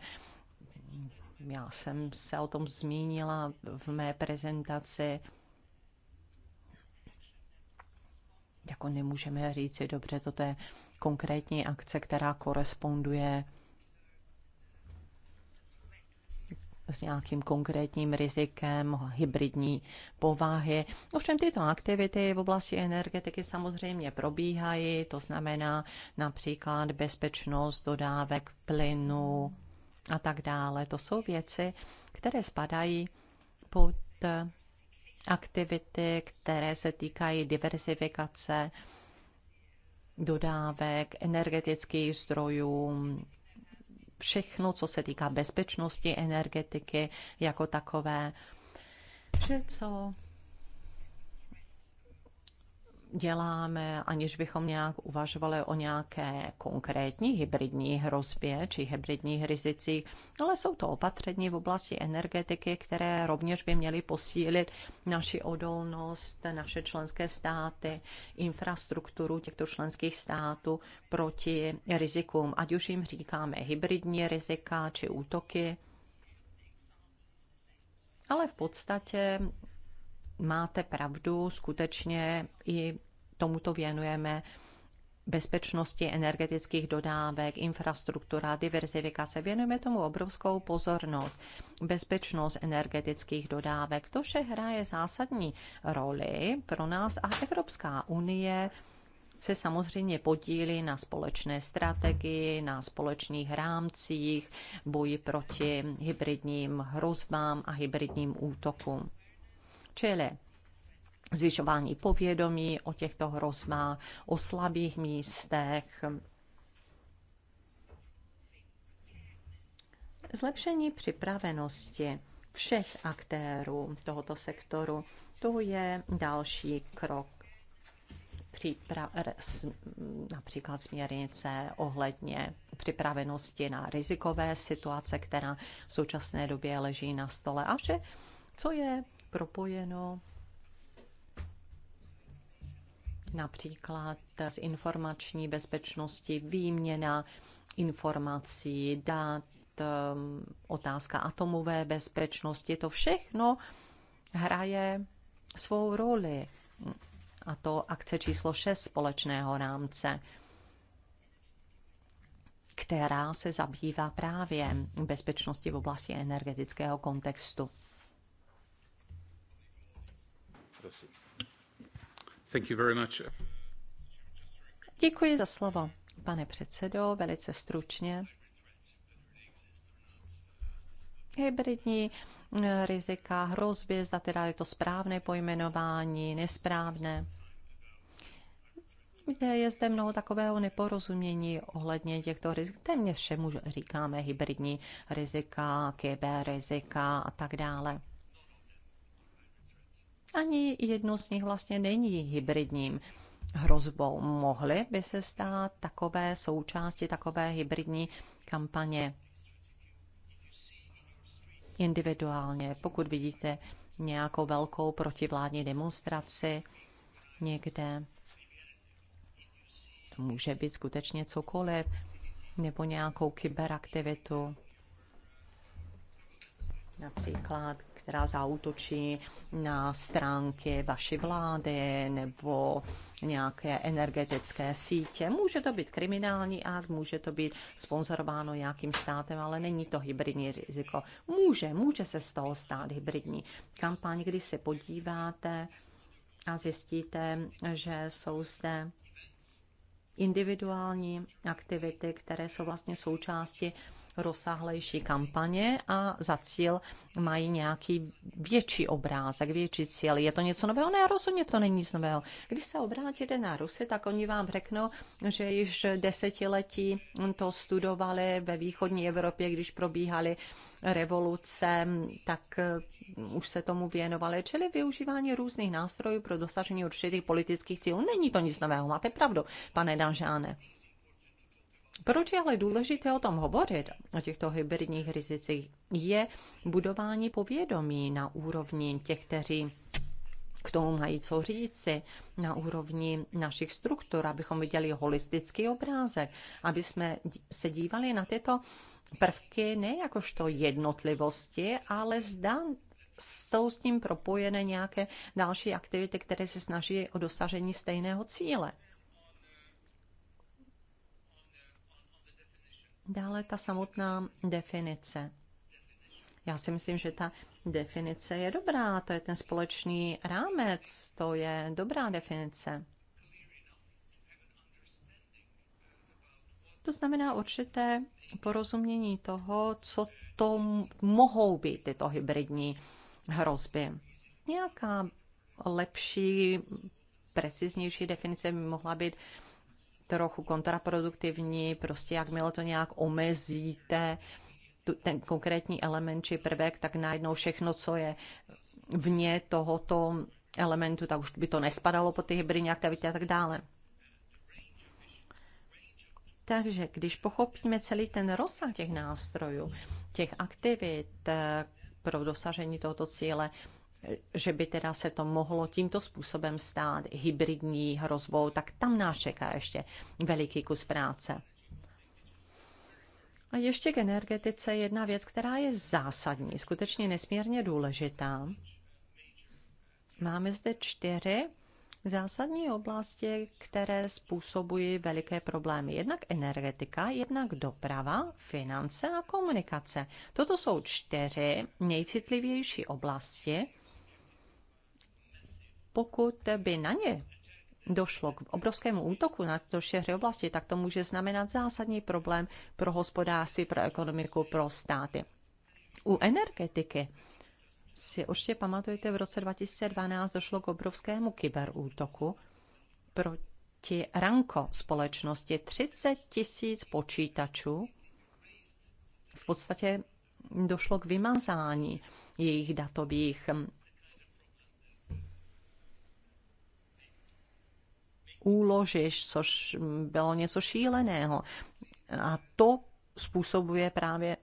Já jsem se o tom zmínila v mé prezentaci. Jako nemůžeme říci, dobře, to je konkrétní akce, která koresponduje s nějakým konkrétním rizikem hybridní povahy. Ovšem tyto aktivity v oblasti energetiky samozřejmě probíhají, to znamená například bezpečnost dodávek plynu a tak dále. To jsou věci, které spadají pod aktivity, které se týkají diversifikace dodávek energetických zdrojů, všechno, co se týká bezpečnosti energetiky jako takové. Vše, co děláme, aniž bychom nějak uvažovali o nějaké konkrétní hybridní hrozbě či hybridních rizicích, ale jsou to opatření v oblasti energetiky, které rovněž by měly posílit naši odolnost, naše členské státy, infrastrukturu těchto členských států proti rizikům, ať už jim říkáme hybridní rizika či útoky. Ale v podstatě máte pravdu, skutečně i tomuto věnujeme bezpečnosti energetických dodávek, infrastruktura, diverzifikace. Věnujeme tomu obrovskou pozornost. Bezpečnost energetických dodávek, to vše hraje zásadní roli pro nás a Evropská unie se samozřejmě podílí na společné strategii, na společných rámcích, boji proti hybridním hrozbám a hybridním útokům. Čili zvyšování povědomí o těchto hrozbách, o slabých místech, zlepšení připravenosti všech aktérů tohoto sektoru, to je další krok Přípra- například směrnice ohledně připravenosti na rizikové situace, která v současné době leží na stole. A vše, co je propojeno například z informační bezpečnosti, výměna informací, dát, um, otázka atomové bezpečnosti, to všechno hraje svou roli. A to akce číslo 6 společného rámce, která se zabývá právě bezpečnosti v oblasti energetického kontextu. Thank you very much. Děkuji za slovo, pane předsedo, velice stručně. Hybridní eh, rizika, hrozby, zda teda je to správné pojmenování, nesprávné. Je zde mnoho takového neporozumění ohledně těchto rizik. Téměř všemu říkáme hybridní rizika, kyberrizika a tak dále. Ani jedno z nich vlastně není hybridním hrozbou. Mohly by se stát takové součásti takové hybridní kampaně individuálně. Pokud vidíte nějakou velkou protivládní demonstraci někde, může být skutečně cokoliv, nebo nějakou kyberaktivitu. Například která zautočí na stránky vaší vlády nebo nějaké energetické sítě. Může to být kriminální akt, může to být sponzorováno nějakým státem, ale není to hybridní riziko. Může, může se z toho stát hybridní kampaň, když se podíváte a zjistíte, že jsou zde individuální aktivity, které jsou vlastně součástí rozsáhlejší kampaně a za cíl mají nějaký větší obrázek, větší cíl. Je to něco nového? Ne, rozhodně to není nic nového. Když se obrátíte na Rusy, tak oni vám řeknou, že již desetiletí to studovali ve východní Evropě, když probíhaly revoluce, tak eh, už se tomu věnovali. Čili využívání různých nástrojů pro dosažení určitých politických cílů. Není to nic nového, máte pravdu, pane Danžáne. Proč je ale důležité o tom hovořit, o těchto hybridních rizicích, je budování povědomí na úrovni těch, kteří k tomu mají co říci na úrovni našich struktur, abychom viděli holistický obrázek, aby jsme se dívali na tyto prvky ne jakožto jednotlivosti, ale zdá jsou s tím propojené nějaké další aktivity, které se snaží o dosažení stejného cíle. Dále ta samotná definice. Já si myslím, že ta definice je dobrá, to je ten společný rámec, to je dobrá definice. To znamená určité porozumění toho, co to mohou být tyto hybridní hrozby. Nějaká lepší, preciznější definice by mohla být trochu kontraproduktivní, prostě jakmile to nějak omezíte, ten konkrétní element či prvek, tak najednou všechno, co je vně tohoto elementu, tak už by to nespadalo pod ty hybridní aktivity a tak dále. Takže když pochopíme celý ten rozsah těch nástrojů, těch aktivit eh, pro dosažení tohoto cíle, eh, že by teda se to mohlo tímto způsobem stát hybridní hrozbou, tak tam nás čeká ještě veliký kus práce. A ještě k energetice jedna věc, která je zásadní, skutečně nesmírně důležitá. Máme zde čtyři zásadní oblasti, které způsobují veliké problémy. Jednak energetika, jednak doprava, finance a komunikace. Toto jsou čtyři nejcitlivější oblasti. Pokud by na ně došlo k obrovskému útoku na tyto šeře oblasti, tak to může znamenat zásadní problém pro hospodářství, pro ekonomiku, pro státy. U energetiky si určitě pamatujete, v roce 2012 došlo k obrovskému kyberútoku proti Ranko společnosti. 30 tisíc počítačů v podstatě došlo k vymazání jejich datových hm, úložiš, což hm, bylo něco šíleného. A to způsobuje právě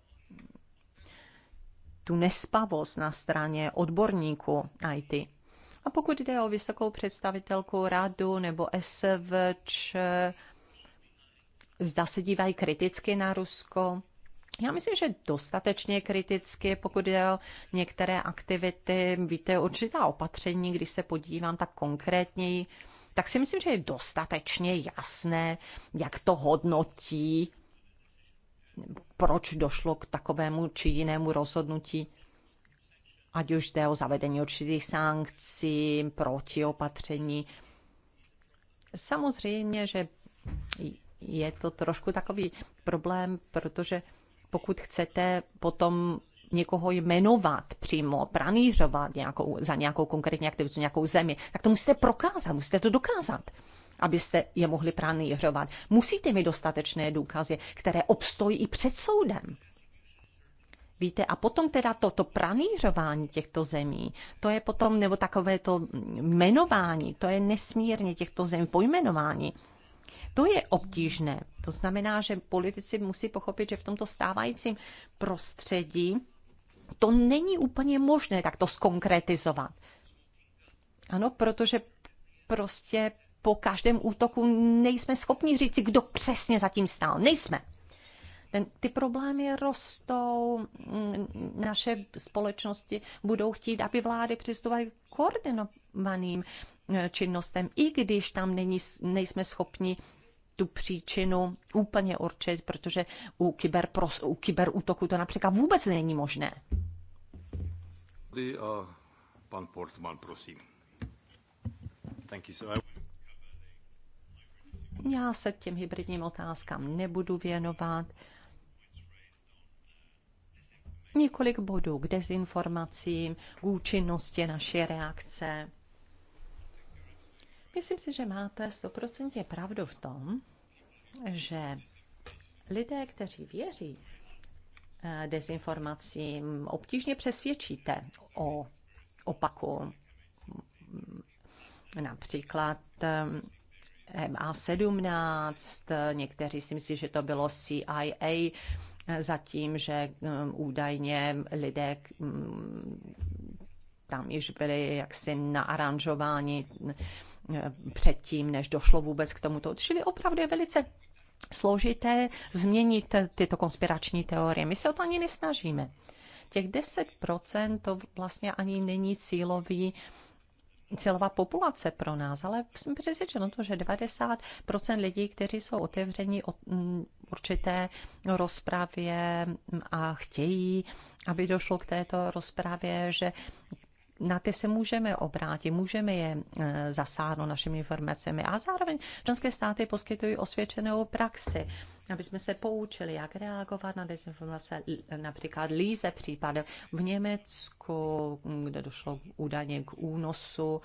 tu nespavost na straně odborníků IT. A pokud jde o vysokou představitelku radu nebo SVČ, zda se dívají kriticky na Rusko, já myslím, že dostatečně kriticky, pokud jde o některé aktivity, víte, určitá opatření, když se podívám tak konkrétněji, tak si myslím, že je dostatečně jasné, jak to hodnotí proč došlo k takovému či jinému rozhodnutí, ať už jde o zavedení určitých sankcí, protiopatření. Samozřejmě, že je to trošku takový problém, protože pokud chcete potom někoho jmenovat přímo, pranířovat nějakou, za nějakou konkrétní aktivitu, nějakou zemi, tak to musíte prokázat, musíte to dokázat abyste je mohli pranýřovat. Musíte mít dostatečné důkazy, které obstojí i před soudem. Víte, a potom teda toto to pranýřování těchto zemí, to je potom, nebo takové to jmenování, to je nesmírně těchto zemí, pojmenování, to je obtížné. To znamená, že politici musí pochopit, že v tomto stávajícím prostředí to není úplně možné takto skonkretizovat. Ano, protože prostě po každém útoku nejsme schopni říci, kdo přesně zatím stál. Nejsme. Ten, ty problémy rostou, mm, naše společnosti budou chtít, aby vlády přistupovaly koordinovaným eh, činnostem, i když tam není, nejsme schopni tu příčinu úplně určit, protože u, kyberpros, u kyberútoku to například vůbec není možné. Eh, pan Portman, prosím. Thank you, já se těm hybridním otázkám nebudu věnovat. Několik bodů k dezinformacím, k účinnosti naší reakce. Myslím si, že máte 100% pravdu v tom, že lidé, kteří věří eh, dezinformacím, obtížně přesvědčíte o opaku. Například eh, MA17, někteří si myslí, že to bylo CIA, zatím, že um, údajně lidé mm, tam již byli jaksi naaranžováni mm, předtím, než došlo vůbec k tomuto. Čili opravdu je velice složité změnit tyto konspirační teorie. My se o to ani nesnažíme. Těch 10% to vlastně ani není cílový cílová populace pro nás, ale jsem přesvědčen o to, že 90% lidí, kteří jsou otevření o mm, určité rozpravě a chtějí, aby došlo k této rozpravě, že na ty se můžeme obrátit, můžeme je e, zasáhnout našimi informacemi a zároveň členské státy poskytují osvědčenou praxi aby jsme se poučili, jak reagovat na dezinformace, například líze případ v Německu, kde došlo údajně k únosu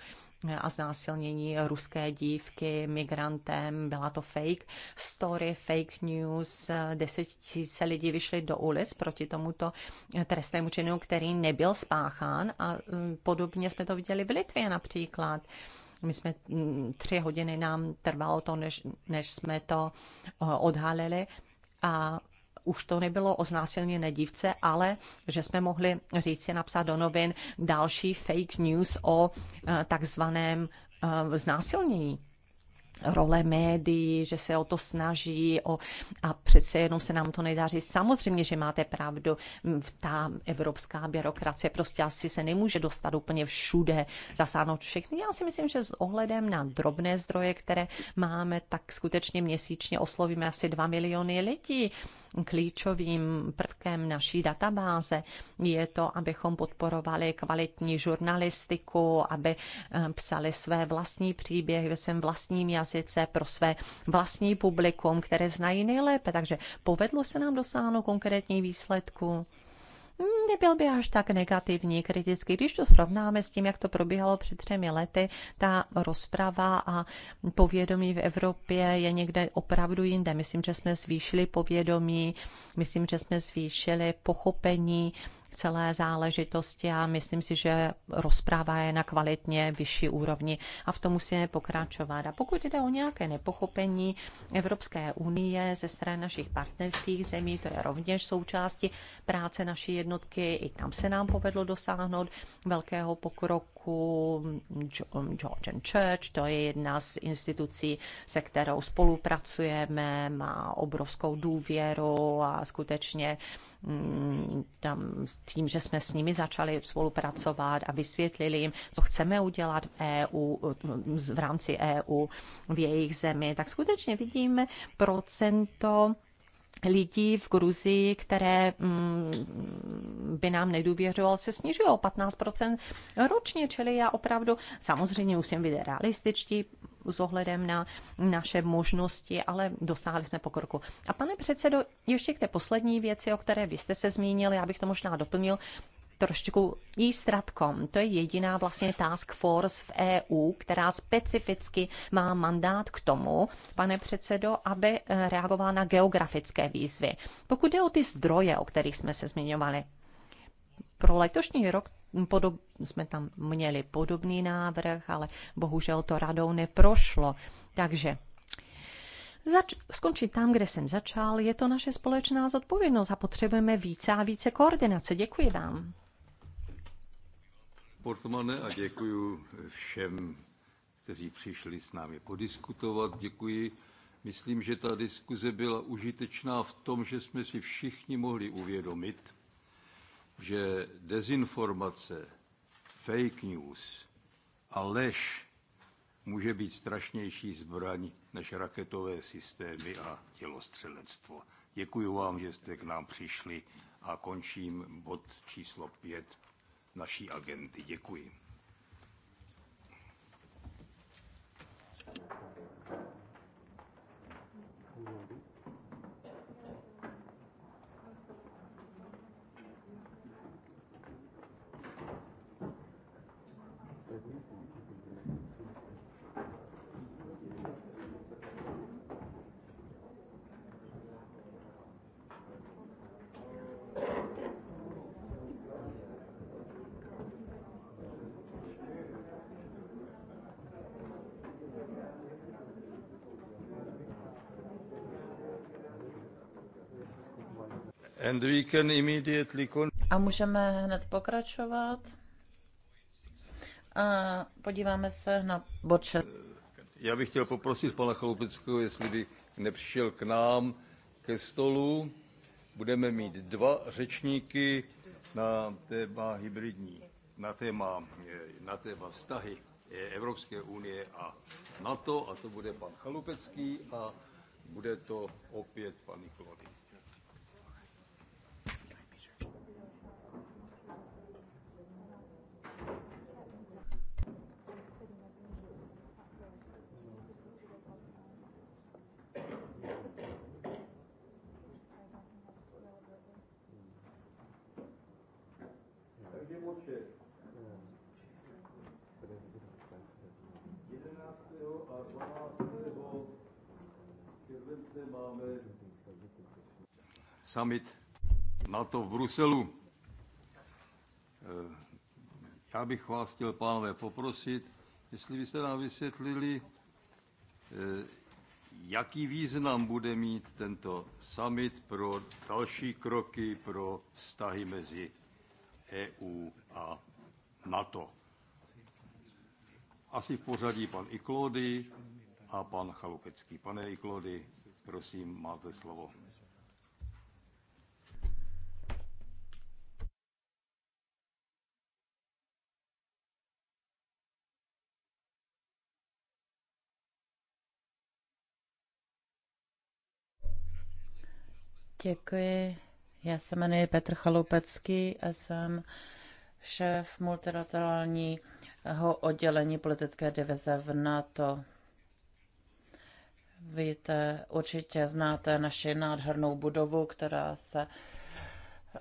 a znásilnění ruské dívky migrantem. Byla to fake story, fake news. deset tisíce lidí vyšly do ulic proti tomuto trestnému činu, který nebyl spáchán a podobně jsme to viděli v Litvě například my jsme mm, tři hodiny nám trvalo to, než, než jsme to eh, odhalili a už to nebylo o znásilněné dívce, ale že jsme mohli říct si napsat do novin další fake news o eh, takzvaném eh, znásilnění role médií, že se o to snaží o, a přece jenom se nám to nedaří. Samozřejmě, že máte pravdu, ta evropská byrokracie prostě asi se nemůže dostat úplně všude, zasáhnout všechny. Já si myslím, že s ohledem na drobné zdroje, které máme, tak skutečně měsíčně oslovíme asi 2 miliony lidí klíčovým prvkem naší databáze. Je to, abychom podporovali kvalitní žurnalistiku, aby eh, psali své vlastní příběhy ve svém vlastním jazyce jazyce pro své vlastní publikum, které znají nejlépe. Takže povedlo se nám dosáhnout konkrétní výsledku hmm, nebyl by až tak negativní, kritický. Když to srovnáme s tím, jak to probíhalo před třemi lety, ta rozprava a povědomí v Evropě je někde opravdu jinde. Myslím, že jsme zvýšili povědomí, myslím, že jsme zvýšili pochopení celé záležitosti a myslím si, že rozpráva je na kvalitně vyšší úrovni a v tom musíme pokračovat. A pokud jde o nějaké nepochopení Evropské unie ze strany našich partnerských zemí, to je rovněž součástí práce naší jednotky, i tam se nám povedlo dosáhnout velkého pokroku roku, mm, mm, George and Church, to je jedna z institucí, se kterou spolupracujeme, má obrovskou důvěru a skutečně mm, tam s tím, že jsme s nimi začali spolupracovat a vysvětlili jim, co chceme udělat v EU, v rámci EU v jejich zemi, tak skutečně vidíme procento lidí v Gruzii, které mm, by nám nedůvěřovalo, se snižují o 15% ročně, čili já opravdu samozřejmě musím být realističtí s ohledem na naše možnosti, ale dosáhli jsme pokroku. A pane předsedo, ještě k té poslední věci, o které vy jste se zmínil, já bych to možná doplnil, trošku jí stratkom. To je jediná vlastně task force v EU, která specificky má mandát k tomu, pane předsedo, aby eh, reagovala na geografické výzvy. Pokud jde o ty zdroje, o kterých jsme se zmiňovali, pro letošní rok podob, jsme tam měli podobný návrh, ale bohužel to radou neprošlo. Takže Zač- skončit tam, kde jsem začal, je to naše společná zodpovědnost a potřebujeme více a více koordinace. Děkuji vám. Portmane a děkuji všem, kteří přišli s námi podiskutovat. Děkuji. Myslím, že ta diskuze byla užitečná v tom, že jsme si všichni mohli uvědomit, že dezinformace, fake news a lež může být strašnější zbraň než raketové systémy a tělostřelectvo. Děkuji vám, že jste k nám přišli a končím bod číslo 5 naší agendy. Děkuji. A můžeme hned pokračovat. A podíváme se na boče. Já bych chtěl poprosit pana Chaloupeckého, jestli by nepřišel k nám ke stolu. Budeme mít dva řečníky na téma hybridní, na téma, eh, na téma vztahy eh, Evropské unie a NATO, a to bude pan Chalupecký a bude to opět pan Nikolody. máme summit NATO v Bruselu. Eh, já bych vás chtěl, pánové, poprosit, jestli byste nám vysvětlili, eh, jaký význam bude mít tento summit pro další kroky pro vztahy mezi EU a NATO. Asi v pořadí pan Iklody a pan Chalupecký. Pane Iklody, Prosím, máte slovo. Děkuji. Já se jmenuji Petr Chaloupecký a jsem šéf multilaterálního oddělení politické divize v NATO. Víte, určitě znáte naši nádhernou budovu, která se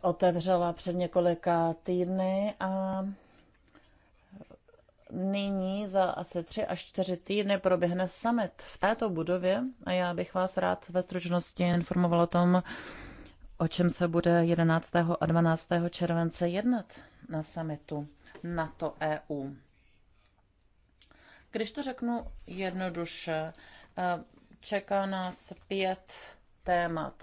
otevřela před několika týdny a nyní za asi tři až čtyři týdny proběhne summit v této budově a já bych vás rád ve stručnosti informoval o tom, o čem se bude 11. a 12. července jednat na summitu NATO-EU. Když to řeknu jednoduše, Čeká nás pět témat,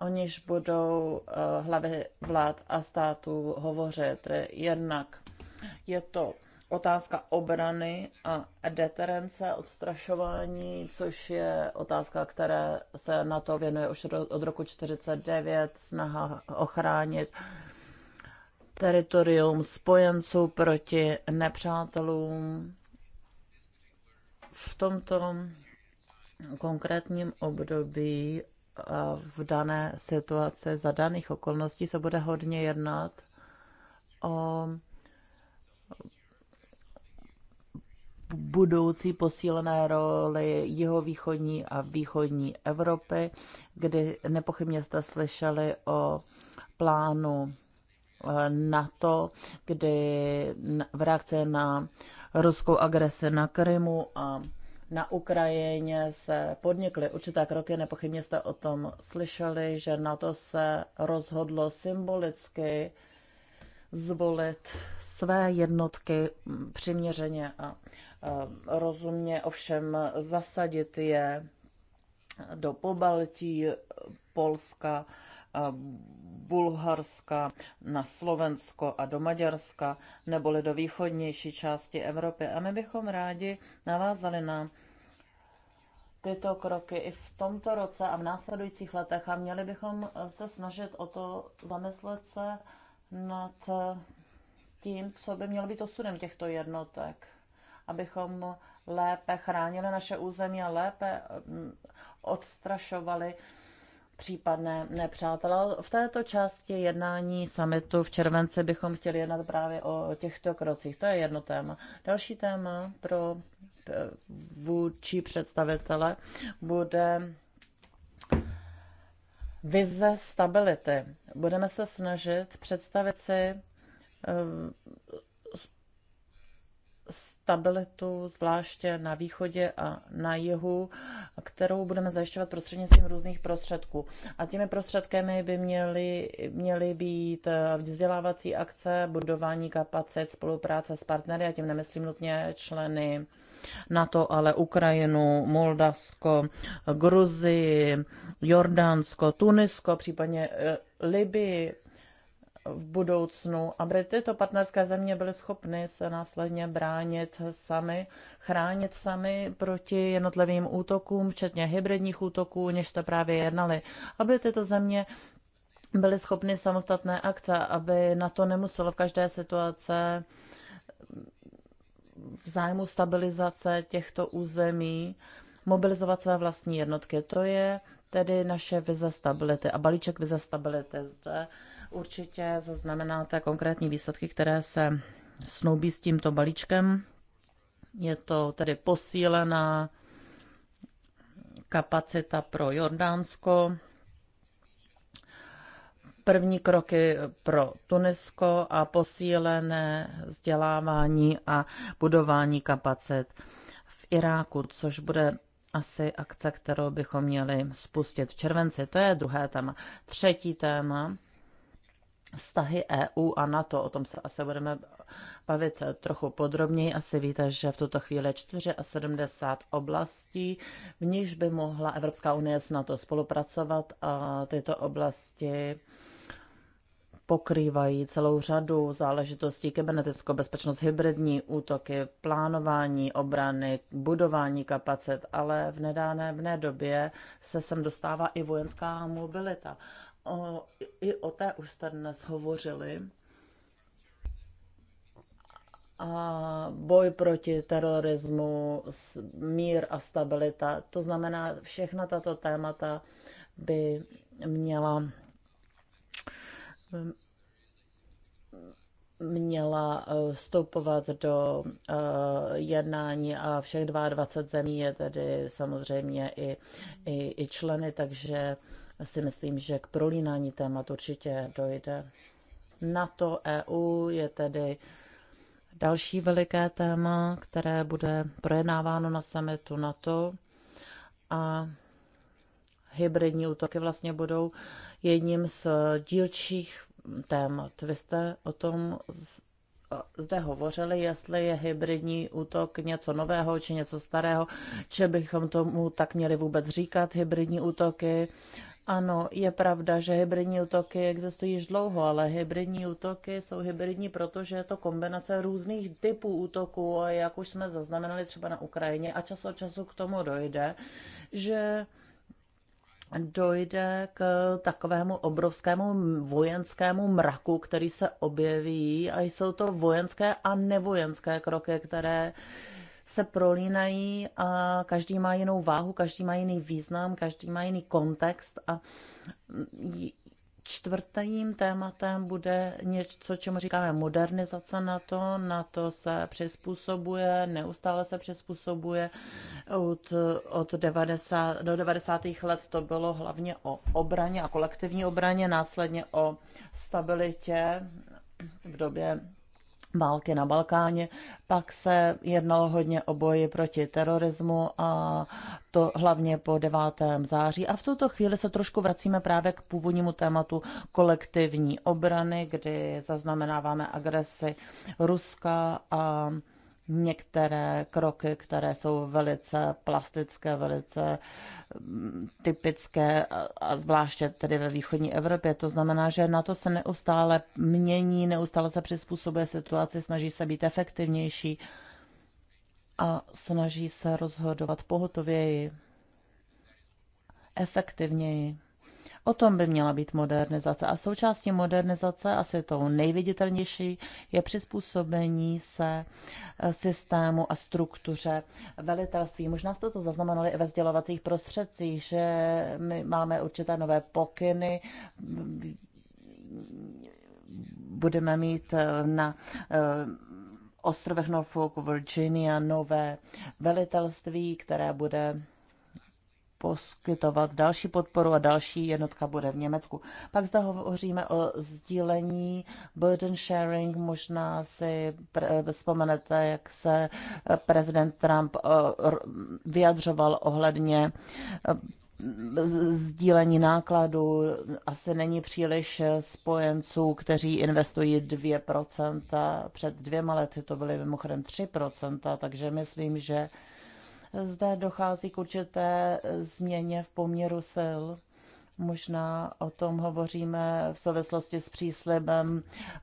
o níž budou eh, hlavy vlád a států hovořit. Jednak je to otázka obrany a deterence, odstrašování, což je otázka, které se na to věnuje už od roku 49, snaha ochránit teritorium spojenců proti nepřátelům. V tomto konkrétním období a v dané situaci, za daných okolností se bude hodně jednat o budoucí posílené roli jihovýchodní a východní Evropy, kdy nepochybně jste slyšeli o plánu eh, na to, kdy v reakci na ruskou agresi na Krymu a na Ukrajině se podnikly určité kroky, nepochybně jste o tom slyšeli, že na to se rozhodlo symbolicky zvolit své jednotky přiměřeně a rozumně, ovšem zasadit je do Pobaltí, Polska Bulharska, na Slovensko a do Maďarska, neboli do východnější části Evropy. A my bychom rádi navázali na tyto kroky i v tomto roce a v následujících letech a měli bychom se snažit o to zamyslet se nad tím, co by mělo být osudem těchto jednotek, abychom lépe chránili naše území a lépe mm, odstrašovali případné nepřátelé. V této části jednání summitu v červenci bychom chtěli jednat právě o těchto krocích. To je jedno téma. Další téma pro eh, vůči představitele bude vize stability. Budeme se snažit představit si eh, stabilitu, zvláště na východě a na jihu, kterou budeme zajišťovat prostřednictvím různých prostředků. A těmi prostředkami by měly, měly být eh, vzdělávací akce, budování kapacit, spolupráce s partnery, a tím nemyslím nutně členy NATO, ale Ukrajinu, Moldavsko, Gruzii, Jordánsko, Tunisko, případně eh, Libii, v budoucnu, aby tyto partnerské země byly schopny se následně bránit sami, chránit sami proti jednotlivým útokům, včetně hybridních útoků, než jste právě jednali, aby tyto země byly schopny samostatné akce, aby na to nemuselo v každé situace v zájmu stabilizace těchto území mobilizovat své vlastní jednotky. To je tedy naše vize stability a balíček vize stability zde Určitě zaznamenáte konkrétní výsledky, které se snoubí s tímto balíčkem. Je to tedy posílená kapacita pro Jordánsko, první kroky pro Tunisko a posílené vzdělávání a budování kapacit v Iráku, což bude asi akce, kterou bychom měli spustit v červenci. To je druhé téma. Třetí téma vztahy EU a NATO. O tom se asi budeme bavit trochu podrobněji. Asi víte, že v tuto chvíli 74 oblastí, v níž by mohla Evropská unie s NATO spolupracovat a tyto oblasti pokrývají celou řadu záležitostí, kybernetickou bezpečnost, hybridní útoky, plánování obrany, budování kapacit, ale v nedávné době se sem dostává i vojenská mobilita o, i o té už jste dnes hovořili. A boj proti terorismu, mír a stabilita, to znamená, všechna tato témata by měla měla eh, vstupovat do eh, jednání a všech 22 zemí je tedy samozřejmě i, i, i členy, takže si myslím, že k prolínání témat určitě dojde. NATO, EU je tedy další veliké téma, které bude projednáváno na summitu NATO a hybridní útoky vlastně budou jedním z dílčích témat. Vy jste o tom zde hovořili, jestli je hybridní útok něco nového či něco starého, či bychom tomu tak měli vůbec říkat hybridní útoky, ano, je pravda, že hybridní útoky existují již dlouho, ale hybridní útoky jsou hybridní, protože je to kombinace různých typů útoků, jak už jsme zaznamenali třeba na Ukrajině, a čas od času k tomu dojde, že dojde k takovému obrovskému vojenskému mraku, který se objeví a jsou to vojenské a nevojenské kroky, které se prolínají a každý má jinou váhu, každý má jiný význam, každý má jiný kontext a čtvrtým tématem bude něco, čemu říkáme modernizace na to. Na to se přizpůsobuje, neustále se přizpůsobuje. Od, od 90, do 90. let to bylo hlavně o obraně a kolektivní obraně, následně o stabilitě v době války na Balkáně. Pak se jednalo hodně o boji proti terorismu a to hlavně po 9. září. A v tuto chvíli se trošku vracíme právě k původnímu tématu kolektivní obrany, kdy zaznamenáváme agresi Ruska a některé kroky, které jsou velice plastické, velice mm, typické a zvláště tedy ve východní Evropě. To znamená, že na to se neustále mění, neustále se přizpůsobuje situaci, snaží se být efektivnější a snaží se rozhodovat pohotověji, efektivněji. O tom by měla být modernizace. A součástí modernizace, asi tou nejviditelnější, je přizpůsobení se eh, systému a struktuře velitelství. Možná jste to zaznamenali i ve sdělovacích prostředcích, že my máme určité nové pokyny, budeme mít eh, na eh, ostrovech Norfolk, Virginia, nové velitelství, které bude poskytovat další podporu a další jednotka bude v Německu. Pak zde hovoříme o sdílení, burden sharing, možná si vzpomenete, jak se eh, prezident Trump eh, vyjadřoval ohledně eh, sdílení nákladů asi není příliš spojenců, kteří investují 2%. Před dvěma lety to byly mimochodem 3%, takže myslím, že zde dochází k určité změně v poměru sil Možná o tom hovoříme v souvislosti s příslibem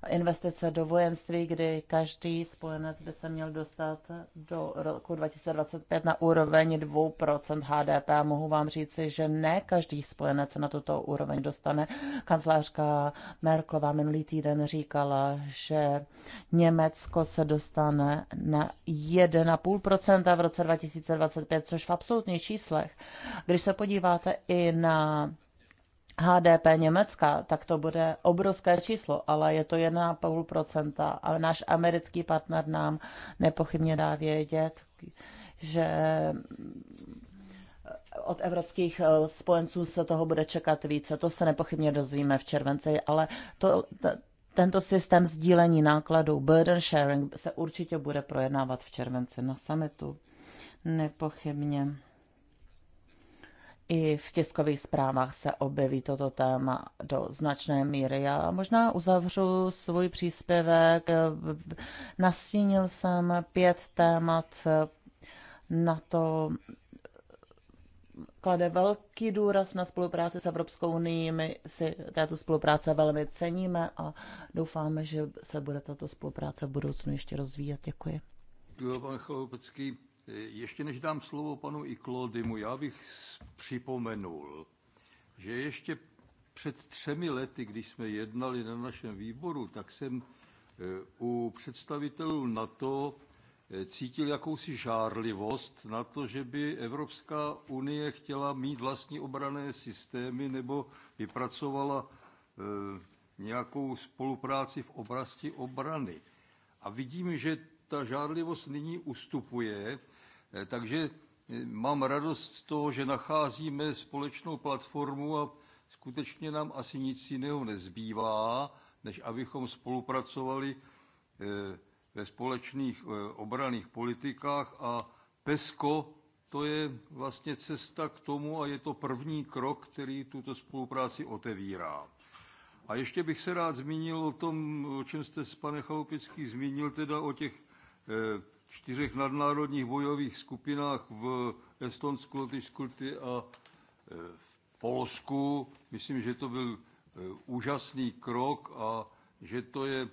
investice do vojenství, kdy každý spojenec by se měl dostat do roku 2025 na úroveň 2% HDP. A mohu vám říci, že ne každý spojenec se na tuto úroveň dostane. Kancelářka Merklová minulý týden říkala, že Německo se dostane na 1,5% v roce 2025, což v absolutních číslech. Když se podíváte i na HDP Německa, tak to bude obrovské číslo, ale je to 1,5% a náš americký partner nám nepochybně dá vědět, že od evropských eh, spojenců se toho bude čekat více. To se nepochybně dozvíme v červenci, ale to, t- tento systém sdílení nákladů, burden sharing, se určitě bude projednávat v červenci na summitu. Nepochybně i v tiskových zprávách se objeví toto téma do značné míry. Já možná uzavřu svůj příspěvek. Nastínil jsem pět témat na to, klade velký důraz na spolupráci s Evropskou unii. My si této spolupráce velmi ceníme a doufáme, že se bude tato spolupráce v budoucnu ještě rozvíjet. Děkuji. Děkuji, pan Chloupecký. Ještě než dám slovo panu Iklodimu, já bych připomenul, že ještě před třemi lety, když jsme jednali na našem výboru, tak jsem e, u představitelů NATO e, cítil jakousi žárlivost na to, že by Evropská unie chtěla mít vlastní obrané systémy nebo vypracovala e, nějakou spolupráci v oblasti obrany. A vidím, že ta žádlivost nyní ustupuje, eh, takže eh, mám radost z toho, že nacházíme společnou platformu a skutečně nám asi nic jiného nezbývá, než abychom spolupracovali eh, ve společných obraných politikách a PESCO to je vlastně cesta k tomu a je to první krok, který tuto spolupráci otevírá. A ještě bych se rád zmínil o tom, o čem jste, pane Chalupický, zmínil, teda o těch Eh, čtyřech nadnárodních bojových skupinách v Estonsku, Lotyšsku a eh, v Polsku. Myslím, že to byl eh, úžasný krok a že to je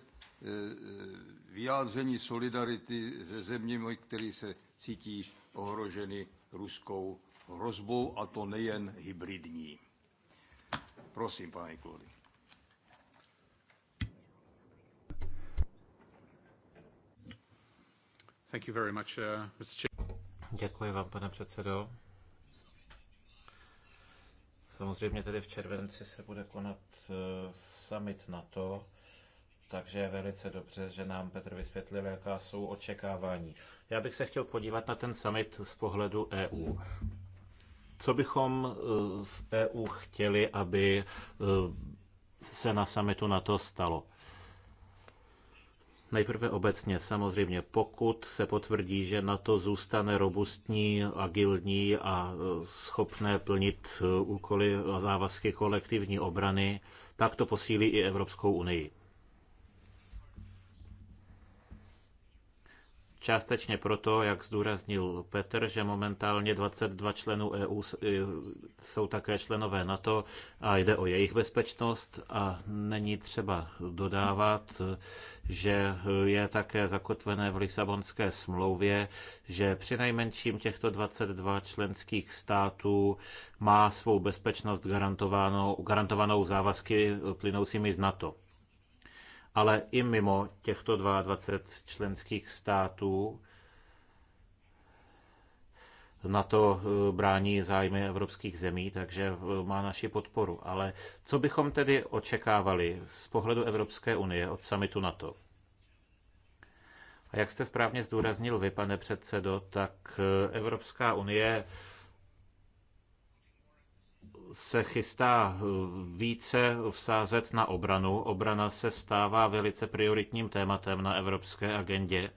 vyjádření solidarity se zeměmi, které se cítí ohroženy ruskou hrozbou, a to nejen hybridní. Prosím, pane Klody. Thank you very much, uh, Děkuji vám, pane předsedo. Samozřejmě tedy v červenci se bude konat uh, summit NATO, takže je velice dobře, že nám Petr vysvětlil, jaká jsou očekávání. Já bych se chtěl podívat na ten summit z pohledu EU. Co bychom uh, v EU chtěli, aby uh, se na summitu NATO stalo? Nejprve obecně samozřejmě, pokud se potvrdí, že na to zůstane robustní, agilní a e, schopné plnit e, úkoly a závazky kolektivní obrany, tak to posílí i Evropskou unii. Částečně proto, jak zdůraznil Petr, že momentálně 22 členů EU jsou také členové NATO a jde o jejich bezpečnost a není třeba dodávat, že je také zakotvené v Lisabonské smlouvě, že při nejmenším těchto 22 členských států má svou bezpečnost garantovanou, garantovanou závazky plynoucími z NATO ale i mimo těchto 22 členských států na to eh, brání zájmy evropských zemí, takže eh, má naši podporu. Ale co bychom tedy očekávali z pohledu Evropské unie od samitu NATO? A jak jste správně zdůraznil vy, pane předsedo, tak eh, Evropská unie se chystá eh, více vsázet na obranu. Obrana se stává velice prioritním tématem na evropské agendě.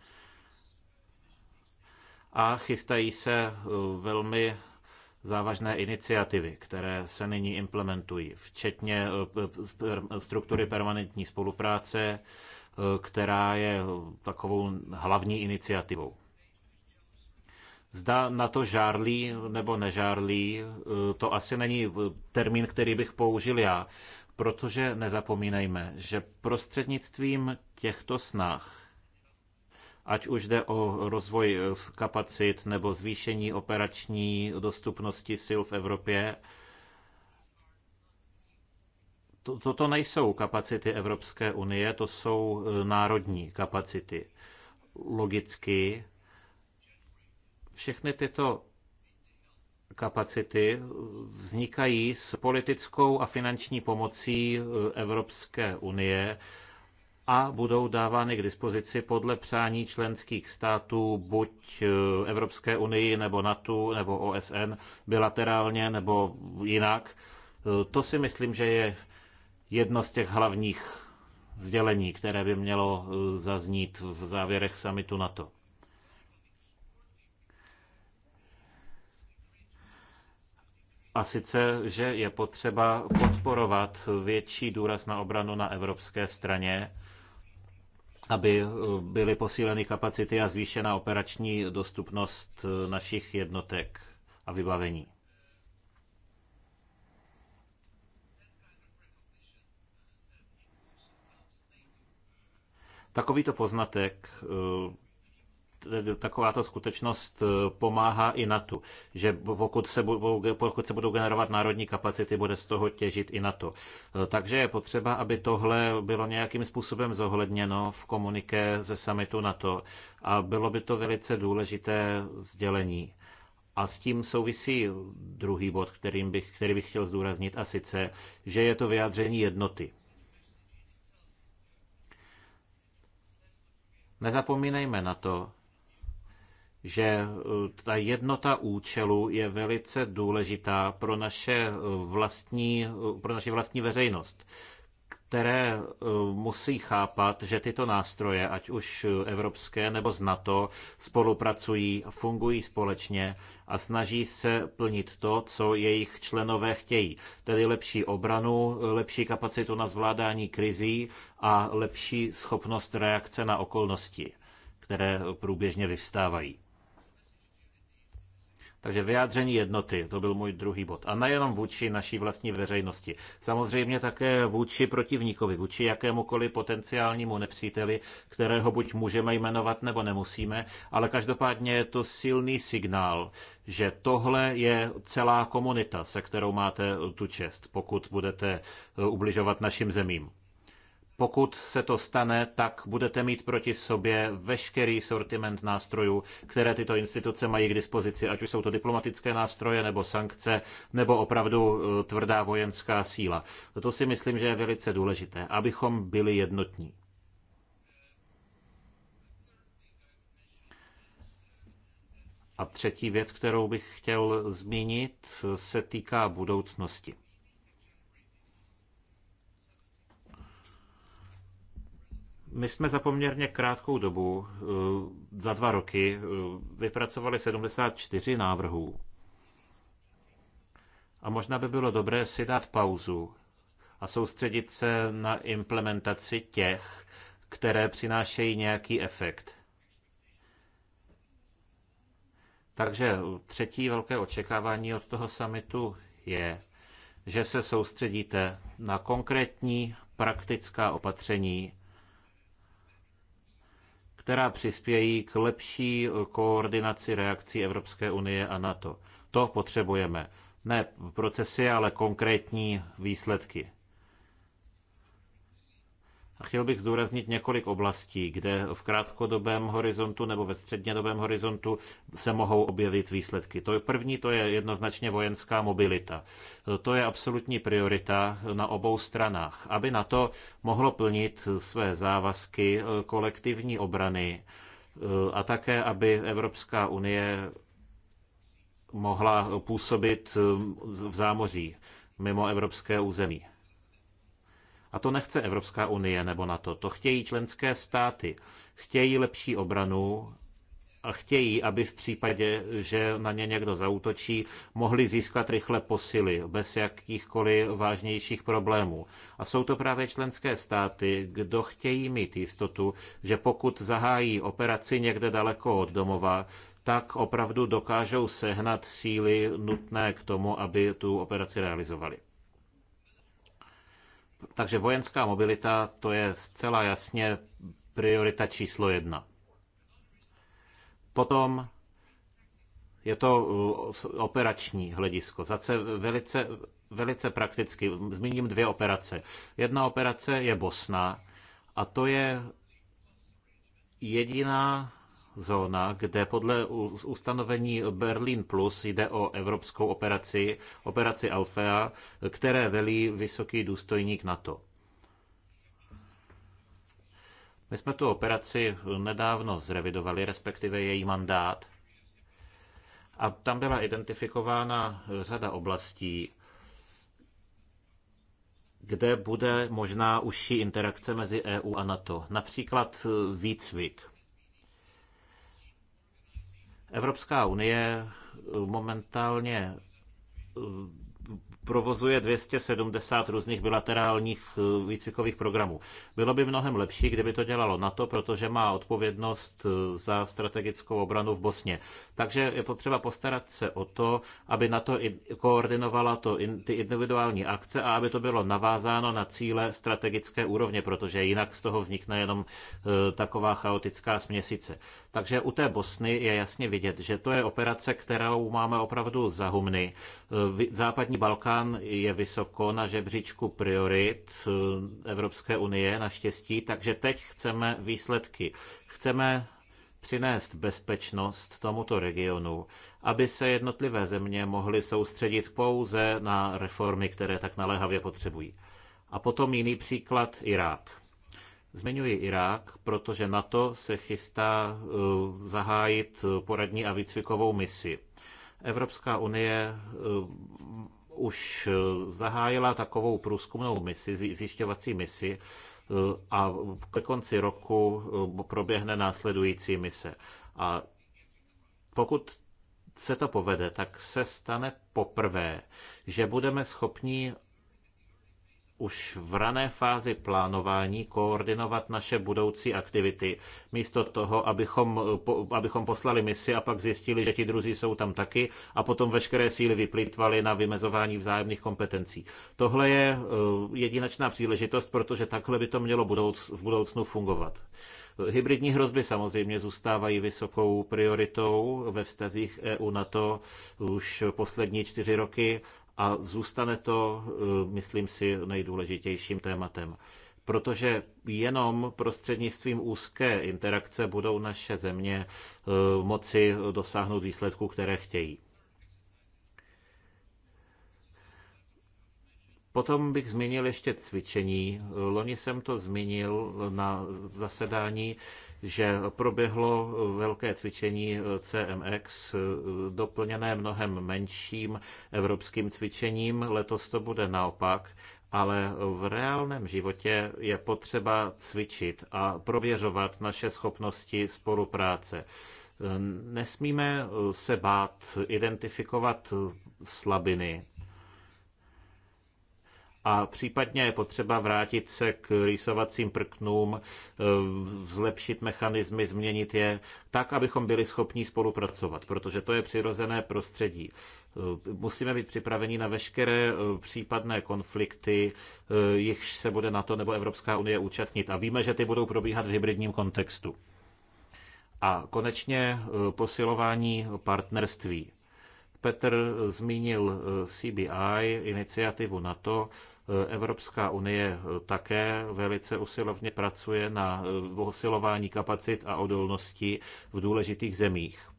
A chystají se eh, velmi závažné iniciativy, které se nyní implementují, včetně eh, struktury permanentní spolupráce, která je takovou hlavní iniciativou. Zda na to žárlí nebo nežárlí, eh, to asi není eh, termín, který bych použil já, protože nezapomínejme, že prostřednictvím těchto snah ať už jde o rozvoj eh, kapacit nebo zvýšení operační dostupnosti sil v Evropě. Toto nejsou kapacity Evropské unie, to jsou národní kapacity. Logicky všechny tyto kapacity vznikají s politickou a finanční pomocí eh, Evropské unie a budou dávány k dispozici podle přání členských států buď eh, Evropské unii nebo NATO nebo OSN bilaterálně nebo jinak. Eh, to si myslím, že je jedno z těch hlavních sdělení, které by mělo zaznít v závěrech samitu NATO. A sice, že je potřeba podporovat větší důraz na obranu na evropské straně, aby eh, byly posíleny kapacity a zvýšena operační dostupnost eh, našich jednotek a vybavení. Takovýto poznatek eh, takováto skutečnost eh, pomáhá i na to, že pokud se, budou, pokud se budou generovat národní kapacity, bude z toho těžit i na to. Eh, takže je potřeba, aby tohle bylo nějakým způsobem zohledněno v komuniké ze summitu NATO a bylo by to velice důležité sdělení. A s tím souvisí druhý bod, kterým bych, který bych chtěl zdůraznit, a sice, že je to vyjádření jednoty. Nezapomínejme na to, že e, ta jednota účelu je velice důležitá pro, naše e, vlastní, e, pro naši vlastní veřejnost, které musí chápat, že tyto nástroje, ať už evropské nebo z NATO, spolupracují, fungují společně a snaží se plnit to, co jejich členové chtějí. Tedy lepší obranu, lepší kapacitu na zvládání krizí a lepší schopnost reakce na okolnosti které průběžně vyvstávají. Takže vyjádření jednoty, to byl můj druhý bod. A nejenom vůči naší vlastní veřejnosti. Samozřejmě také vůči protivníkovi, vůči jakémukoliv potenciálnímu nepříteli, kterého buď můžeme jmenovat nebo nemusíme, ale každopádně je to silný signál, že tohle je celá komunita, se kterou máte tu čest, pokud budete ubližovat našim zemím. Pokud se to stane, tak budete mít proti sobě veškerý sortiment nástrojů, které tyto instituce mají k dispozici, ať už jsou to diplomatické nástroje nebo sankce, nebo opravdu eh, tvrdá vojenská síla. To si myslím, že je velice důležité, abychom byli jednotní. A třetí věc, kterou bych chtěl zmínit, se týká budoucnosti. My jsme za poměrně krátkou dobu, eh, za dva roky, eh, vypracovali 74 návrhů. A možná by bylo dobré si dát pauzu a soustředit se na implementaci těch, které přinášejí nějaký efekt. Takže třetí velké očekávání od toho summitu je, že se soustředíte na konkrétní praktická opatření, která přispějí k lepší koordinaci reakcí Evropské unie a NATO. To potřebujeme. Ne procesy, ale konkrétní výsledky. Chtěl bych zdůraznit několik oblastí, kde v krátkodobém horizontu nebo ve střednědobém horizontu se mohou objevit výsledky. To je první to je jednoznačně vojenská mobilita. To je absolutní priorita na obou stranách, aby na to mohlo plnit své závazky eh, kolektivní obrany eh, a také, aby Evropská unie mohla působit eh, v zámoří mimo evropské území. A to nechce Evropská unie nebo NATO. To chtějí členské státy. Chtějí lepší obranu a chtějí, aby v případě, že na ně někdo zautočí, mohli získat rychle posily bez jakýchkoliv vážnějších problémů. A jsou to právě členské státy, kdo chtějí mít jistotu, že pokud zahájí operaci někde daleko od domova, tak opravdu dokážou sehnat síly nutné k tomu, aby tu operaci realizovali. Takže vojenská mobilita to je zcela jasně priorita číslo jedna. Potom je to uh, operační hledisko. Zase velice, velice prakticky. Zmíním dvě operace. Jedna operace je Bosna a to je jediná zóna, kde podle ustanovení Berlin Plus jde o evropskou operaci, operaci Alfea, které velí vysoký důstojník NATO. My jsme tu operaci nedávno zrevidovali, respektive její mandát. A tam byla identifikována řada oblastí, kde bude možná užší interakce mezi EU a NATO. Například výcvik, Evropská unie momentálně provozuje 270 různých bilaterálních eh, výcvikových programů. Bylo by mnohem lepší, kdyby to dělalo NATO, protože má odpovědnost eh, za strategickou obranu v Bosně. Takže je potřeba postarat se o to, aby NATO koordinovala to, ty individuální akce a aby to bylo navázáno na cíle strategické úrovně, protože jinak z toho vznikne jenom eh, taková chaotická směsice. Takže u té Bosny je jasně vidět, že to je operace, kterou máme opravdu za humny. Západní Balkán Balkán je vysoko na žebříčku priorit eh, Evropské unie, naštěstí, takže teď chceme výsledky. Chceme přinést bezpečnost tomuto regionu, aby se jednotlivé země mohly soustředit pouze na reformy, které tak naléhavě potřebují. A potom jiný příklad Irák. Zmiňuji Irák, protože na to se chystá eh, zahájit poradní a výcvikovou misi. Evropská unie eh, už eh, zahájila takovou průzkumnou misi, zjišťovací misi eh, a ke konci roku eh, proběhne následující mise. A pokud se to povede, tak se stane poprvé, že budeme schopni už v rané fázi plánování koordinovat naše budoucí aktivity, místo toho, abychom, po, abychom poslali misi a pak zjistili, že ti druzí jsou tam taky a potom veškeré síly vyplýtvali na vymezování vzájemných kompetencí. Tohle je eh, jedinačná příležitost, protože takhle by to mělo budouc, v budoucnu fungovat. Hybridní hrozby samozřejmě zůstávají vysokou prioritou ve vztazích EU-NATO už poslední čtyři roky a zůstane to, eh, myslím si, nejdůležitějším tématem. Protože jenom prostřednictvím úzké interakce budou naše země eh, moci dosáhnout výsledků, které chtějí. Potom bych zmínil ještě cvičení. Loni jsem to zmínil na zasedání že proběhlo velké cvičení CMX, doplněné mnohem menším evropským cvičením. Letos to bude naopak ale v reálném životě je potřeba cvičit a prověřovat naše schopnosti spolupráce. Nesmíme se bát identifikovat slabiny a případně je potřeba vrátit se k rýsovacím prknům, e, zlepšit mechanismy, změnit je tak, abychom byli schopni spolupracovat, protože to je přirozené prostředí. E, musíme být připraveni na veškeré e, případné konflikty, jichž se bude na to nebo Evropská unie účastnit. A víme, že ty budou probíhat v hybridním kontextu. A konečně posilování partnerství. Petr zmínil CBI, iniciativu NATO. Evropská unie také velice usilovně pracuje na osilování kapacit a odolnosti v důležitých zemích.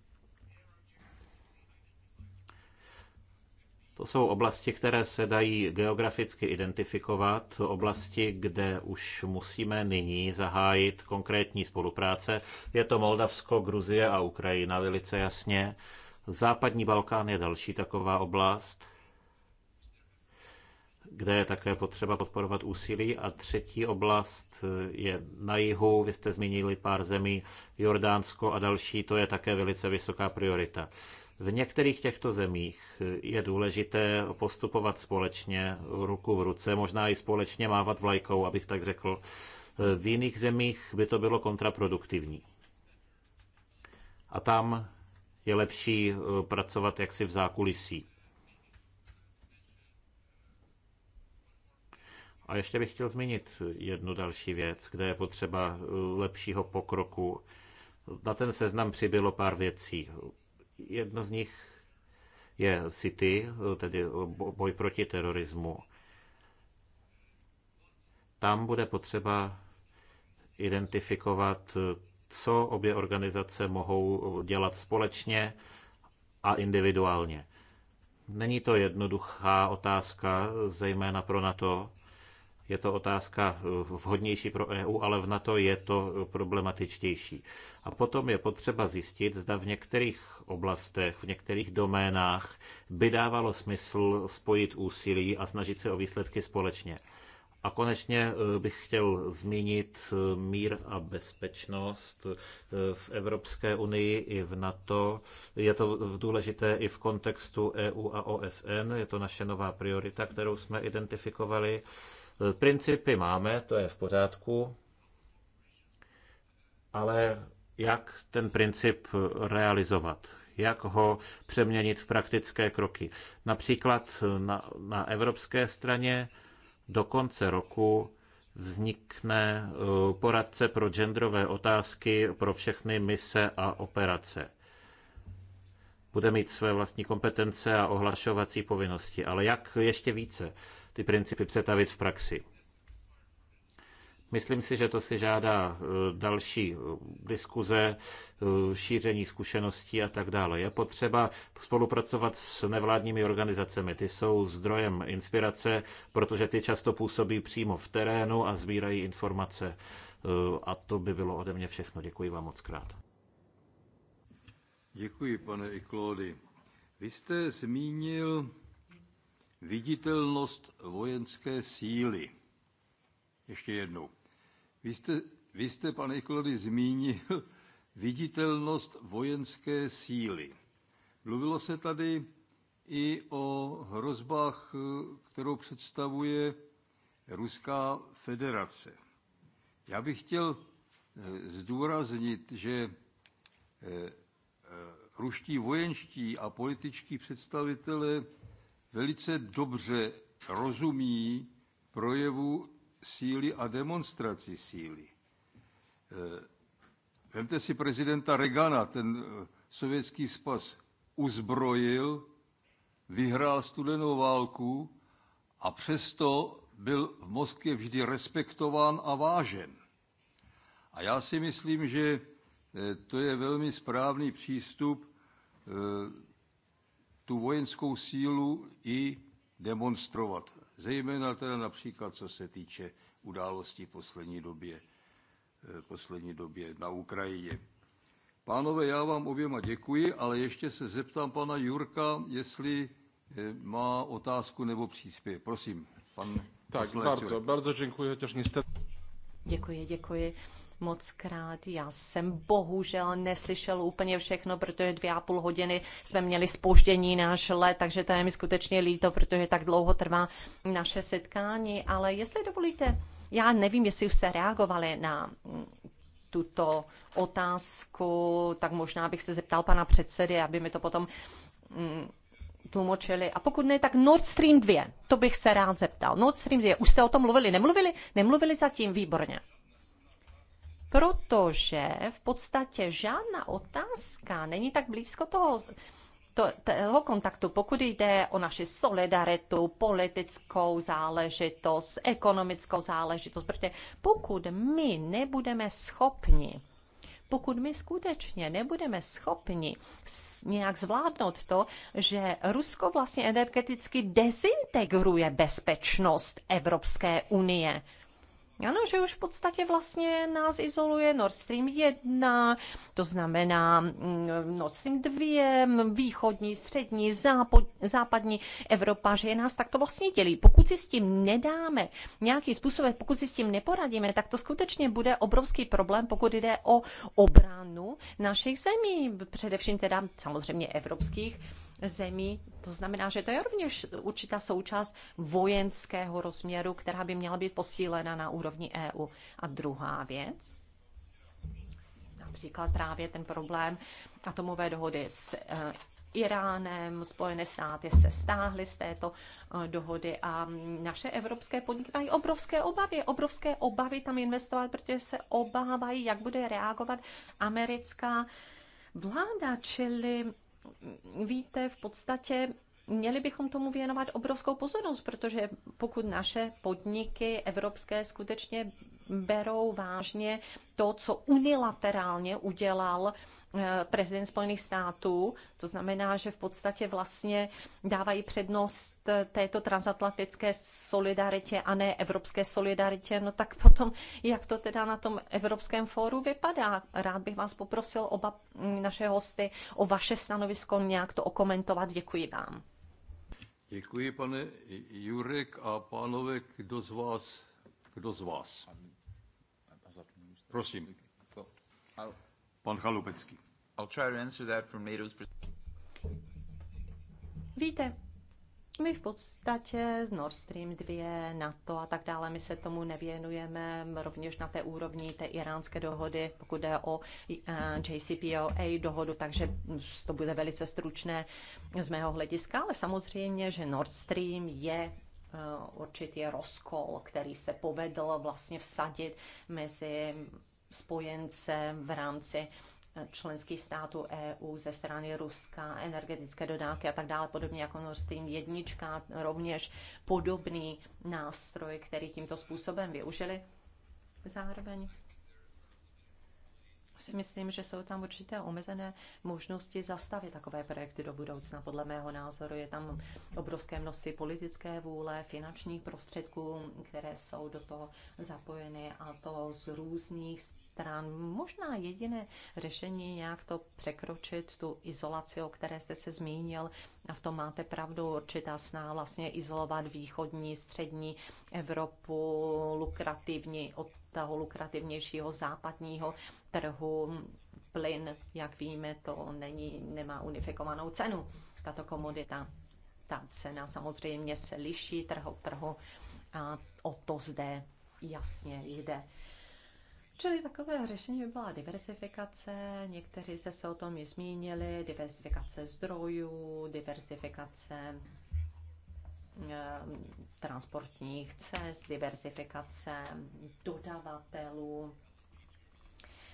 To jsou oblasti, které se dají geograficky identifikovat, oblasti, kde už musíme nyní zahájit konkrétní spolupráce. Je to Moldavsko, Gruzie a Ukrajina velice jasně. Západní Balkán je další taková oblast kde je také potřeba podporovat úsilí. A třetí oblast je na jihu, vy jste zmínili pár zemí, Jordánsko a další, to je také velice vysoká priorita. V některých těchto zemích je důležité postupovat společně, ruku v ruce, možná i společně mávat vlajkou, abych tak řekl. V jiných zemích by to bylo kontraproduktivní. A tam je lepší eh, pracovat jaksi v zákulisí. A ještě bych chtěl zmínit jednu další věc, kde je potřeba eh, lepšího pokroku. Na ten seznam přibylo pár věcí. Jedno z nich je City, eh, tedy boj proti terorismu. Tam bude potřeba identifikovat, eh, co obě organizace mohou dělat společně a individuálně. Není to jednoduchá otázka, zejména pro NATO, je to otázka eh, vhodnější pro EU, ale v NATO je to eh, problematičtější. A potom je potřeba zjistit, zda v některých oblastech, v některých doménách by dávalo smysl spojit úsilí a snažit se o výsledky společně. A konečně eh, bych chtěl zmínit mír a bezpečnost v Evropské unii i v NATO. Je to důležité i v kontextu EU a OSN, je to naše nová priorita, kterou jsme identifikovali. Principy máme, to je v pořádku, ale jak ten princip realizovat? jak ho přeměnit v praktické kroky. Například na, na evropské straně do konce roku vznikne eh, poradce pro genderové otázky pro všechny mise a operace. Bude mít své vlastní kompetence a ohlašovací povinnosti, ale jak ještě více? ty principy přetavit v praxi. Myslím si, že to si žádá e, další e, diskuze, e, šíření zkušeností a tak dále. Je potřeba spolupracovat s nevládními organizacemi. Ty jsou zdrojem inspirace, protože ty často působí přímo v terénu a sbírají informace. A to by bylo ode mě všechno. Děkuji vám moc krát. Děkuji, pane Iklódy. Vy jste zmínil Viditelnost vojenské síly. Ještě jednou. Vy jste, vy jste pane Koledy, zmínil viditelnost vojenské síly. Mluvilo se tady i o hrozbách, kterou představuje Ruská federace. Já bych chtěl eh, zdůraznit, že eh, eh, ruští vojenští a političtí představitelé velice dobře rozumí projevu síly a demonstraci síly. Eh, vemte si prezidenta Regana, ten eh, sovětský spas uzbrojil, vyhrál studenou válku a přesto byl v Moskvě vždy respektován a vážen. A já si myslím, že eh, to je velmi správný přístup tu vojenskou sílu i demonstrovat. Zejména teda například, co se týče událostí poslední době, eh, poslední době na Ukrajině. Pánové, já vám oběma děkuji, ale ještě se zeptám pana Jurka, jestli eh, má otázku nebo příspěvek. Prosím, pan Tak, bardzo, bardzo dziękuję, chociaż niestety... Děkuji, děkuji moc krát. Já jsem bohužel neslyšel úplně všechno, protože dvě a půl hodiny jsme měli spoždění náš let, takže to je mi skutečně líto, protože tak dlouho trvá naše setkání. Ale jestli dovolíte, já nevím, jestli už jste reagovali na mm, tuto otázku, tak možná bych se zeptal pana předsedy, aby mi to potom mm, tlumočili. A pokud ne, tak Nord Stream 2, to bych se rád zeptal. Nord Stream 2, už jste o tom mluvili, nemluvili? Nemluvili zatím, výborně protože v podstatě žádná otázka není tak blízko toho, to, toho kontaktu, pokud jde o naši solidaritu, politickou záležitost, ekonomickou záležitost, protože pokud my nebudeme schopni pokud my skutečně nebudeme schopni nějak zvládnout to, že Rusko vlastně energeticky dezintegruje bezpečnost Evropské unie. Ano, že už v podstatě vlastně nás izoluje Nord Stream 1, to znamená mm, Nord Stream 2, východní, střední, západ, západní Evropa, že je nás takto vlastně dělí. Pokud si s tím nedáme nějaký způsob, pokud si s tím neporadíme, tak to skutečně bude obrovský problém, pokud jde o obranu našich zemí, především teda samozřejmě evropských zemí. To znamená, že to je rovněž určitá součást vojenského rozměru, která by měla být posílena na úrovni EU. A druhá věc, například právě ten problém atomové dohody s eh, Iránem, Spojené státy se stáhly z této eh, dohody a naše evropské podniky mají obrovské obavy, obrovské obavy tam investovat, protože se obávají, jak bude reagovat americká vláda, čili víte, v podstatě měli bychom tomu věnovat obrovskou pozornost, protože pokud naše podniky evropské skutečně berou vážně to, co unilaterálně udělal uh, Eh, prezident Spojených států. To znamená, že v podstatě vlastně dávají přednost eh, této transatlantické solidaritě a ne evropské solidaritě. No tak potom, jak to teda na tom Evropském fóru vypadá? Rád bych vás poprosil oba mm, naše hosty o vaše stanovisko nějak to okomentovat. Děkuji vám. Děkuji, pane Jurek a pánové, kdo z vás, kdo z vás? Prosím. Pan Chalupecký. I'll try to answer that from NATO's Víte, my v podstatě z Nord Stream 2, NATO a tak dále, my se tomu nevěnujeme rovněž na té úrovni té iránské dohody, pokud jde o eh, JCPOA dohodu, takže to bude velice stručné z mého hlediska, ale samozřejmě, že Nord Stream je eh, určitý rozkol, který se povedl vlastně vsadit mezi spojence v rámci eh, členských států EU ze strany Ruska, energetické dodávky a tak dále, podobně jako Nord Stream 1, rovněž podobný nástroj, který tímto způsobem využili. Zároveň si myslím, že jsou tam určité omezené možnosti zastavit takové projekty do budoucna. Podle mého názoru je tam obrovské množství politické vůle, finančních prostředků, které jsou do toho zapojeny a to z různých stran. Možná jediné řešení nějak to překročit, tu izolaci, o které jste se zmínil, a v tom máte pravdu, určitá sná vlastně izolovat východní, střední Evropu, lukrativní, od toho lukrativnějšího západního trhu. Plyn, jak víme, to není, nemá unifikovanou cenu, tato komodita. Ta cena samozřejmě se liší trhu, trhu a o to zde jasně jde. Čili takové řešení by byla diversifikace, někteří se o tom i zmínili, diversifikace zdrojů, diversifikace eh, transportních cest, diversifikace dodavatelů,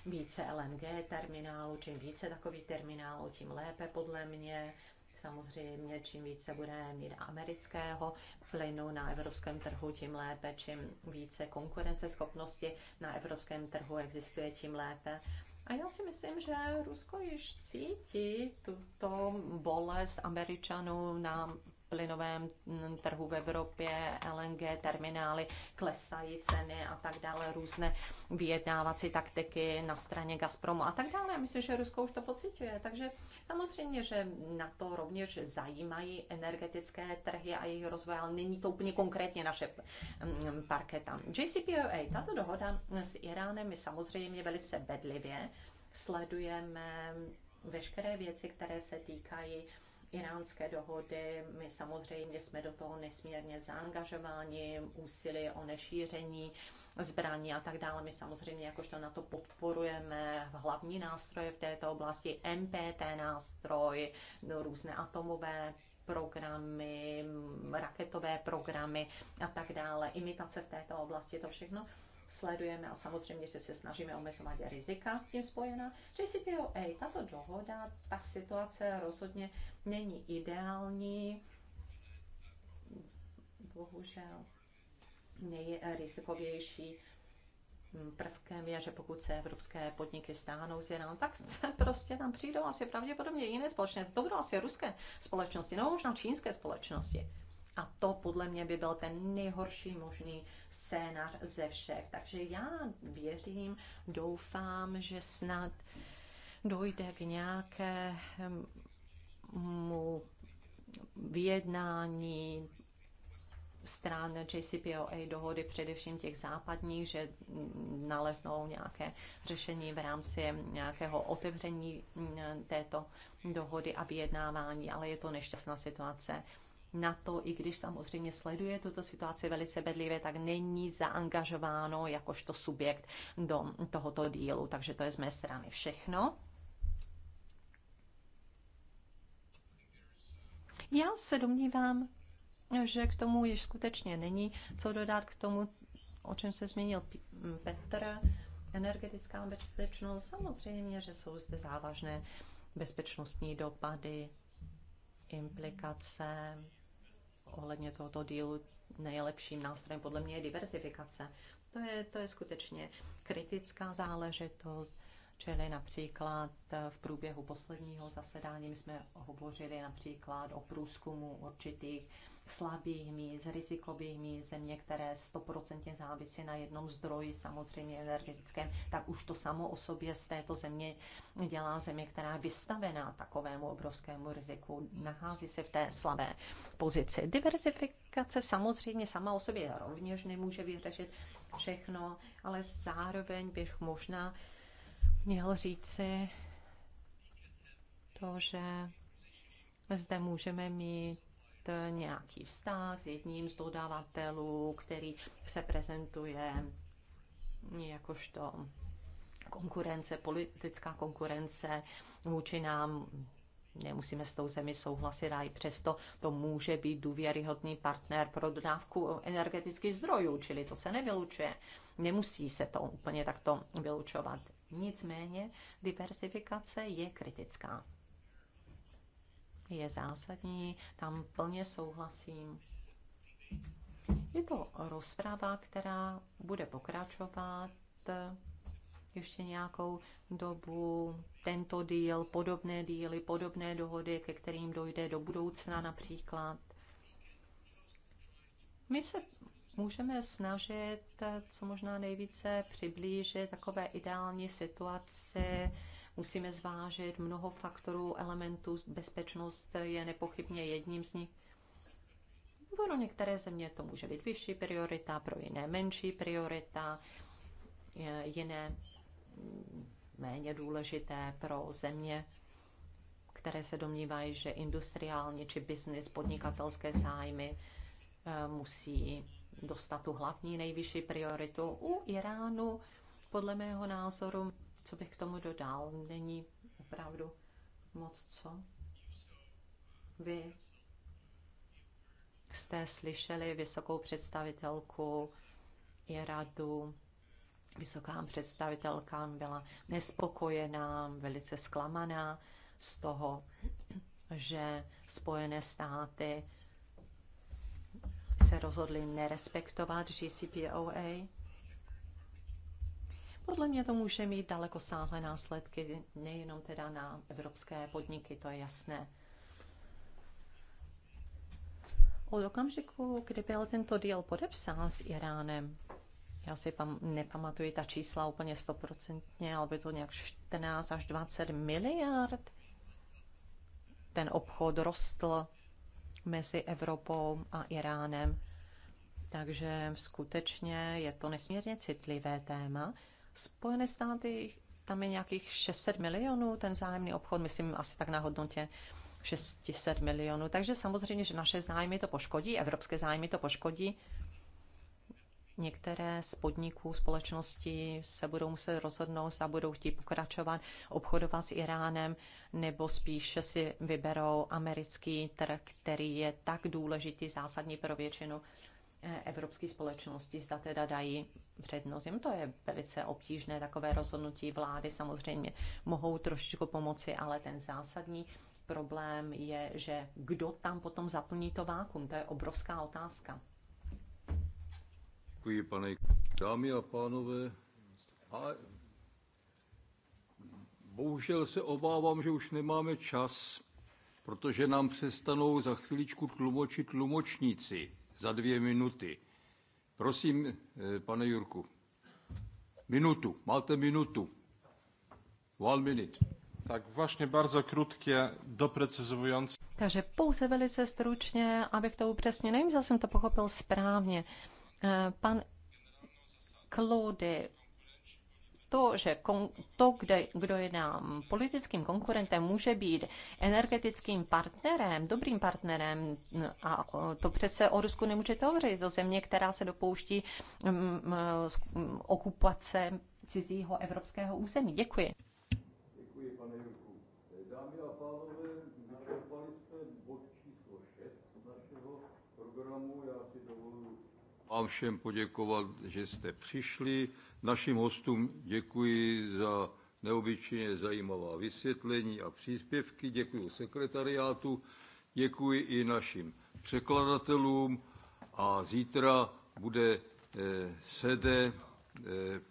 více LNG terminálů, čím více takových terminálů, tím lépe podle mě. Samozřejmě, čím více budeme mít amerického plynu na evropském trhu, tím lépe, čím více konkurenceschopnosti na evropském trhu existuje, tím lépe. A já si myslím, že Rusko již cítí tuto bolest Američanů na plynovém trhu v Evropě, LNG terminály, klesají ceny a tak dále, různé vyjednávací taktiky na straně Gazpromu a tak dále. Myslím, že Rusko už to pocituje. takže samozřejmě, že na to rovněž zajímají energetické trhy a jejich rozvoj, ale není to úplně konkrétně naše parketa. JCPOA, tato dohoda s Iránem je samozřejmě velice bedlivě sledujeme veškeré věci, které se týkají iránské dohody. My samozřejmě jsme do toho nesmírně zaangažováni, úsilí o nešíření zbraní a tak dále. My samozřejmě jakožto na to podporujeme hlavní nástroje v této oblasti, MPT nástroj, no, různé atomové programy, raketové programy a tak dále, imitace v této oblasti, to všechno sledujeme a samozřejmě, že se snažíme omezovat rizika s tím spojená. JCPOA, tato dohoda, ta situace rozhodně není ideální, bohužel nejrizikovější hm, prvkem je, že pokud se evropské podniky stáhnou z Iránu, tak se prostě tam přijdou asi pravděpodobně jiné společnosti. To budou asi ruské společnosti, nebo možná čínské společnosti. A to podle mě by byl ten nejhorší možný scénář ze všech. Takže já věřím, doufám, že snad dojde k nějaké hm, mu vyjednání stran JCPOA dohody, především těch západních, že naleznou nějaké řešení v rámci nějakého otevření eh, této dohody a vyjednávání, ale je to nešťastná situace. Na to, i když samozřejmě sleduje tuto situaci velice bedlivě, tak není zaangažováno jakožto subjekt do tohoto dílu. Takže to je z mé strany všechno. Já se domnívám, že k tomu již skutečně není co dodat k tomu, o čem se zmínil Petr, energetická bezpečnost. Samozřejmě, že jsou zde závažné bezpečnostní dopady, implikace ohledně tohoto dílu. Nejlepším nástrojem podle mě je diversifikace. To je, to je skutečně kritická záležitost Čili například eh, v průběhu posledního zasedání my jsme hovořili například o průzkumu určitých slabých míst, rizikových míst, země, které stoprocentně závisí na jednom zdroji, samozřejmě energetickém, tak už to samo o sobě z této země dělá země, která je vystavená takovému obrovskému riziku, nachází se v té slabé pozici. Diverzifikace samozřejmě sama o sobě rovněž nemůže vyřešit všechno, ale zároveň bych možná měl říci to, že zde můžeme mít nějaký vztah s jedním z dodavatelů, který se prezentuje jakožto konkurence, politická konkurence vůči nám. Nemusíme s tou zemi souhlasit a i přesto to může být důvěryhodný partner pro dodávku energetických zdrojů, čili to se nevylučuje. Nemusí se to úplně takto vylučovat. Nicméně diversifikace je kritická. Je zásadní, tam plně souhlasím. Je to rozprava, která bude pokračovat ještě nějakou dobu. Tento díl, podobné díly, podobné dohody, ke kterým dojde do budoucna například. My se můžeme snažit co možná nejvíce přiblížit takové ideální situaci. Musíme zvážit mnoho faktorů, elementů. Bezpečnost je nepochybně jedním z nich. Pro některé země to může být vyšší priorita, pro jiné menší priorita, jiné méně důležité pro země, které se domnívají, že industriální či biznis, podnikatelské zájmy eh, musí dostat tu hlavní nejvyšší prioritu. U Iránu, podle mého názoru, co bych k tomu dodal, není opravdu moc co. Vy jste slyšeli vysokou představitelku Iradu, vysoká představitelka byla nespokojená, velice zklamaná z toho, že Spojené státy se rozhodli nerespektovat GCPOA. Podle mě to může mít daleko sáhlé následky, nejenom teda na evropské podniky, to je jasné. Od okamžiku, kdy byl tento díl podepsán s Iránem, já si pam, nepamatuji ta čísla úplně stoprocentně, ale by to nějak 14 až 20 miliard. Ten obchod rostl mezi Evropou a Iránem. Takže skutečně je to nesmírně citlivé téma. Spojené státy, tam je nějakých 600 milionů ten zájemný obchod, myslím asi tak na hodnotě 600 milionů. Takže samozřejmě, že naše zájmy to poškodí, evropské zájmy to poškodí, některé z podniků, společnosti se budou muset rozhodnout, zda budou chtít pokračovat, obchodovat s Iránem, nebo spíše si vyberou americký trh, který je tak důležitý, zásadní pro většinu eh, evropské společnosti, zda teda dají přednost. Jim to je velice obtížné takové rozhodnutí. Vlády samozřejmě mohou trošičku pomoci, ale ten zásadní problém je, že kdo tam potom zaplní to vákum. To je obrovská otázka. Děkuji, pane. Dámy a pánové, a bohužel se obávám, že už nemáme čas, protože nám přestanou za chvíličku tlumočit tlumočníci za dvě minuty. Prosím, eh, pane Jurku. Minutu, máte minutu. One minute. Tak vlastně bardzo krótkie, doprecyzowujące. Takže pouze velice stručně, abych to upřesnil. Nevím, zase jsem to pochopil správně. Pan Claude, to, že kon, to, kde, kdo je nám politickým konkurentem, může být energetickým partnerem, dobrým partnerem, no, a to přece o Rusku nemůžete hovořit. To země, která se dopouští um, okupace cizího evropského území. Děkuji. Děkuji, pane Jurku. Vám všem poděkovat, že jste přišli. Našim hostům děkuji za neobyčejně zajímavá vysvětlení a příspěvky. Děkuji sekretariátu, děkuji i našim překladatelům a zítra bude eh, sede eh,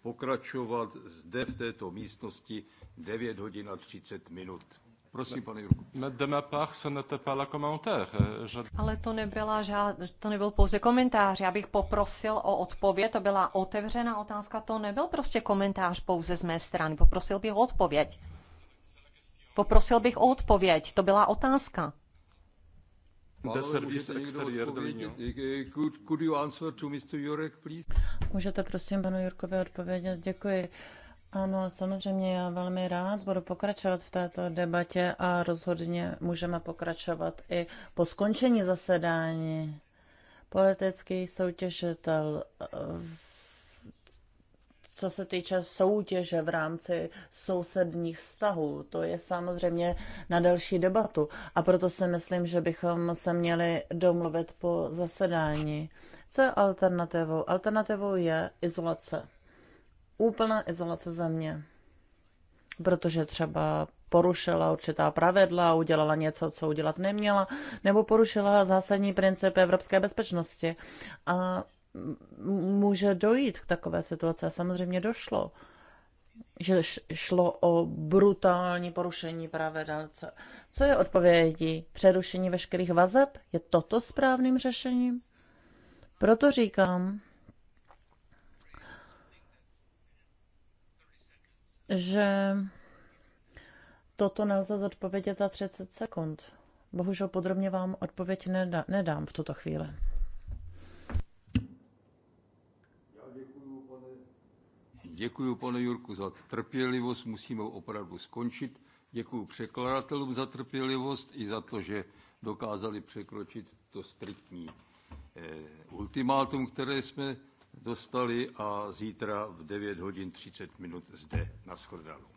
pokračovat zde v této místnosti 9 hodin a 30 minut. Prosím, pane Jurku. Euh, Ale to, nebyla žád, to nebyl pouze komentář. Já bych poprosil o odpověď. To byla otevřená otázka. To nebyl prostě komentář pouze z mé strany. Poprosil bych o odpověď. Poprosil bych o odpověď. To byla otázka. De service de Could, could you answer to Mr. Jurek, please? Můžete prosím panu Jurkovi odpovědět? Děkuji. Ano, samozřejmě já velmi rád budu pokračovat v této debatě a rozhodně můžeme pokračovat i po skončení zasedání. Politický soutěžitel, eh, co se týče soutěže v rámci sousedních vztahů, to je samozřejmě na další debatu. A proto si myslím, že bychom se měli domluvit po zasedání. Co je alternativou? Alternativou je izolace úplná izolace země, protože třeba porušila určitá pravidla, udělala něco, co udělat neměla, nebo porušila zásadní princip evropské bezpečnosti. A může dojít k takové situaci. samozřejmě došlo, že šlo o brutální porušení pravidel. Co je odpovědí? Přerušení veškerých vazeb? Je toto správným řešením? Proto říkám, že toto nelze zodpovědět za 30 sekund. Bohužel podrobně vám odpověď nedá, nedám v tuto chvíli. Děkuji, pane Jurku, za trpělivost. Musíme opravdu skončit. Děkuji překladatelům za trpělivost i za to, že dokázali překročit to striktní eh, ultimátum, které jsme dostali a zítra v 9 hodin 30 minut zde na shledanou.